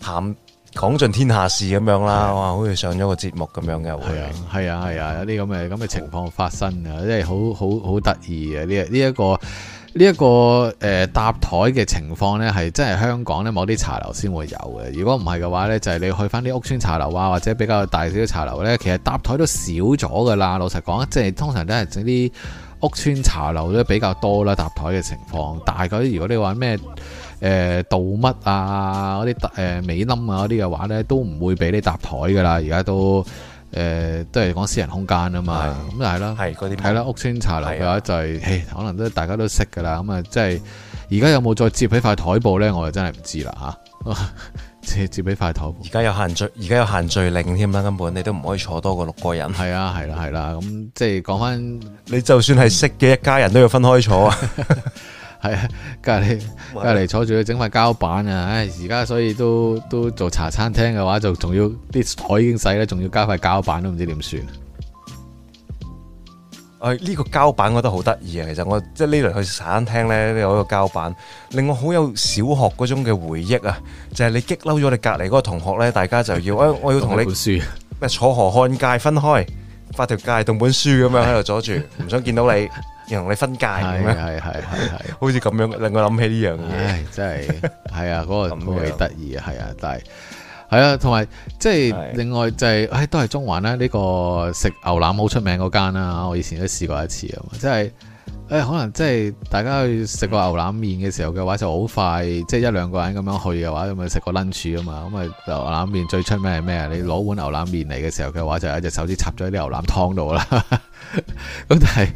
談講盡天下事咁樣啦、啊，哇！好似上咗個節目咁樣嘅，係啊，係啊，係啊，有啲咁嘅咁嘅情況發生啊，真係好好好得意啊！呢呢一個。呢個呢、這、一個、呃、搭台嘅情況呢，係真係香港呢某啲茶樓先會有嘅。如果唔係嘅話呢就係、是、你去翻啲屋村茶樓啊，或者比較大小嘅茶樓呢，其實搭台都少咗噶啦。老實講，即係通常都係整啲屋村茶樓都比較多啦搭台嘅情況。大概，如果你話咩誒道乜啊嗰啲誒美冧啊嗰啲嘅話呢，都唔會俾你搭台噶啦。而家都。誒、呃、都係講私人空間啊嘛，咁就係啦，嗰啲，係啦、啊啊啊、屋村茶樓嘅話就係、是啊哎，可能都大家都識噶啦，咁啊即係而家有冇再接起塊台布咧？我就真係唔知啦嚇即、啊、 接接起塊台布。而家有限聚，而家有限聚令添啦，根本你都唔可以坐多過六個人。係啊，係啦、啊，係啦、啊，咁、啊、即係講翻，你就算係識嘅一家人都要分開坐啊。 係、啊、隔籬隔籬坐住去整塊膠板啊！唉、哎，而家所以都都做茶餐廳嘅話就，就仲要啲台已經洗啦，仲要加塊膠板都唔知點算。誒、哎、呢、這個膠板我覺得好得意啊！其實我即係呢輪去茶餐廳咧，有一個膠板令我好有小學嗰種嘅回憶啊！就係、是、你激嬲咗你隔籬嗰個同學咧，大家就要誒、哎哎，我要同你咩坐河漢界分開，隔條界同本書咁樣喺度阻住，唔、哎、想見到你。 人同你分界咁樣，係係係好似咁樣令我諗起呢樣嘢，唉，真係係 啊！嗰個都幾得意啊，係啊，但係係啊，同埋即係另外就係，唉，都係中環啦。呢個食牛腩好出名嗰間啦，我以前都試過一次啊，即係。誒、哎，可能即係大家去食個牛腩麵嘅時候嘅話，就好快，即係一兩個人咁樣去嘅話，咁咪食個 lunch 啊嘛，咁啊牛腩麵最出名係咩啊？你攞碗牛腩麵嚟嘅時候嘅話，就有一隻手指插咗喺啲牛腩湯度啦。咁 但係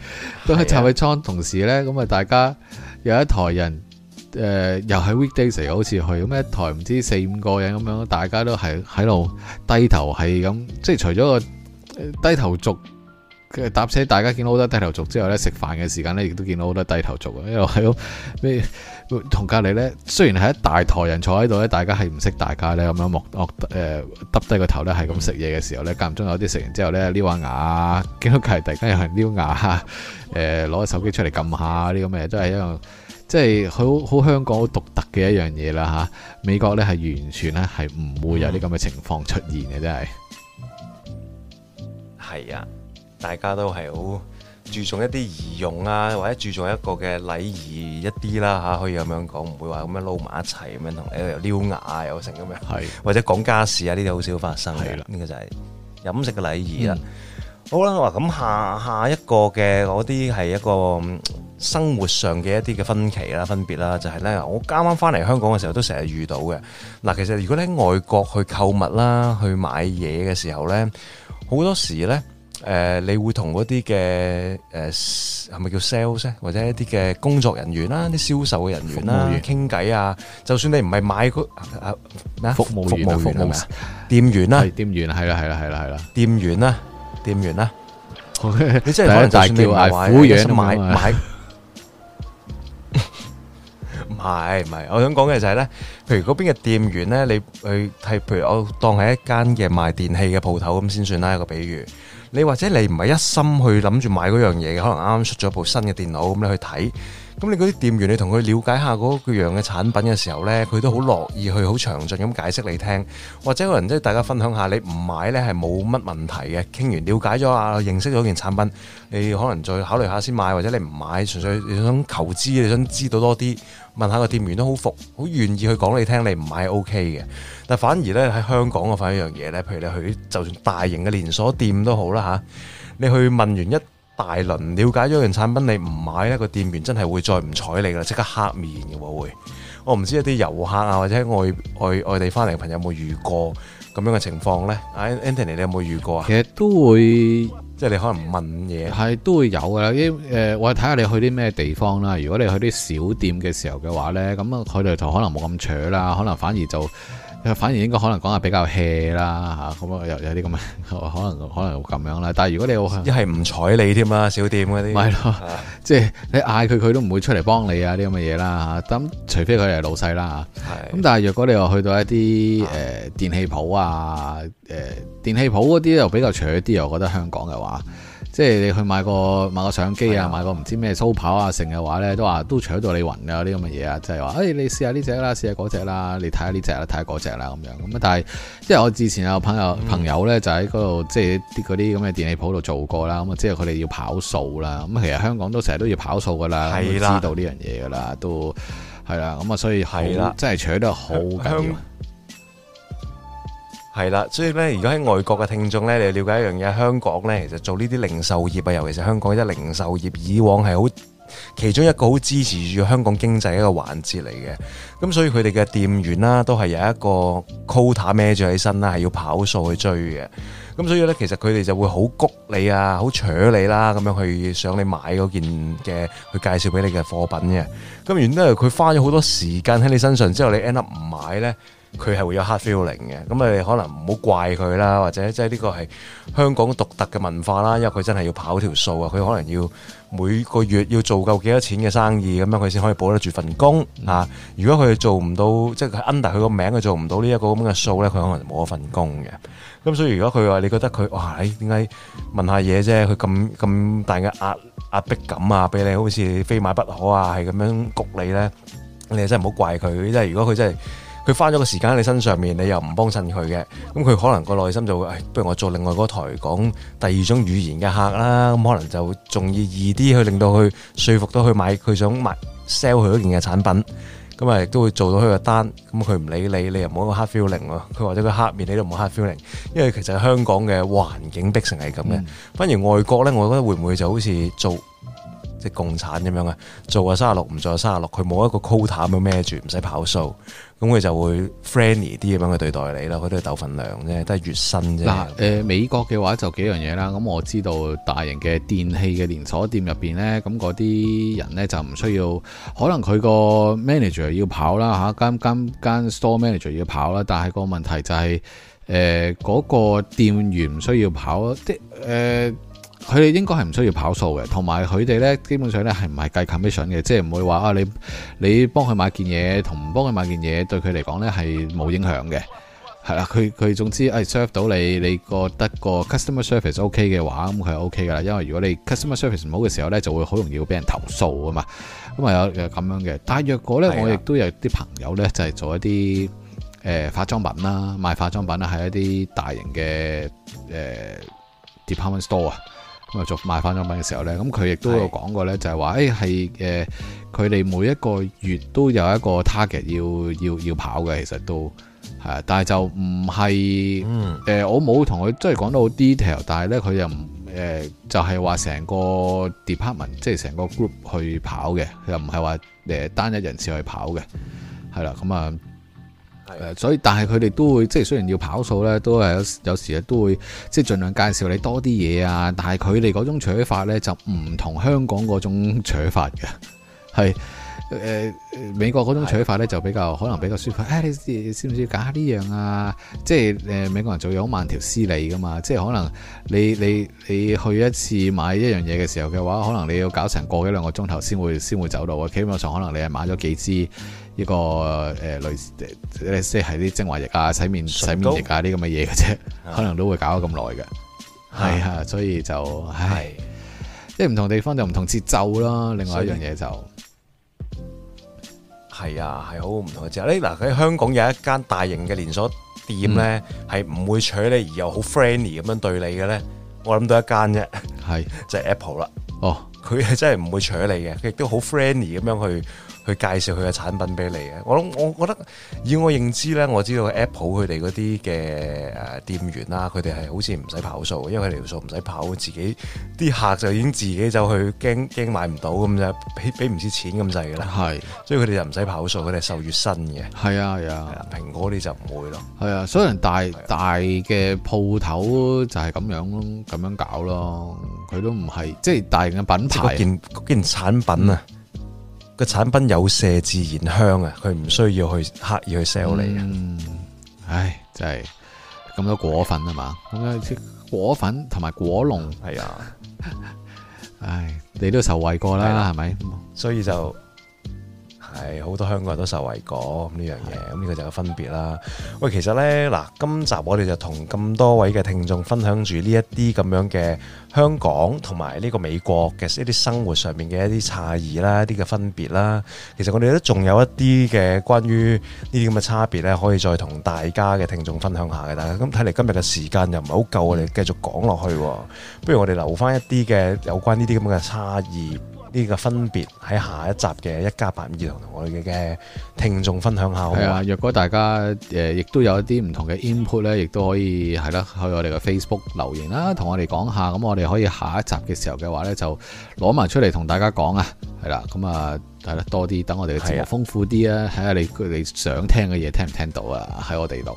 都係插喺湯同時呢，咁啊大家有一台人誒、呃，又係 weekday 好似去，咁一台唔知四五個人咁樣，大家都係喺度低頭係咁，即係除咗個低頭族。搭車，大家見到好多低頭族之後呢，食飯嘅時間呢亦都見到好多低頭族啊！因為喺咩同隔離呢，雖然係一大枱人坐喺度呢大家係唔識大家呢。咁樣目惡揼低個頭呢，係咁食嘢嘅時候呢，間中有啲食完之後呢，撩下牙，見到隔離突然間有人撩牙攞個、呃、手機出嚟撳下啲咁嘅，都係一樣，即係好好香港好獨特嘅一樣嘢啦嚇。美國呢係完全呢，係唔會有啲咁嘅情況出現嘅，真係係啊！大家都係好注重一啲儀容啊，或者注重一個嘅禮儀一啲啦嚇，可以咁樣講，唔會話咁樣撈埋一齊咁樣同你又撩牙又成咁樣，係或者講家事啊，呢啲好少發生嘅啦。呢、呢個就係飲食嘅禮儀啦、嗯。好啦，嗱咁下下一個嘅嗰啲係一個生活上嘅一啲嘅分歧啦、分別啦，就係咧，我啱啱翻嚟香港嘅時候都成日遇到嘅嗱。其實如果你喺外國去購物啦、去買嘢嘅時候咧，好多時咧。誒，你會同嗰啲嘅誒，係咪叫 sales 咧？或者一啲嘅工作人員啦，啲銷售嘅人員啦，傾偈啊。就算你唔係買個服務員啊，服務員係咪啊？店員啦，店員係啦，係啦，係啦，係啦，店員啦，店員啦。你真係可能就算你唔買，你想買，買唔係唔係？我想講嘅就係咧，譬如嗰邊嘅店員咧，你去係譬如我當係一間嘅賣電器嘅鋪頭咁先算啦。一個比喻。你或者你唔係一心去諗住買嗰樣嘢，可能啱啱出咗部新嘅電腦，咁你去睇，咁你嗰啲店員，你同佢了解下嗰樣嘅產品嘅時候呢，佢都好樂意去好詳盡咁解釋你聽，或者可能即係大家分享下，你唔買呢係冇乜問題嘅。傾完了解咗啊，認識咗件產品，你可能再考慮下先買，或者你唔買，純粹你想求知，你想知道多啲。問下個店員都好服，好願意去講你聽，你唔買 OK 嘅。但反而呢喺香港嘅反一樣嘢呢，譬如你去就算大型嘅連鎖店都好啦吓，你去問完一大輪，了解咗樣產品，你唔買呢，個店員真係會再唔睬你噶啦，即刻黑面嘅會。我唔知一啲遊客啊，或者外外外地翻嚟嘅朋友有冇遇過咁樣嘅情況呢？阿 Anthony，你有冇遇過啊？其實都會。即係你可能不問嘢係、嗯、都會有㗎啦啲誒，我睇下你去啲咩地方啦。如果你去啲小店嘅時候嘅話呢，咁啊佢哋就可能冇咁長啦，可能反而就。反而應該可能講下比較 hea 啦嚇，咁啊有有啲咁嘅可能可能咁樣啦。但係如果你我一係唔睬你添啦，小店嗰啲，係、就、咯、是，即 係你嗌佢佢都唔會出嚟幫你啊啲咁嘅嘢啦嚇。咁除非佢係老細啦嚇。咁但係若果你話去到一啲誒、呃、電器鋪啊誒、呃、電器鋪嗰啲又比較 choosy 啲，我覺得香港嘅話。即係你去買個買個相機啊，買個唔知咩蘇跑啊，成嘅話咧都話都搶到你暈啊！啲咁嘅嘢啊，即係話，誒你試下呢隻啦，試下嗰隻啦，你睇下呢隻啦，睇下嗰隻啦咁樣。咁啊，但係因為我之前有朋友、嗯、朋友咧就喺嗰度，即係啲嗰啲咁嘅電器鋪度做過啦。咁啊，即係佢哋要跑數啦。咁其實香港都成日都要跑數噶啦，知道呢樣嘢噶啦，都係啦。咁啊、嗯，所以係啦，即係搶得好緊要。係啦，所以咧，如果喺外國嘅聽眾咧，你要了解一樣嘢，香港咧，其實做呢啲零售業啊，尤其是香港啲零售業，以往係好其中一個好支持住香港經濟一個環節嚟嘅。咁所以佢哋嘅店員啦、啊，都係有一個 quota 孭住起身啦，係要跑數去追嘅。咁所以咧，其實佢哋就會好谷你啊，好扯你啦、啊，咁樣去想你買嗰件嘅，去介紹俾你嘅貨品嘅。咁原來佢花咗好多時間喺你身上，之後你 end up 唔買呢？佢係會有 hard feeling 嘅，咁你可能唔好怪佢啦，或者即係呢個係香港獨特嘅文化啦，因為佢真係要跑條數啊，佢可能要每個月要做夠幾多錢嘅生意，咁樣佢先可以保得住份工啊。如果佢做唔到，即係 under 佢個名，佢做唔到呢一個咁嘅數咧，佢可能冇咗份工嘅。咁所以如果佢話你覺得佢哇，點解問下嘢啫？佢咁咁大嘅壓壓迫感啊，俾你好似非買不可啊，係咁樣焗你咧，你又真係唔好怪佢，即係如果佢真係。佢花咗個時間喺你身上面，你又唔幫襯佢嘅，咁佢可能個內心就會唉，不如我做另外嗰台講第二種語言嘅客啦，咁可能就仲要易啲去令到佢說服到去買佢想賣 sell 佢嗰件嘅產品，咁啊亦都會做到佢嘅單，咁佢唔理你，你又冇個 hard feeling 咯，佢或者佢黑面你都冇 hard feeling，因為其實香港嘅環境逼成係咁嘅，反而外國呢，我覺得會唔會就好似做即共產咁樣啊？做啊卅六唔做啊卅六，佢冇一個 quota 咁孭住，唔使跑數。咁佢就會 friendly 啲咁樣去對待你啦，佢都係鬥份量啫，都係月薪啫。嗱、呃呃，美國嘅話就幾樣嘢啦。咁我知道大型嘅電器嘅連鎖店入面咧，咁嗰啲人咧就唔需要，可能佢個 manager 要跑啦嚇，間、啊、間 store manager 要跑啦，但係個問題就係誒嗰個店員唔需要跑即誒。呃佢哋應該係唔需要跑數嘅，同埋佢哋咧基本上咧係唔係計 commission 嘅，即係唔會話啊你你幫佢買件嘢，同唔幫佢買件嘢對佢嚟講咧係冇影響嘅，係啦，佢佢總之誒、哎、serve 到你，你覺得個 customer service OK 嘅話，咁佢係 OK 噶啦。因為如果你 customer service 唔好嘅時候咧，就會好容易會俾人投訴啊嘛。咁啊有咁樣嘅，但係若果咧，我亦都有啲朋友咧就係、是、做一啲誒、呃、化妝品啦、啊，賣化妝品啦，喺一啲大型嘅、呃、department store 啊。咁啊，做賣化妝品嘅時候咧，咁佢亦都有講過咧，就係話，誒係誒，佢哋、呃、每一個月都有一個 target 要要要跑嘅，其實都係啊，但係就唔係誒，我冇同佢即係講到 detail，但係咧佢又唔誒，就係話成個 department 即係成個 group 去跑嘅，佢又唔係話誒單一人士去跑嘅，係啦，咁啊。所以但係佢哋都會即係雖然要跑數呢，都係有有時都會即係盡量介紹你多啲嘢啊。但係佢哋嗰種取法呢，就唔同香港嗰種取法嘅，係、呃、美國嗰種取法呢，就比較可能比較舒服。誒、哎，你，你，你知唔知搞下呢樣啊？即係、呃、美國人做嘢好慢條斯理噶嘛。即係可能你你你去一次買一樣嘢嘅時候嘅話，可能你要搞成個幾兩個鐘頭先會先會走到啊。基本上可能你係買咗幾支。嗯呢個誒類似、呃、即係啲精華液啊、洗面洗面液啊啲咁嘅嘢嘅啫，可能都會搞咗咁耐嘅，係啊，啊，所以就唉，即係唔同地方就唔同節奏啦。另外一樣嘢就係啊，係好唔同嘅節奏。即係你嗱喺香港有一間大型嘅連鎖店咧，係唔會取你而又好 friendly 咁樣對你嘅咧，嗯、我諗到一間啫，係即係 Apple 啦。哦，佢係真係唔會取你嘅，佢亦都好 friendly 咁樣去。佢介紹佢嘅產品俾你嘅，我諗我覺得，我覺得以我認知咧，我知道 Apple 佢哋嗰啲嘅店員啦，佢哋係好似唔使跑數，因為佢哋條數唔使跑，自己啲客就已經自己走去驚驚買唔到咁就俾唔知錢咁滯噶啦。係、啊，所以佢哋就唔使跑數，佢哋受月薪嘅。係啊係啊，啊，蘋果啲就唔會咯。係啊，所以人大、啊、大嘅鋪頭就係咁樣咁樣搞咯，佢都唔係即係大型嘅品牌。件件產品啊。嗯個產品有麝自然香啊，佢唔需要去刻意去 sell 你啊、嗯。唉，真係咁多果粉啊嘛，咁樣果粉同埋果農係啊。唉，你都受惠過啦，係咪？所以就。係好多香港人都受惠過咁呢樣嘢，咁呢個就有分別啦。喂，其實呢，嗱，今集我哋就同咁多位嘅聽眾分享住呢一啲咁樣嘅香港同埋呢個美國嘅一啲生活上面嘅一啲差異啦、一啲嘅分別啦。其實我哋都仲有一啲嘅關於呢啲咁嘅差別呢，可以再同大家嘅聽眾分享下嘅。但係咁睇嚟今日嘅時間又唔係好夠，我哋繼續講落去。不如我哋留翻一啲嘅有關呢啲咁嘅差異。呢個分別喺下一集嘅一家八五二同我哋嘅聽眾分享下，係啊！若果大家誒亦都有一啲唔同嘅 input 咧，亦都可以係啦，去我哋嘅 Facebook 留言啦，同我哋講下，咁我哋可以下一集嘅時候嘅話咧，就攞埋出嚟同大家講啊！係啦，咁啊係啦，多啲等我哋嘅節目豐富啲啊！睇下你你想聽嘅嘢，聽唔聽到啊？喺我哋度。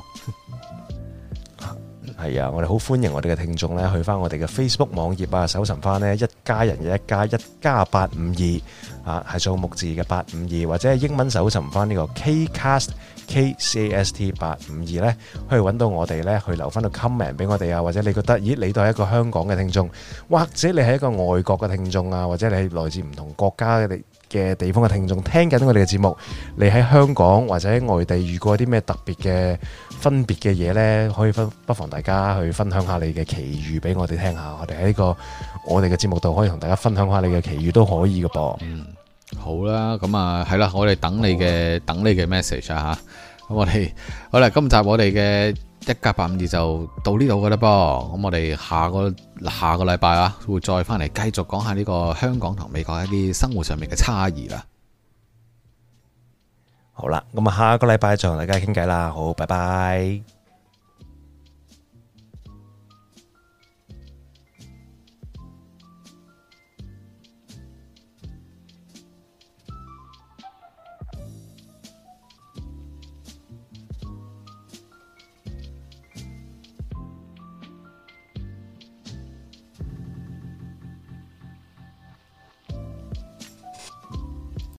係啊，我哋好歡迎我哋嘅聽眾咧，去翻我哋嘅 Facebook 網頁啊，搜尋翻咧一家人嘅一家一家八五二啊，係數目字嘅八五二，或者係英文搜尋翻呢個 Kcast K C A S T 八五二咧，可以揾到我哋咧，去留翻個 comment 俾我哋啊，或者你覺得咦，你都係一個香港嘅聽眾，或者你係一個外國嘅聽眾啊，或者你係來自唔同國家嘅地嘅地方嘅聽眾，聽緊我哋嘅節目，你喺香港或者喺外地遇過啲咩特別嘅？分別嘅嘢呢，可以分不妨大家去分享下你嘅奇遇俾我哋聽下，我哋喺呢個我哋嘅節目度可以同大家分享下你嘅奇遇都可以嘅噃。嗯，好啦，咁啊係啦，我哋等你嘅、哦、等你嘅 message 吓，咁我哋好啦，今集我哋嘅一家八五二就到呢度嘅啦噃，咁我哋下個下個禮拜啊會再翻嚟繼續講下呢個香港同美國一啲生活上面嘅差異啦。好啦，咁啊，下個禮拜就同大家傾偈啦。好，拜拜。